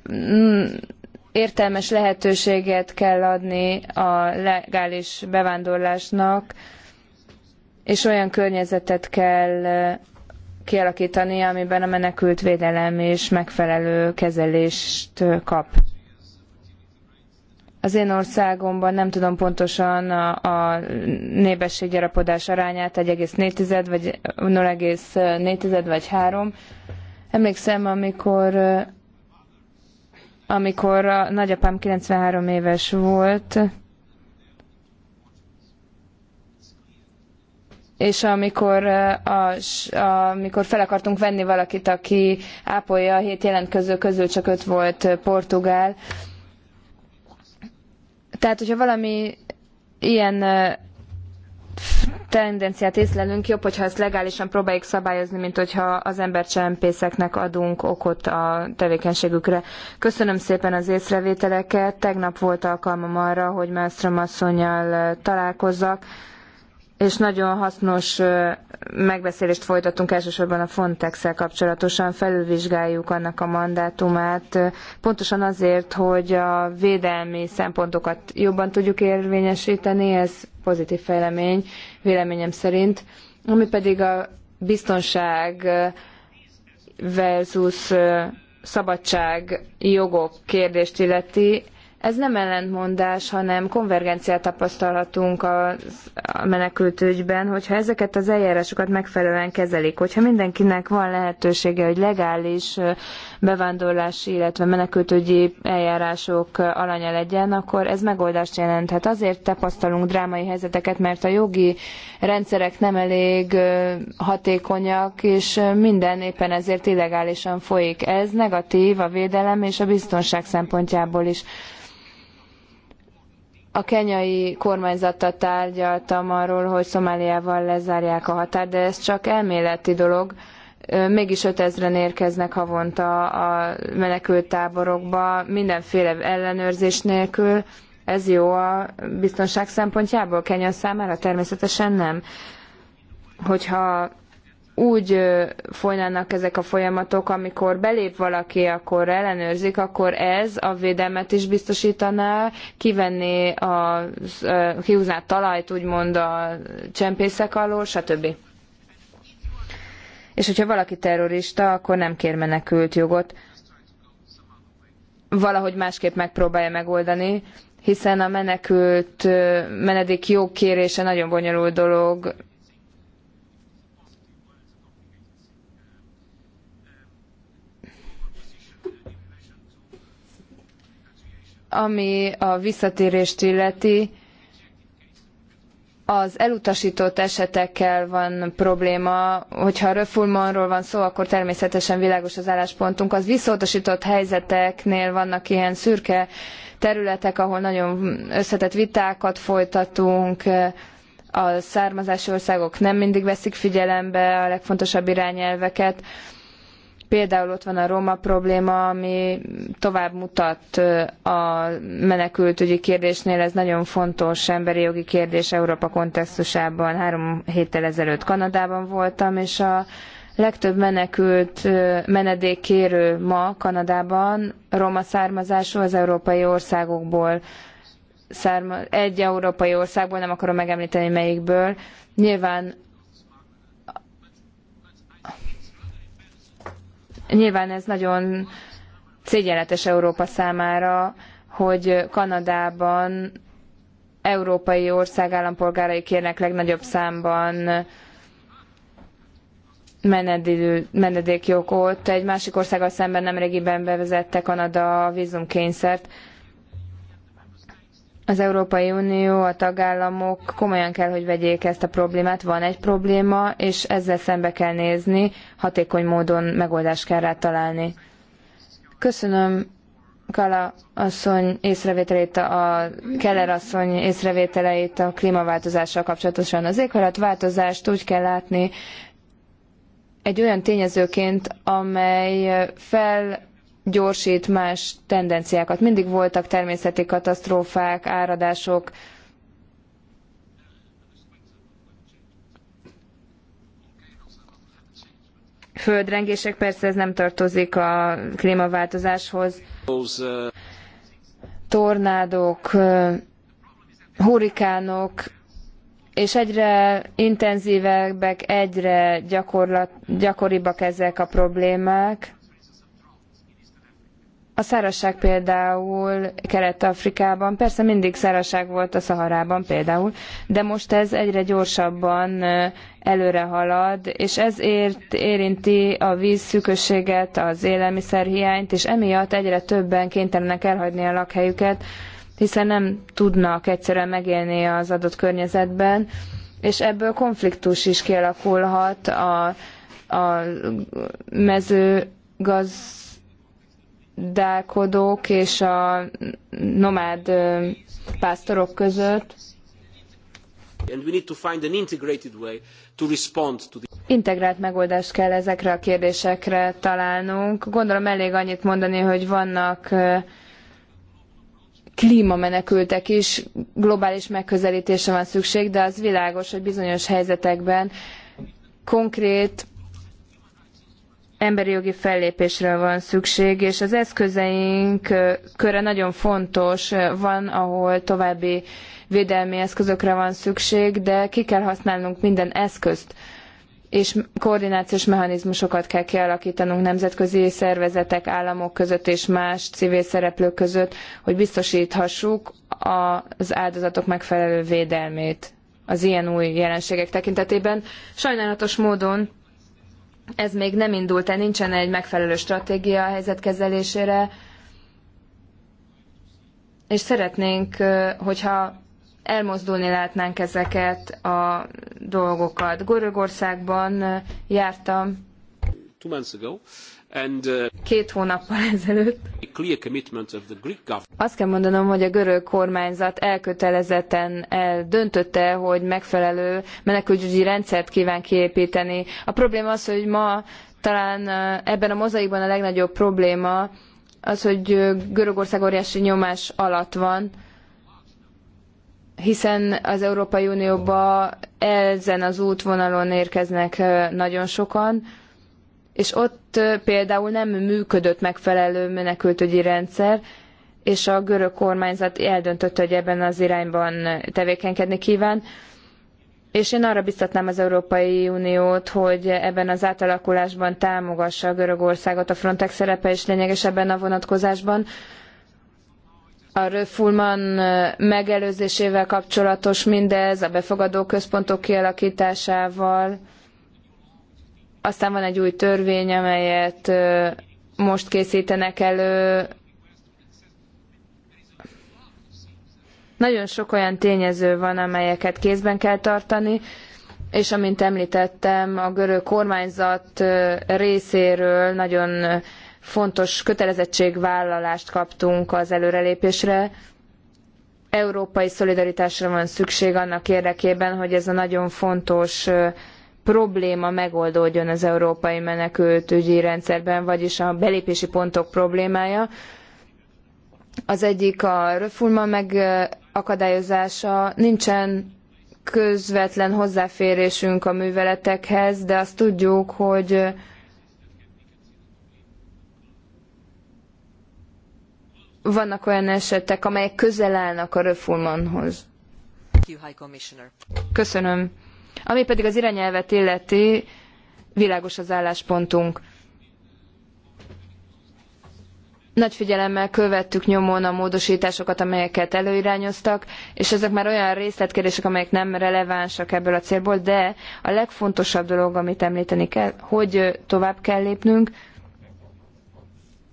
értelmes lehetőséget kell adni a legális bevándorlásnak, és olyan környezetet kell kialakítani, amiben a menekült védelem és megfelelő kezelést kap. Az én országomban nem tudom pontosan a, a népességgyarapodás arányát, 1,4 vagy 0,4 vagy 3. Emlékszem, amikor amikor a nagyapám 93 éves volt, és amikor, a, amikor fel akartunk venni valakit, aki ápolja a hét jelentkező közül, csak öt volt portugál. Tehát, hogyha valami ilyen tendenciát észlelünk, jobb, hogyha ezt legálisan próbáljuk szabályozni, mint hogyha az embercsempészeknek adunk okot a tevékenységükre. Köszönöm szépen az észrevételeket. Tegnap volt alkalmam arra, hogy Mástrom asszonyjal találkozzak és nagyon hasznos megbeszélést folytatunk elsősorban a frontex kapcsolatosan, felülvizsgáljuk annak a mandátumát, pontosan azért, hogy a védelmi szempontokat jobban tudjuk érvényesíteni, ez pozitív fejlemény, véleményem szerint, ami pedig a biztonság versus szabadság jogok kérdést illeti, ez nem ellentmondás, hanem konvergenciát tapasztalhatunk a, a menekültügyben, hogyha ezeket az eljárásokat megfelelően kezelik, hogyha mindenkinek van lehetősége, hogy legális bevándorlási, illetve menekültügyi eljárások alanya legyen, akkor ez megoldást jelenthet. Azért tapasztalunk drámai helyzeteket, mert a jogi rendszerek nem elég hatékonyak, és minden éppen ezért illegálisan folyik. Ez negatív a védelem és a biztonság szempontjából is a kenyai kormányzattal tárgyaltam arról, hogy Szomáliával lezárják a határt, de ez csak elméleti dolog. Mégis 5000-en érkeznek havonta a menekülttáborokba, mindenféle ellenőrzés nélkül. Ez jó a biztonság szempontjából, Kenya számára természetesen nem. Hogyha úgy folynának ezek a folyamatok, amikor belép valaki, akkor ellenőrzik, akkor ez a védelmet is biztosítaná, kivenni a kihúzná a talajt, úgymond a csempészek alól, stb. És hogyha valaki terrorista, akkor nem kér menekült jogot. Valahogy másképp megpróbálja megoldani, hiszen a menekült menedék jogkérése nagyon bonyolult dolog, Ami a visszatérést illeti, az elutasított esetekkel van probléma, hogyha a refulmonról van szó, akkor természetesen világos az álláspontunk. Az visszautasított helyzeteknél vannak ilyen szürke területek, ahol nagyon összetett vitákat folytatunk, a származási országok nem mindig veszik figyelembe a legfontosabb irányelveket. Például ott van a roma probléma, ami tovább mutat a menekültügyi kérdésnél, ez nagyon fontos emberi jogi kérdés Európa kontextusában. Három héttel ezelőtt Kanadában voltam, és a legtöbb menekült menedékkérő ma Kanadában roma származású az európai országokból származ, egy európai országból, nem akarom megemlíteni melyikből. Nyilván Nyilván ez nagyon szégyenletes Európa számára, hogy Kanadában európai ország állampolgárai kérnek legnagyobb számban menedékjogot. Egy másik országgal szemben nemrégiben bevezette Kanada vízumkényszert az Európai Unió, a tagállamok komolyan kell, hogy vegyék ezt a problémát. Van egy probléma, és ezzel szembe kell nézni, hatékony módon megoldást kell rá találni. Köszönöm Kala asszony észrevételeit, a Keller asszony észrevételeit a klímaváltozással kapcsolatosan. Az éghajlatváltozást úgy kell látni egy olyan tényezőként, amely fel gyorsít más tendenciákat. Mindig voltak természeti katasztrófák, áradások, földrengések, persze ez nem tartozik a klímaváltozáshoz. Tornádok, hurikánok, és egyre intenzívebbek, egyre gyakorlat, gyakoribbak ezek a problémák. A szárazság például Kelet-Afrikában, persze mindig szárazság volt a Szaharában például, de most ez egyre gyorsabban előre halad, és ezért érinti a vízszűkösséget, az élelmiszerhiányt, és emiatt egyre többen kénytelenek elhagyni a lakhelyüket, hiszen nem tudnak egyszerűen megélni az adott környezetben, és ebből konfliktus is kialakulhat a, a mezőgaz gazdálkodók és a nomád pásztorok között. Integrált megoldást kell ezekre a kérdésekre találnunk. Gondolom elég annyit mondani, hogy vannak klímamenekültek is, globális megközelítésre van szükség, de az világos, hogy bizonyos helyzetekben konkrét emberi jogi fellépésre van szükség, és az eszközeink köre nagyon fontos, van, ahol további védelmi eszközökre van szükség, de ki kell használnunk minden eszközt, és koordinációs mechanizmusokat kell kialakítanunk nemzetközi szervezetek, államok között és más civil szereplők között, hogy biztosíthassuk az áldozatok megfelelő védelmét az ilyen új jelenségek tekintetében. Sajnálatos módon ez még nem indult el, nincsen egy megfelelő stratégia a helyzet kezelésére, és szeretnénk, hogyha elmozdulni látnánk ezeket a dolgokat. Görögországban jártam. Two months ago, Uh, Két hónappal ezelőtt. Azt kell mondanom, hogy a görög kormányzat elkötelezetten el döntötte, hogy megfelelő menekültügyi rendszert kíván kiépíteni. A probléma az, hogy ma talán uh, ebben a mozaikban a legnagyobb probléma az, hogy uh, Görögország óriási nyomás alatt van, hiszen az Európai Unióba ezen az útvonalon érkeznek nagyon sokan, és ott például nem működött megfelelő menekültügyi rendszer, és a görög kormányzat eldöntötte, hogy ebben az irányban tevékenykedni kíván. És én arra biztatnám az Európai Uniót, hogy ebben az átalakulásban támogassa a Görögországot, a Frontex szerepe is lényeges ebben a vonatkozásban. A Röfulman megelőzésével kapcsolatos mindez, a befogadó központok kialakításával, aztán van egy új törvény, amelyet most készítenek elő. Nagyon sok olyan tényező van, amelyeket kézben kell tartani, és amint említettem, a görög kormányzat részéről nagyon fontos kötelezettségvállalást kaptunk az előrelépésre. Európai szolidaritásra van szükség annak érdekében, hogy ez a nagyon fontos probléma megoldódjon az európai menekültügyi rendszerben, vagyis a belépési pontok problémája. Az egyik a röfulma megakadályozása, nincsen közvetlen hozzáférésünk a műveletekhez, de azt tudjuk, hogy vannak olyan esetek, amelyek közel állnak a reformonhoz. Köszönöm. Ami pedig az irányelvet illeti, világos az álláspontunk. Nagy figyelemmel követtük nyomon a módosításokat, amelyeket előirányoztak, és ezek már olyan részletkérdések, amelyek nem relevánsak ebből a célból, de a legfontosabb dolog, amit említeni kell, hogy tovább kell lépnünk,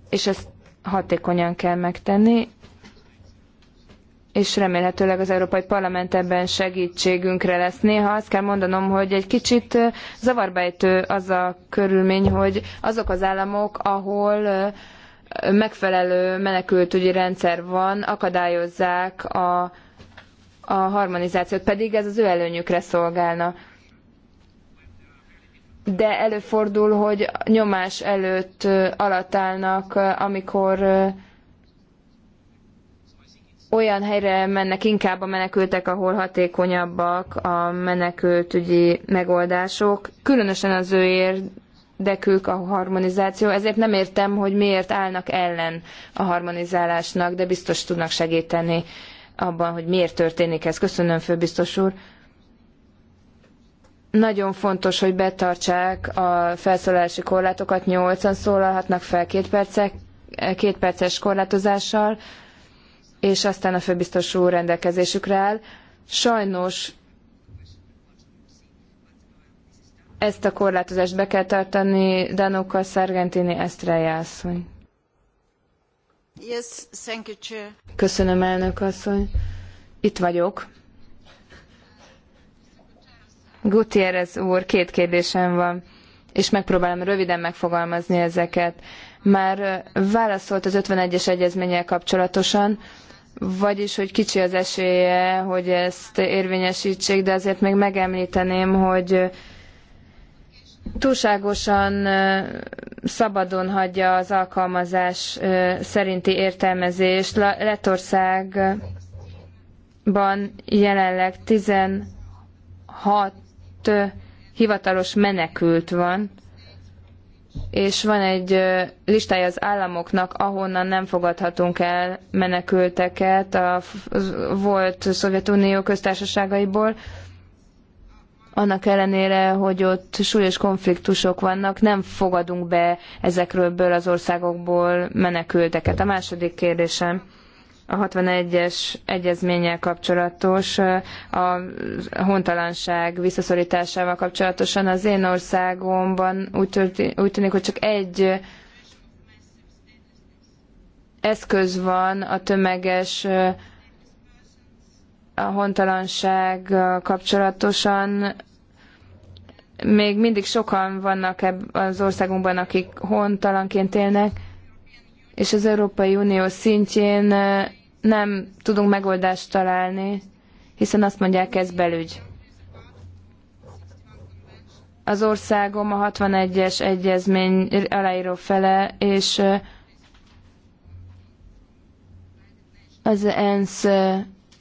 és ezt hatékonyan kell megtenni, és remélhetőleg az Európai Parlament ebben segítségünkre lesz. Néha azt kell mondanom, hogy egy kicsit zavarbejtő az a körülmény, hogy azok az államok, ahol megfelelő menekültügyi rendszer van, akadályozzák a, a harmonizációt, pedig ez az ő előnyükre szolgálna. De előfordul, hogy nyomás előtt alatt állnak, amikor olyan helyre mennek inkább a menekültek, ahol hatékonyabbak a menekültügyi megoldások, különösen az ő érdekük a harmonizáció, ezért nem értem, hogy miért állnak ellen a harmonizálásnak, de biztos tudnak segíteni abban, hogy miért történik ez. Köszönöm, főbiztos úr. Nagyon fontos, hogy betartsák a felszólalási korlátokat, nyolcan szólalhatnak fel két, percek, két perces korlátozással és aztán a főbiztos úr rendelkezésükre áll. Sajnos ezt a korlátozást be kell tartani Danuka Szargentini Estrella asszony. Yes, thank you, Chair. Köszönöm, elnök asszony. Itt vagyok. Gutierrez úr, két kérdésem van, és megpróbálom röviden megfogalmazni ezeket. Már válaszolt az 51-es egyezménnyel kapcsolatosan, vagyis hogy kicsi az esélye, hogy ezt érvényesítsék, de azért még megemlíteném, hogy túlságosan szabadon hagyja az alkalmazás szerinti értelmezést. Lettországban jelenleg 16 hivatalos menekült van, és van egy listája az államoknak, ahonnan nem fogadhatunk el menekülteket a volt Szovjetunió köztársaságaiból. Annak ellenére, hogy ott súlyos konfliktusok vannak, nem fogadunk be ezekről az országokból menekülteket. A második kérdésem a 61-es egyezménnyel kapcsolatos, a hontalanság visszaszorításával kapcsolatosan. Az én országomban úgy tűnik, hogy csak egy eszköz van a tömeges a hontalanság kapcsolatosan. Még mindig sokan vannak az országunkban, akik hontalanként élnek, és az Európai Unió szintjén nem tudunk megoldást találni, hiszen azt mondják, ez belügy. Az országom a 61-es egyezmény aláíró fele, és az ENSZ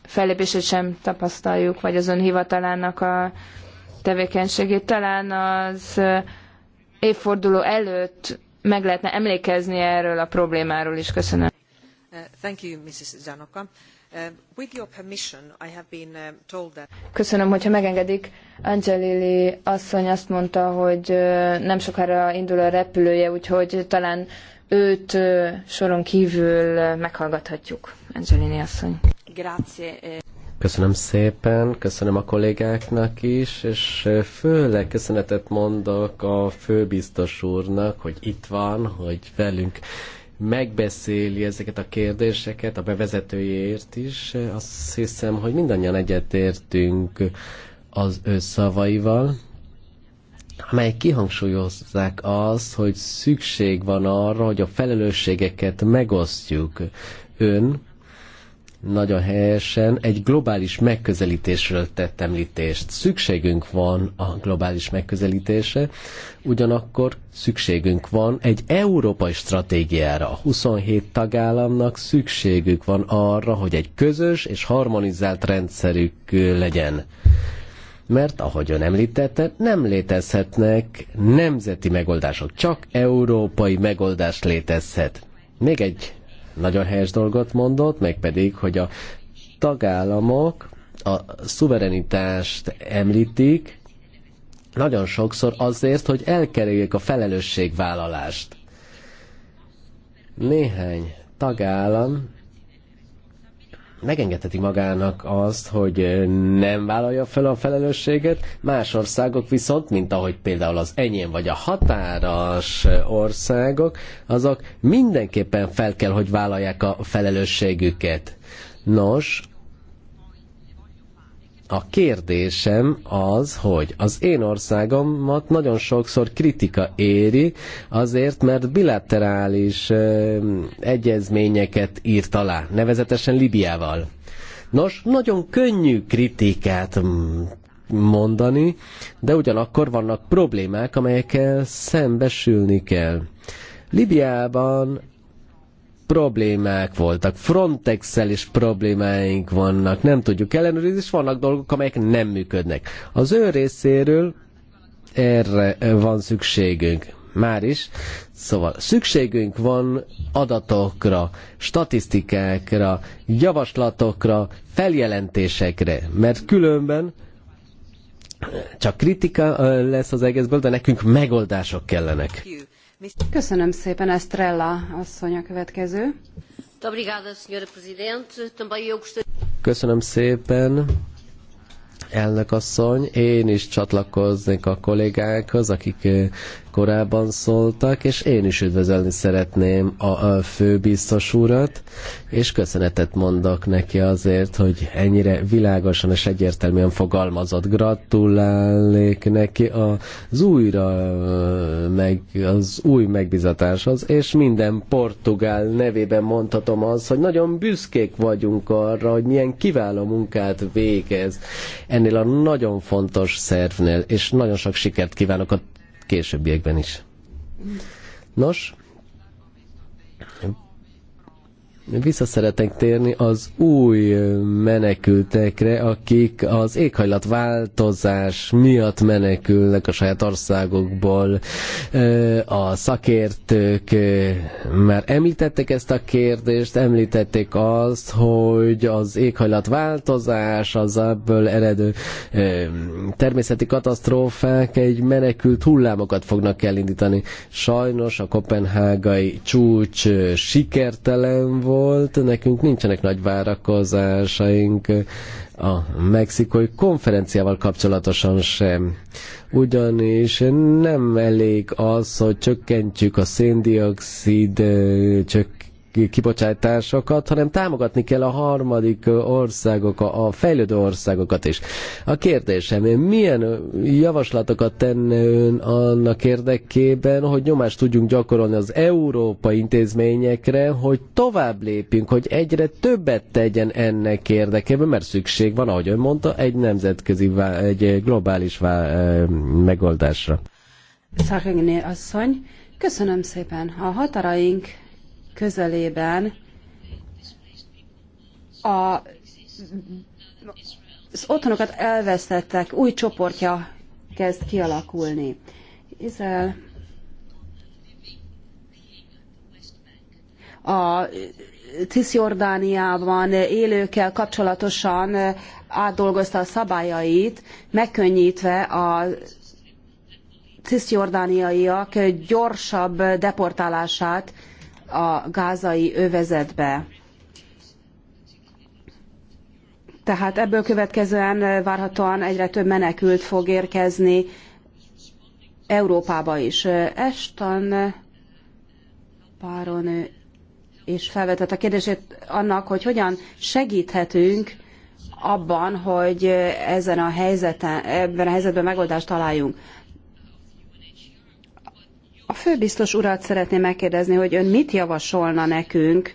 fellépését sem tapasztaljuk, vagy az hivatalának a tevékenységét. Talán az évforduló előtt meg lehetne emlékezni erről a problémáról is. Köszönöm. Uh, uh, uh, Köszönöm, hogyha megengedik. Angelili asszony azt mondta, hogy nem sokára indul a repülője, úgyhogy talán őt soron kívül meghallgathatjuk. Angelini asszony. Grazie. Eh. Köszönöm szépen, köszönöm a kollégáknak is, és főleg köszönetet mondok a főbiztos úrnak, hogy itt van, hogy velünk megbeszéli ezeket a kérdéseket, a bevezetőjéért is. Azt hiszem, hogy mindannyian egyetértünk az ő szavaival, amely kihangsúlyozzák azt, hogy szükség van arra, hogy a felelősségeket megosztjuk. Ön nagyon helyesen egy globális megközelítésről tett említést. Szükségünk van a globális megközelítésre, ugyanakkor szükségünk van egy európai stratégiára. A 27 tagállamnak szükségük van arra, hogy egy közös és harmonizált rendszerük legyen mert, ahogy ön említette, nem létezhetnek nemzeti megoldások, csak európai megoldás létezhet. Még egy nagyon helyes dolgot mondott, pedig, hogy a tagállamok a szuverenitást említik, nagyon sokszor azért, hogy elkerüljék a felelősségvállalást. Néhány tagállam megengedheti magának azt, hogy nem vállalja fel a felelősséget, más országok viszont, mint ahogy például az enyém vagy a határos országok, azok mindenképpen fel kell, hogy vállalják a felelősségüket. Nos, a kérdésem az, hogy az én országomat nagyon sokszor kritika éri, azért, mert bilaterális ö, egyezményeket írt alá, nevezetesen Libiával. Nos, nagyon könnyű kritikát mm, mondani, de ugyanakkor vannak problémák, amelyekkel szembesülni kell. Libiában problémák voltak, frontex is problémáink vannak, nem tudjuk ellenőrizni, és vannak dolgok, amelyek nem működnek. Az ő részéről erre van szükségünk. Már is. Szóval szükségünk van adatokra, statisztikákra, javaslatokra, feljelentésekre, mert különben csak kritika lesz az egészből, de nekünk megoldások kellenek. Köszönöm szépen, Estrella asszony a következő. Köszönöm szépen, elnök asszony. Én is csatlakoznék a kollégákhoz, akik eh, korábban szóltak, és én is üdvözölni szeretném a főbiztos urat, és köszönetet mondok neki azért, hogy ennyire világosan és egyértelműen fogalmazott. Gratulálnék neki az újra meg, az új megbizatáshoz, és minden portugál nevében mondhatom az, hogy nagyon büszkék vagyunk arra, hogy milyen kiváló munkát végez ennél a nagyon fontos szervnél, és nagyon sok sikert kívánok a későbbiekben is. Nos, vissza térni az új menekültekre, akik az éghajlatváltozás miatt menekülnek a saját országokból. A szakértők már említettek ezt a kérdést, említették azt, hogy az éghajlatváltozás, az ebből eredő természeti katasztrófák egy menekült hullámokat fognak elindítani. Sajnos a kopenhágai csúcs sikertelen volt, volt, nekünk nincsenek nagy várakozásaink a mexikói konferenciával kapcsolatosan sem. Ugyanis nem elég az, hogy csökkentjük a széndiokszid csök kibocsátásokat, hanem támogatni kell a harmadik országok, a fejlődő országokat is. A kérdésem, milyen javaslatokat tenne ön annak érdekében, hogy nyomást tudjunk gyakorolni az európai intézményekre, hogy tovább lépjünk, hogy egyre többet tegyen ennek érdekében, mert szükség van, ahogy ön mondta, egy nemzetközi, egy globális eh, megoldásra. Szakegné asszony, köszönöm szépen. A határaink közelében a az otthonokat elvesztettek, új csoportja kezd kialakulni. Izrael a Cisjordániában élőkkel kapcsolatosan átdolgozta a szabályait, megkönnyítve a cisjordániaiak gyorsabb deportálását a gázai övezetbe. Tehát ebből következően eh, várhatóan egyre több menekült fog érkezni Európába is. Eston eh, Páron eh, és felvetett a kérdését annak, hogy hogyan segíthetünk abban, hogy ezen a helyzeten, ebben a helyzetben megoldást találjunk. A főbiztos urat szeretném megkérdezni, hogy ön mit javasolna nekünk,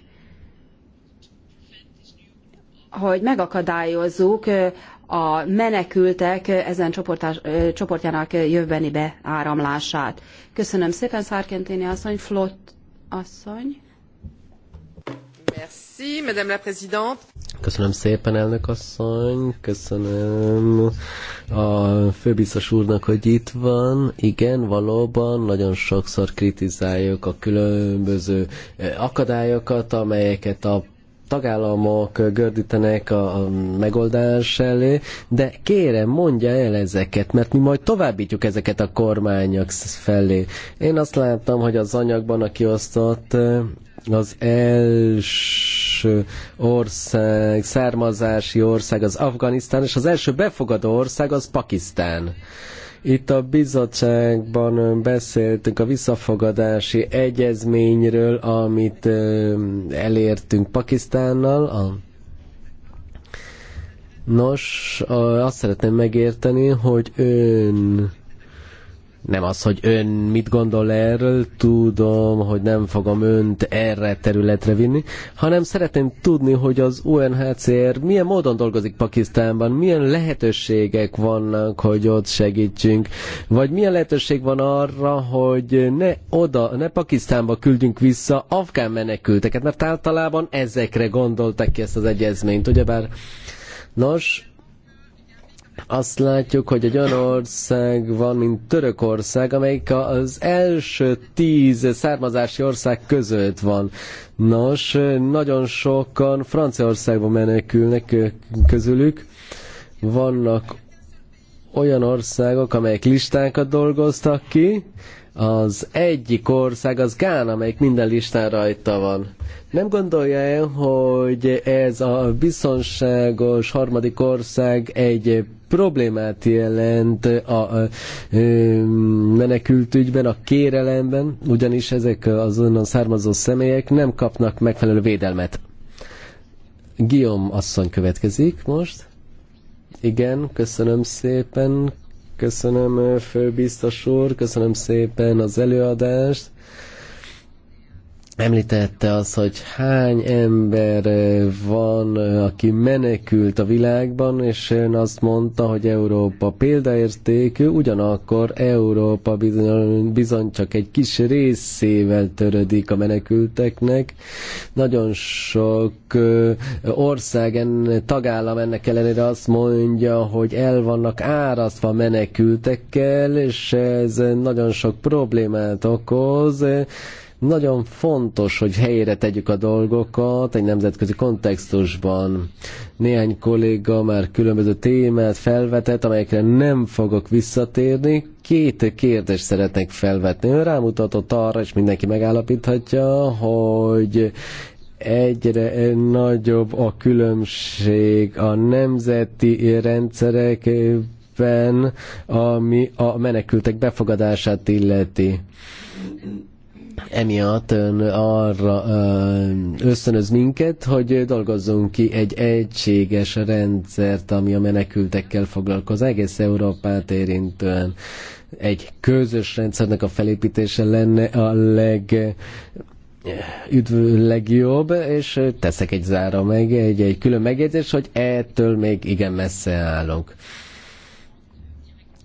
hogy megakadályozzuk a menekültek ezen csoportjának jövőbeni beáramlását. Köszönöm szépen, Szárkenténi asszony, Flott asszony. Merci, Madame la Présidente. Köszönöm szépen, elnök asszony, köszönöm a főbiztos úrnak, hogy itt van. Igen, valóban nagyon sokszor kritizáljuk a különböző eh, akadályokat, amelyeket a tagállamok gördítenek a megoldás elé, de kérem, mondja el ezeket, mert mi majd továbbítjuk ezeket a kormányok felé. Én azt láttam, hogy az anyagban a kiosztott eh, az első ország, származási ország az Afganisztán, és az első befogadó ország az Pakisztán. Itt a bizottságban beszéltünk a visszafogadási egyezményről, amit elértünk Pakisztánnal. A Nos, azt szeretném megérteni, hogy ön nem az, hogy ön mit gondol erről, tudom, hogy nem fogom önt erre területre vinni, hanem szeretném tudni, hogy az UNHCR milyen módon dolgozik Pakisztánban, milyen lehetőségek vannak, hogy ott segítsünk, vagy milyen lehetőség van arra, hogy ne oda, ne Pakisztánba küldjünk vissza afgán menekülteket, mert általában ezekre gondoltak ki ezt az egyezményt, ugyebár Nos, azt látjuk, hogy egy olyan ország van, mint Törökország, amelyik az első tíz származási ország között van. Nos, nagyon sokan Franciaországba menekülnek közülük. Vannak olyan országok, amelyek listákat dolgoztak ki, az egyik ország az Gána, amelyik minden listán rajta van. Nem gondolja el, hogy ez a biztonságos harmadik ország egy problémát jelent a, a, a menekültügyben, a kérelemben, ugyanis ezek az onnan származó személyek nem kapnak megfelelő védelmet. Guillaume asszony következik most. Igen, köszönöm szépen, Köszönöm, főbiztos úr, köszönöm szépen az előadást. Említette az, hogy hány ember van, aki menekült a világban, és ön azt mondta, hogy Európa példaértékű, ugyanakkor Európa bizony, bizony csak egy kis részével törödik a menekülteknek. Nagyon sok ország, tagállam ennek ellenére azt mondja, hogy el vannak árasztva menekültekkel, és ez nagyon sok problémát okoz nagyon fontos, hogy helyére tegyük a dolgokat egy nemzetközi kontextusban. Néhány kolléga már különböző témát felvetett, amelyekre nem fogok visszatérni. Két kérdést szeretnék felvetni. Ön rámutatott arra, és mindenki megállapíthatja, hogy egyre nagyobb a különbség a nemzeti rendszerekben, ami a menekültek befogadását illeti. Emiatt ön arra ösztönöz minket, hogy dolgozzunk ki egy egységes rendszert, ami a menekültekkel foglalkoz, egész Európát érintően. Egy közös rendszernek a felépítése lenne a leg üdv legjobb, és teszek egy zára meg, egy, egy külön megjegyzés, hogy ettől még igen messze állunk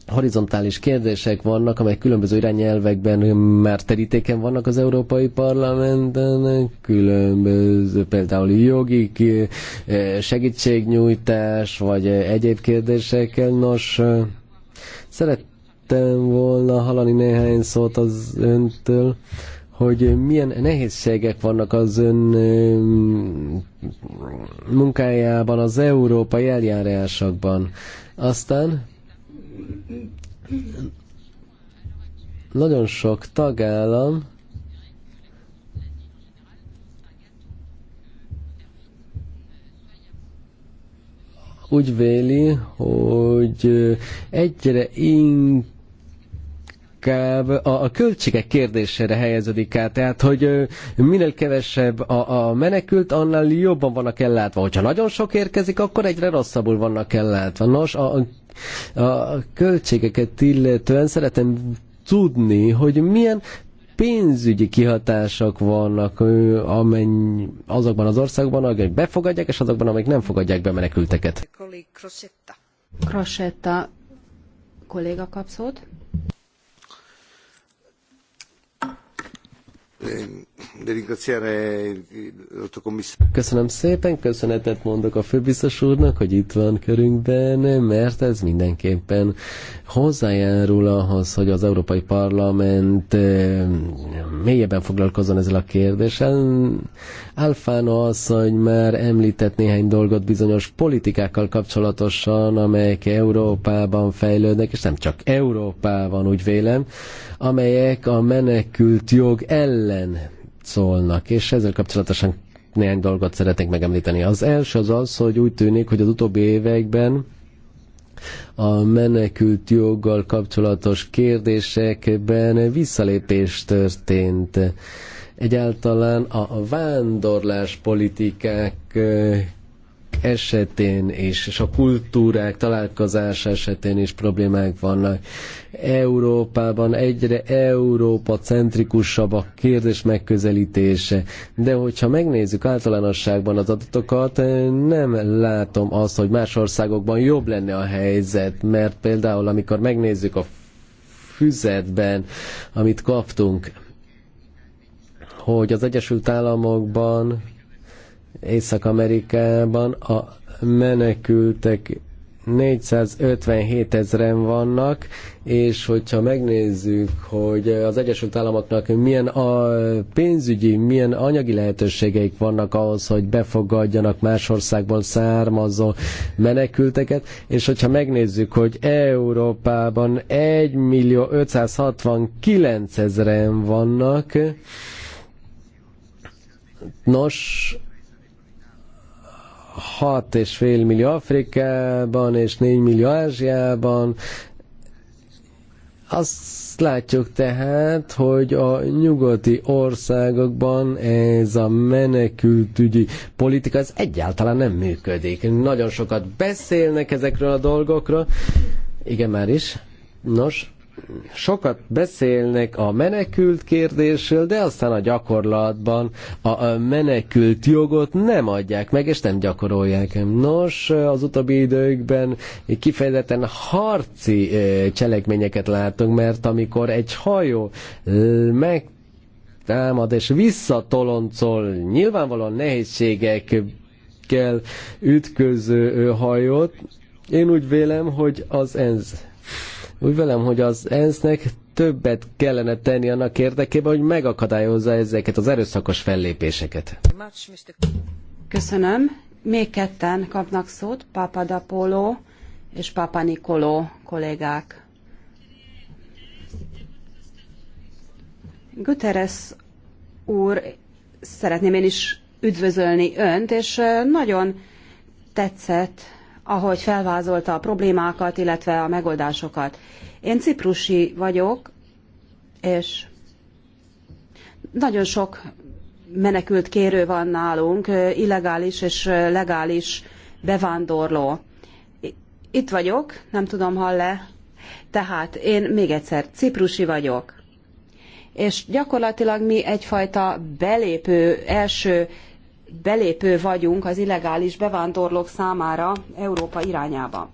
horizontális kérdések vannak, amelyek különböző irányelvekben már terítéken vannak az Európai Parlamenten, különböző például jogi segítségnyújtás, vagy egyéb kérdésekkel. Nos, szerettem volna hallani néhány szót az öntől, hogy milyen nehézségek vannak az ön munkájában, az európai eljárásokban. Aztán nagyon sok tagállam úgy véli, hogy egyre inkább a, a költségek kérdésére helyeződik át. Tehát, hogy minél kevesebb a, a menekült, annál jobban vannak ellátva. Hogyha nagyon sok érkezik, akkor egyre rosszabbul vannak ellátva. Nos, a a költségeket illetően szeretem tudni, hogy milyen pénzügyi kihatások vannak amely azokban az országban, amelyek befogadják, és azokban, amelyek nem fogadják be menekülteket. Crosetta kolléga kapszót. Ehm, Köszönöm szépen, köszönetet mondok a főbiztos úrnak, hogy itt van körünkben, mert ez mindenképpen hozzájárul ahhoz, hogy az Európai Parlament eh, mélyebben foglalkozzon ezzel a kérdéssel. Alfano asszony már említett néhány dolgot bizonyos politikákkal kapcsolatosan, amelyek Európában fejlődnek, és nem csak Európában, úgy vélem, amelyek a menekült jog ellen szólnak, és ezzel kapcsolatosan néhány dolgot szeretnék megemlíteni. Az első az az, hogy úgy tűnik, hogy az utóbbi években a menekült joggal kapcsolatos kérdésekben visszalépés történt. Egyáltalán a vándorlás politikák esetén is, és a kultúrák találkozás esetén is problémák vannak. Európában egyre Európa centrikusabb a kérdés megközelítése, de hogyha megnézzük általánosságban az adatokat, nem látom azt, hogy más országokban jobb lenne a helyzet, mert például amikor megnézzük a füzetben, amit kaptunk, hogy az Egyesült Államokban Észak-Amerikában a menekültek 457 ezeren vannak, és hogyha megnézzük, hogy az Egyesült Államoknak milyen a pénzügyi, milyen anyagi lehetőségeik vannak ahhoz, hogy befogadjanak más országból származó menekülteket, és hogyha megnézzük, hogy Európában 1 millió 569 ezeren vannak, nos, 6,5 millió Afrikában és 4 millió Ázsiában. Azt látjuk tehát, hogy a nyugati országokban ez a menekültügyi politika ez egyáltalán nem működik. Nagyon sokat beszélnek ezekről a dolgokról. Igen, már is. Nos, sokat beszélnek a menekült kérdésről, de aztán a gyakorlatban a menekült jogot nem adják meg, és nem gyakorolják. Nos, az utóbbi időkben kifejezetten harci eh, cselekményeket látunk, mert amikor egy hajó eh, meg támad és visszatoloncol, nyilvánvalóan nehézségek kell ütköző eh, hajót. Én úgy vélem, hogy az ENSZ úgy velem, hogy az ENSZ-nek többet kellene tenni annak érdekében, hogy megakadályozza ezeket az erőszakos fellépéseket. Köszönöm. Még ketten kapnak szót, Papadapoló és Papa Nikoló kollégák. Guterres úr, szeretném én is üdvözölni önt, és nagyon tetszett ahogy felvázolta a problémákat, illetve a megoldásokat. Én ciprusi vagyok, és nagyon sok menekült kérő van nálunk, illegális és legális bevándorló. Itt vagyok, nem tudom, hall-e. Tehát én még egyszer ciprusi vagyok. És gyakorlatilag mi egyfajta belépő, első belépő vagyunk az illegális bevándorlók számára Európa irányába.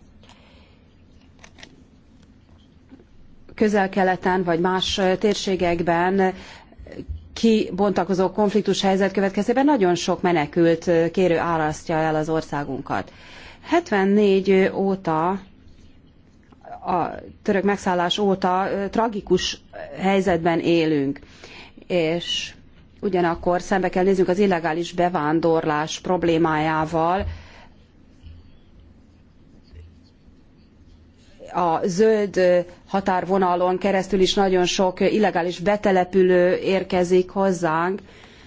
Közel-keleten vagy más térségekben kibontakozó konfliktus helyzet következtében nagyon sok menekült kérő árasztja el az országunkat. 74 óta, a török megszállás óta tragikus helyzetben élünk, és Ugyanakkor szembe kell néznünk az illegális bevándorlás problémájával, a zöld határvonalon keresztül is nagyon sok illegális betelepülő érkezik hozzánk.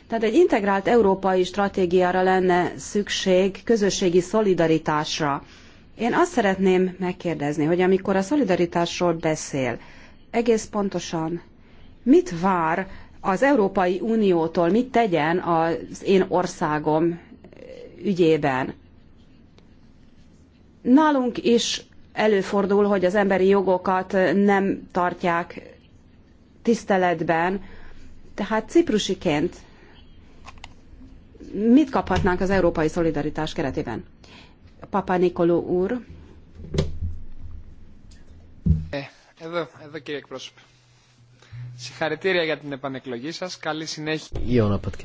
Tehát egy integrált európai stratégiára lenne szükség, közösségi szolidaritásra. Én azt szeretném megkérdezni, hogy amikor a szolidaritásról beszél, egész pontosan mit vár az Európai Uniótól mit tegyen az én országom ügyében. Nálunk is előfordul, hogy az emberi jogokat nem tartják tiszteletben, tehát ciprusiként mit kaphatnánk az európai szolidaritás keretében? Papa Nikoló úr. Eh, ez a kérek, prosp. Συγχαρητήρια για την επανεκλογή σας. Καλή συνέχεια. Jó napot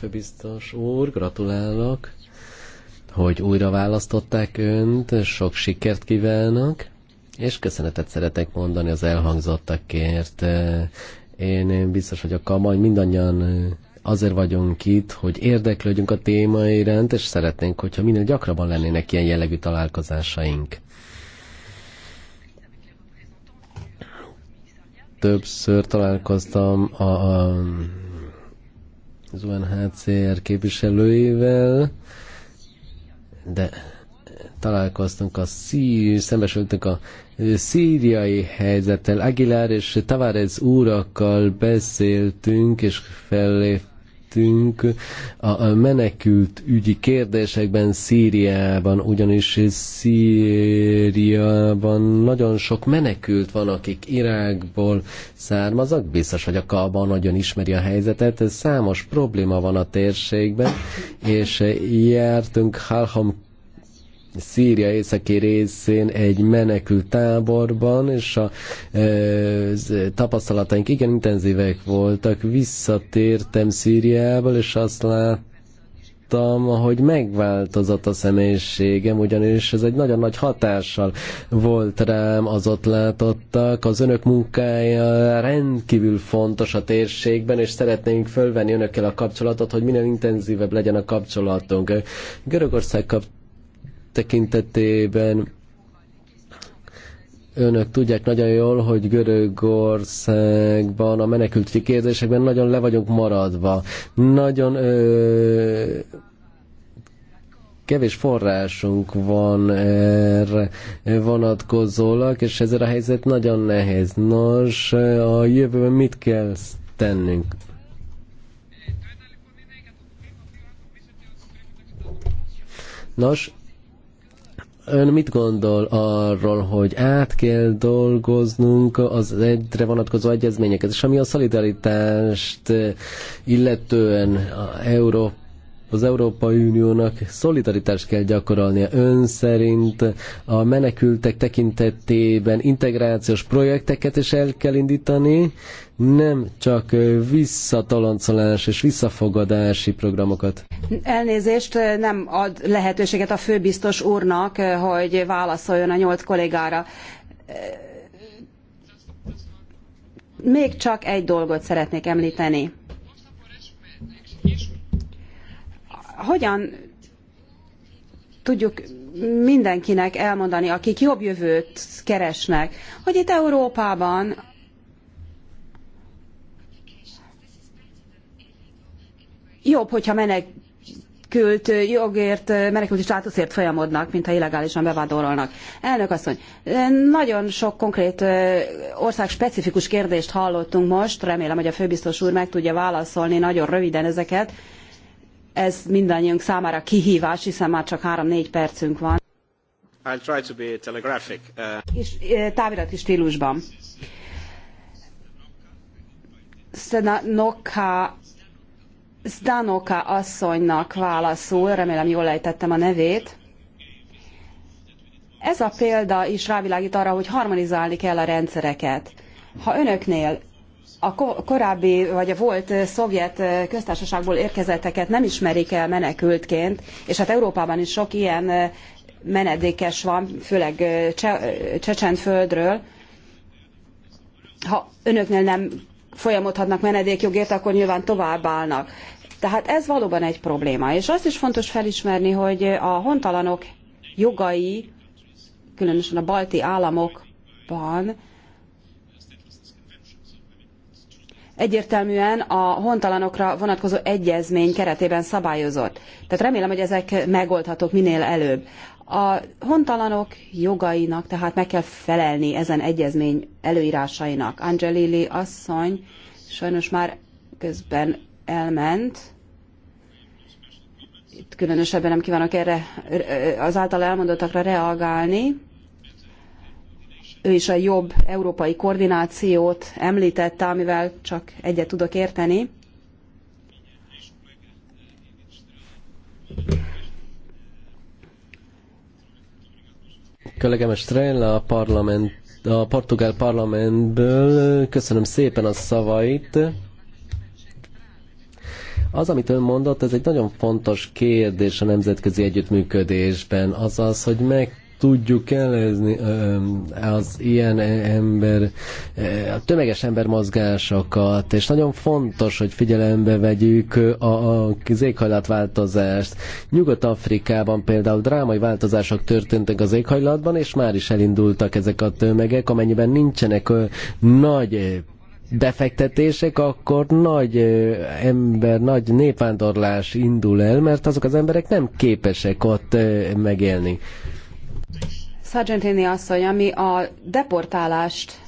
főbiztos úr, gratulálok, hogy újra választották önt, sok sikert kívánok, és köszönetet szeretek mondani az elhangzottakért. Én biztos vagyok abban, hogy mindannyian azért vagyunk itt, hogy érdeklődjünk a téma iránt, és szeretnénk, hogyha minél gyakrabban lennének ilyen jellegű találkozásaink. többször találkoztam a, a, az UNHCR képviselőivel, de találkoztunk a szír, szembesültünk a szíriai helyzettel. Aguilar és Tavares úrakkal beszéltünk, és fellép, beszélgettünk a menekült ügyi kérdésekben Szíriában, ugyanis Szíriában nagyon sok menekült van, akik Irákból származak, biztos hogy a Kaba nagyon ismeri a helyzetet, számos probléma van a térségben, és jártunk Halham Szíria északi részén egy menekült táborban, és a e, tapasztalataink igen intenzívek voltak. Visszatértem Szíriából, és azt láttam, láttam, hogy megváltozott a személyiségem, ugyanis ez egy nagyon nagy hatással volt rám, az ott látottak. Az önök munkája rendkívül fontos a térségben, és szeretnénk fölvenni önökkel a kapcsolatot, hogy minél intenzívebb legyen a kapcsolatunk. Görögország kapcsolatunk tekintetében önök tudják nagyon jól, hogy Görögországban a menekültügyi kérdésekben nagyon le vagyunk maradva. Nagyon ö, kevés forrásunk van erre vonatkozólag, és ezért a helyzet nagyon nehéz. Nos, a jövőben mit kell tennünk? Nos, Ön mit gondol arról, hogy át kell dolgoznunk az egyre vonatkozó egyezményeket, és ami a szolidaritást eh, illetően a Európa az Európai Uniónak szolidaritást kell gyakorolnia ön szerint a menekültek tekintetében integrációs projekteket is el kell indítani, nem csak visszatoloncolás és visszafogadási programokat. Elnézést nem ad lehetőséget a főbiztos úrnak, hogy válaszoljon a nyolc kollégára. Még csak egy dolgot szeretnék említeni. hogyan tudjuk mindenkinek elmondani, akik jobb jövőt keresnek, hogy itt Európában jobb, hogyha menekült jogért, menekült státuszért folyamodnak, mint ha illegálisan bevándorolnak. Elnök asszony, nagyon sok konkrét ország specifikus kérdést hallottunk most, remélem, hogy a főbiztos úr meg tudja válaszolni nagyon röviden ezeket. Ez mindannyiunk számára kihívás, hiszen már csak három-négy percünk van. I'll try to be telegraphic. Uh... És eh, távirati stílusban. Szenoka Zdanoka asszonynak válaszul, remélem jól ejtettem a nevét. Ez a példa is rávilágít arra, hogy harmonizálni kell a rendszereket. Ha önöknél a korábbi, vagy a volt szovjet köztársaságból érkezetteket nem ismerik el menekültként, és hát Európában is sok ilyen menedékes van, főleg Cse- Csecsenföldről. Ha önöknél nem folyamodhatnak menedékjogért, akkor nyilván tovább állnak. Tehát ez valóban egy probléma. És azt is fontos felismerni, hogy a hontalanok jogai, különösen a balti államokban, egyértelműen a hontalanokra vonatkozó egyezmény keretében szabályozott. Tehát remélem, hogy ezek megoldhatók minél előbb. A hontalanok jogainak tehát meg kell felelni ezen egyezmény előírásainak. Angelili asszony sajnos már közben elment. Itt különösebben nem kívánok erre az által elmondottakra reagálni ő is a jobb európai koordinációt említette, amivel csak egyet tudok érteni. Kollégám Estrella a parlament, a portugál parlamentből. Köszönöm szépen a szavait. Az, amit ön mondott, ez egy nagyon fontos kérdés a nemzetközi együttműködésben, azaz, hogy meg tudjuk elezni az ilyen e, ember, e, a tömeges embermozgásokat, és nagyon fontos, hogy figyelembe vegyük a, a az éghajlatváltozást. Nyugat-Afrikában például drámai változások történtek az éghajlatban, és már is elindultak ezek a tömegek, amennyiben nincsenek nagy befektetések, akkor nagy ember, nagy népvándorlás indul el, mert azok az emberek nem képesek ott megélni. Sargentini asszony, ami a deportálást,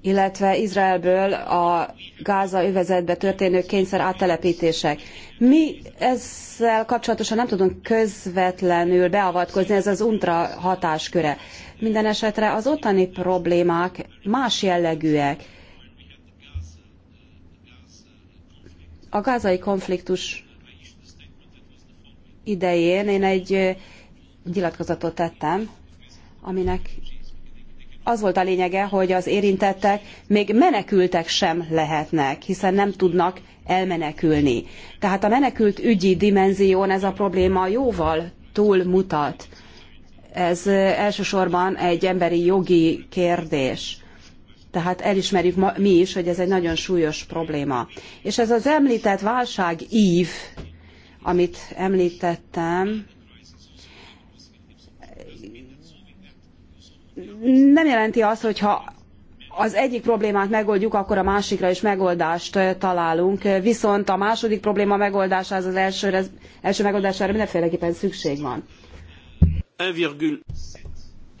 illetve Izraelből a Gáza övezetbe történő kényszer áttelepítések. Mi ezzel kapcsolatosan nem tudunk közvetlenül beavatkozni, ez az UNTRA hatásköre. Minden esetre az ottani problémák más jellegűek. A gázai konfliktus idején én egy nyilatkozatot tettem, aminek az volt a lényege, hogy az érintettek még menekültek sem lehetnek, hiszen nem tudnak elmenekülni. Tehát a menekült ügyi dimenzión ez a probléma jóval túlmutat. Ez elsősorban egy emberi jogi kérdés. Tehát elismerjük ma, mi is, hogy ez egy nagyon súlyos probléma. És ez az említett válság ív, amit említettem, nem jelenti azt, hogyha az egyik problémát megoldjuk, akkor a másikra is megoldást eh, találunk. Viszont a második probléma megoldásához az az első megoldására mindenféleképpen szükség van. 1,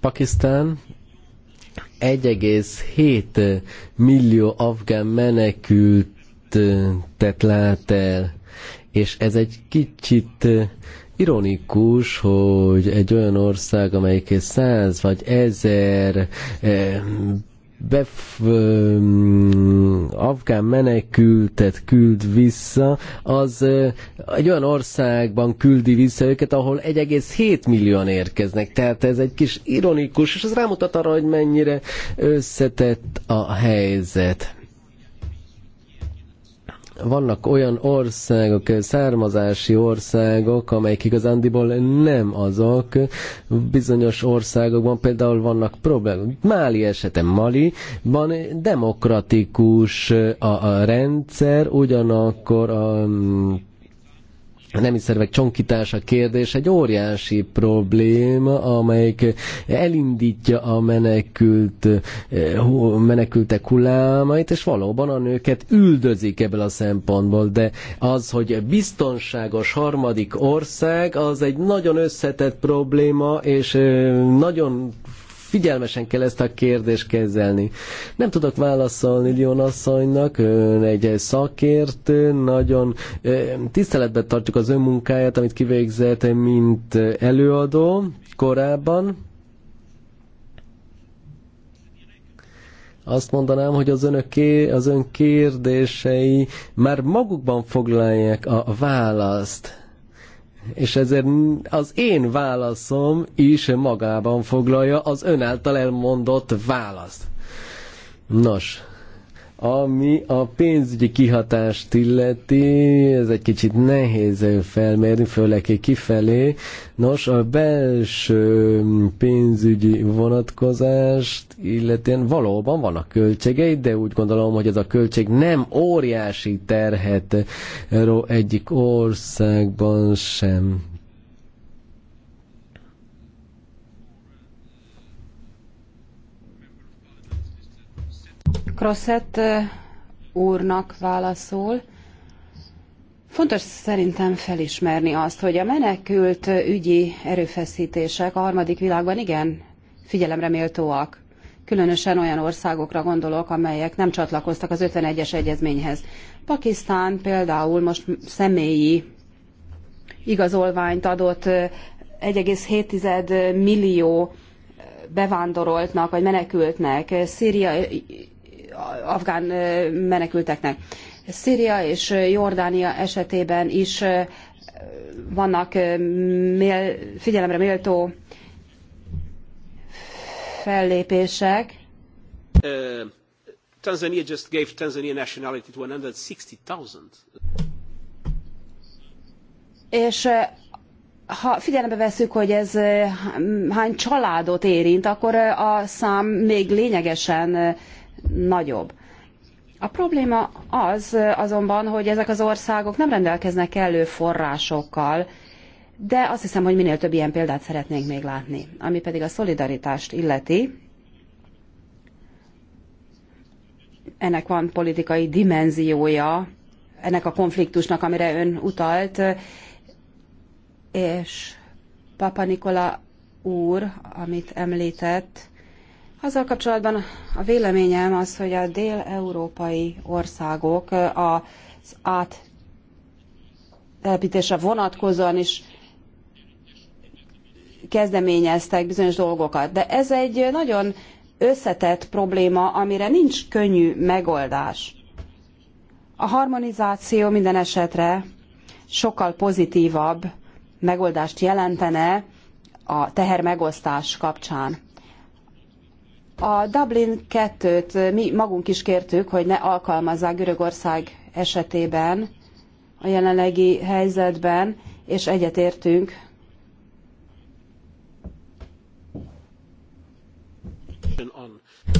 Pakisztán 1,7 eh, millió afgán menekültet lát el, és ez egy kicsit eh, ironikus, hogy egy olyan ország, amelyik száz vagy ezer eh, bef, ö, eh, afgán menekültet küld vissza, az ö, eh, egy olyan országban küldi vissza őket, ahol 1,7 millióan érkeznek. Tehát ez egy kis ironikus, és ez rámutat arra, hogy mennyire összetett a helyzet vannak olyan országok, származási országok, amelyek igazándiból nem azok. Bizonyos országokban például vannak problémák. Máli esetem van demokratikus a, a rendszer, ugyanakkor a a nemi szervek csonkítása kérdés egy óriási probléma, amelyik elindítja a menekült, eh, menekültek hullámait, és valóban a nőket üldözik ebből a szempontból, de az, hogy biztonságos harmadik ország, az egy nagyon összetett probléma, és eh, nagyon figyelmesen kell ezt a kérdést kezelni. Nem tudok válaszolni Lion asszonynak, ön egy szakértő, nagyon tiszteletben tartjuk az ön munkáját, amit kivégzett, mint előadó korábban. Azt mondanám, hogy az, önöké, az ön kérdései már magukban foglalják a választ és ezért az én válaszom is magában foglalja az ön által elmondott választ. Nos, ami a pénzügyi kihatást illeti, ez egy kicsit nehéz felmérni, főleg kifelé. Nos, a belső pénzügyi vonatkozást illetően valóban vannak költségei, de úgy gondolom, hogy ez a költség nem óriási terhet egyik országban sem Crosset úrnak válaszol. Fontos szerintem felismerni azt, hogy a menekült ügyi erőfeszítések a harmadik világban igen figyelemre méltóak. Különösen olyan országokra gondolok, amelyek nem csatlakoztak az 51-es egyezményhez. Pakisztán például most személyi igazolványt adott 1,7 millió bevándoroltnak vagy menekültnek. Szíria afgán menekülteknek. Szíria és Jordánia esetében is vannak figyelemre méltó fellépések. Uh, Tanzania just gave Tanzania nationality to 160,000. És ha figyelembe vesszük, hogy ez hány családot érint, akkor a szám még lényegesen nagyobb. A probléma az azonban, hogy ezek az országok nem rendelkeznek elő forrásokkal, de azt hiszem, hogy minél több ilyen példát szeretnénk még látni. Ami pedig a szolidaritást illeti, ennek van politikai dimenziója, ennek a konfliktusnak, amire ön utalt, és Papa Nikola úr, amit említett, azzal kapcsolatban a véleményem az, hogy a dél-európai országok az áttelepítésre vonatkozóan is kezdeményeztek bizonyos dolgokat. De ez egy nagyon összetett probléma, amire nincs könnyű megoldás. A harmonizáció minden esetre sokkal pozitívabb megoldást jelentene a tehermegosztás kapcsán. A Dublin 2-t mi magunk is kértük, hogy ne alkalmazzák Görögország esetében a jelenlegi helyzetben, és egyetértünk.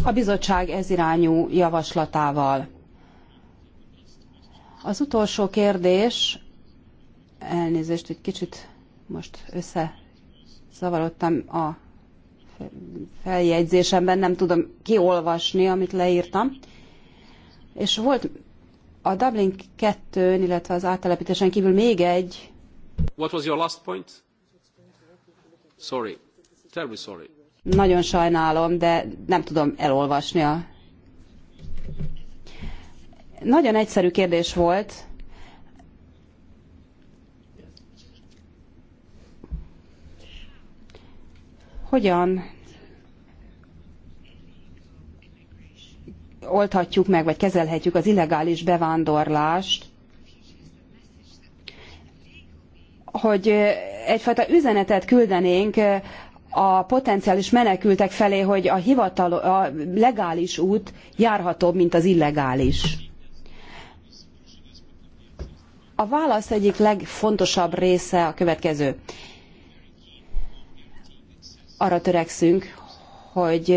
A bizottság ez irányú javaslatával. Az utolsó kérdés, elnézést, egy kicsit most összezavarodtam a feljegyzésemben nem tudom kiolvasni, amit leírtam. És volt a Dublin 2 illetve az áttelepítésen kívül még egy... What was your last point? Sorry. Terribly sorry. Nagyon sajnálom, de nem tudom elolvasni a... Nagyon egyszerű kérdés volt, hogyan oldhatjuk meg, vagy kezelhetjük az illegális bevándorlást, hogy egyfajta üzenetet küldenénk a potenciális menekültek felé, hogy a, hivatal, a legális út járhatóbb, mint az illegális. A válasz egyik legfontosabb része a következő arra törekszünk, hogy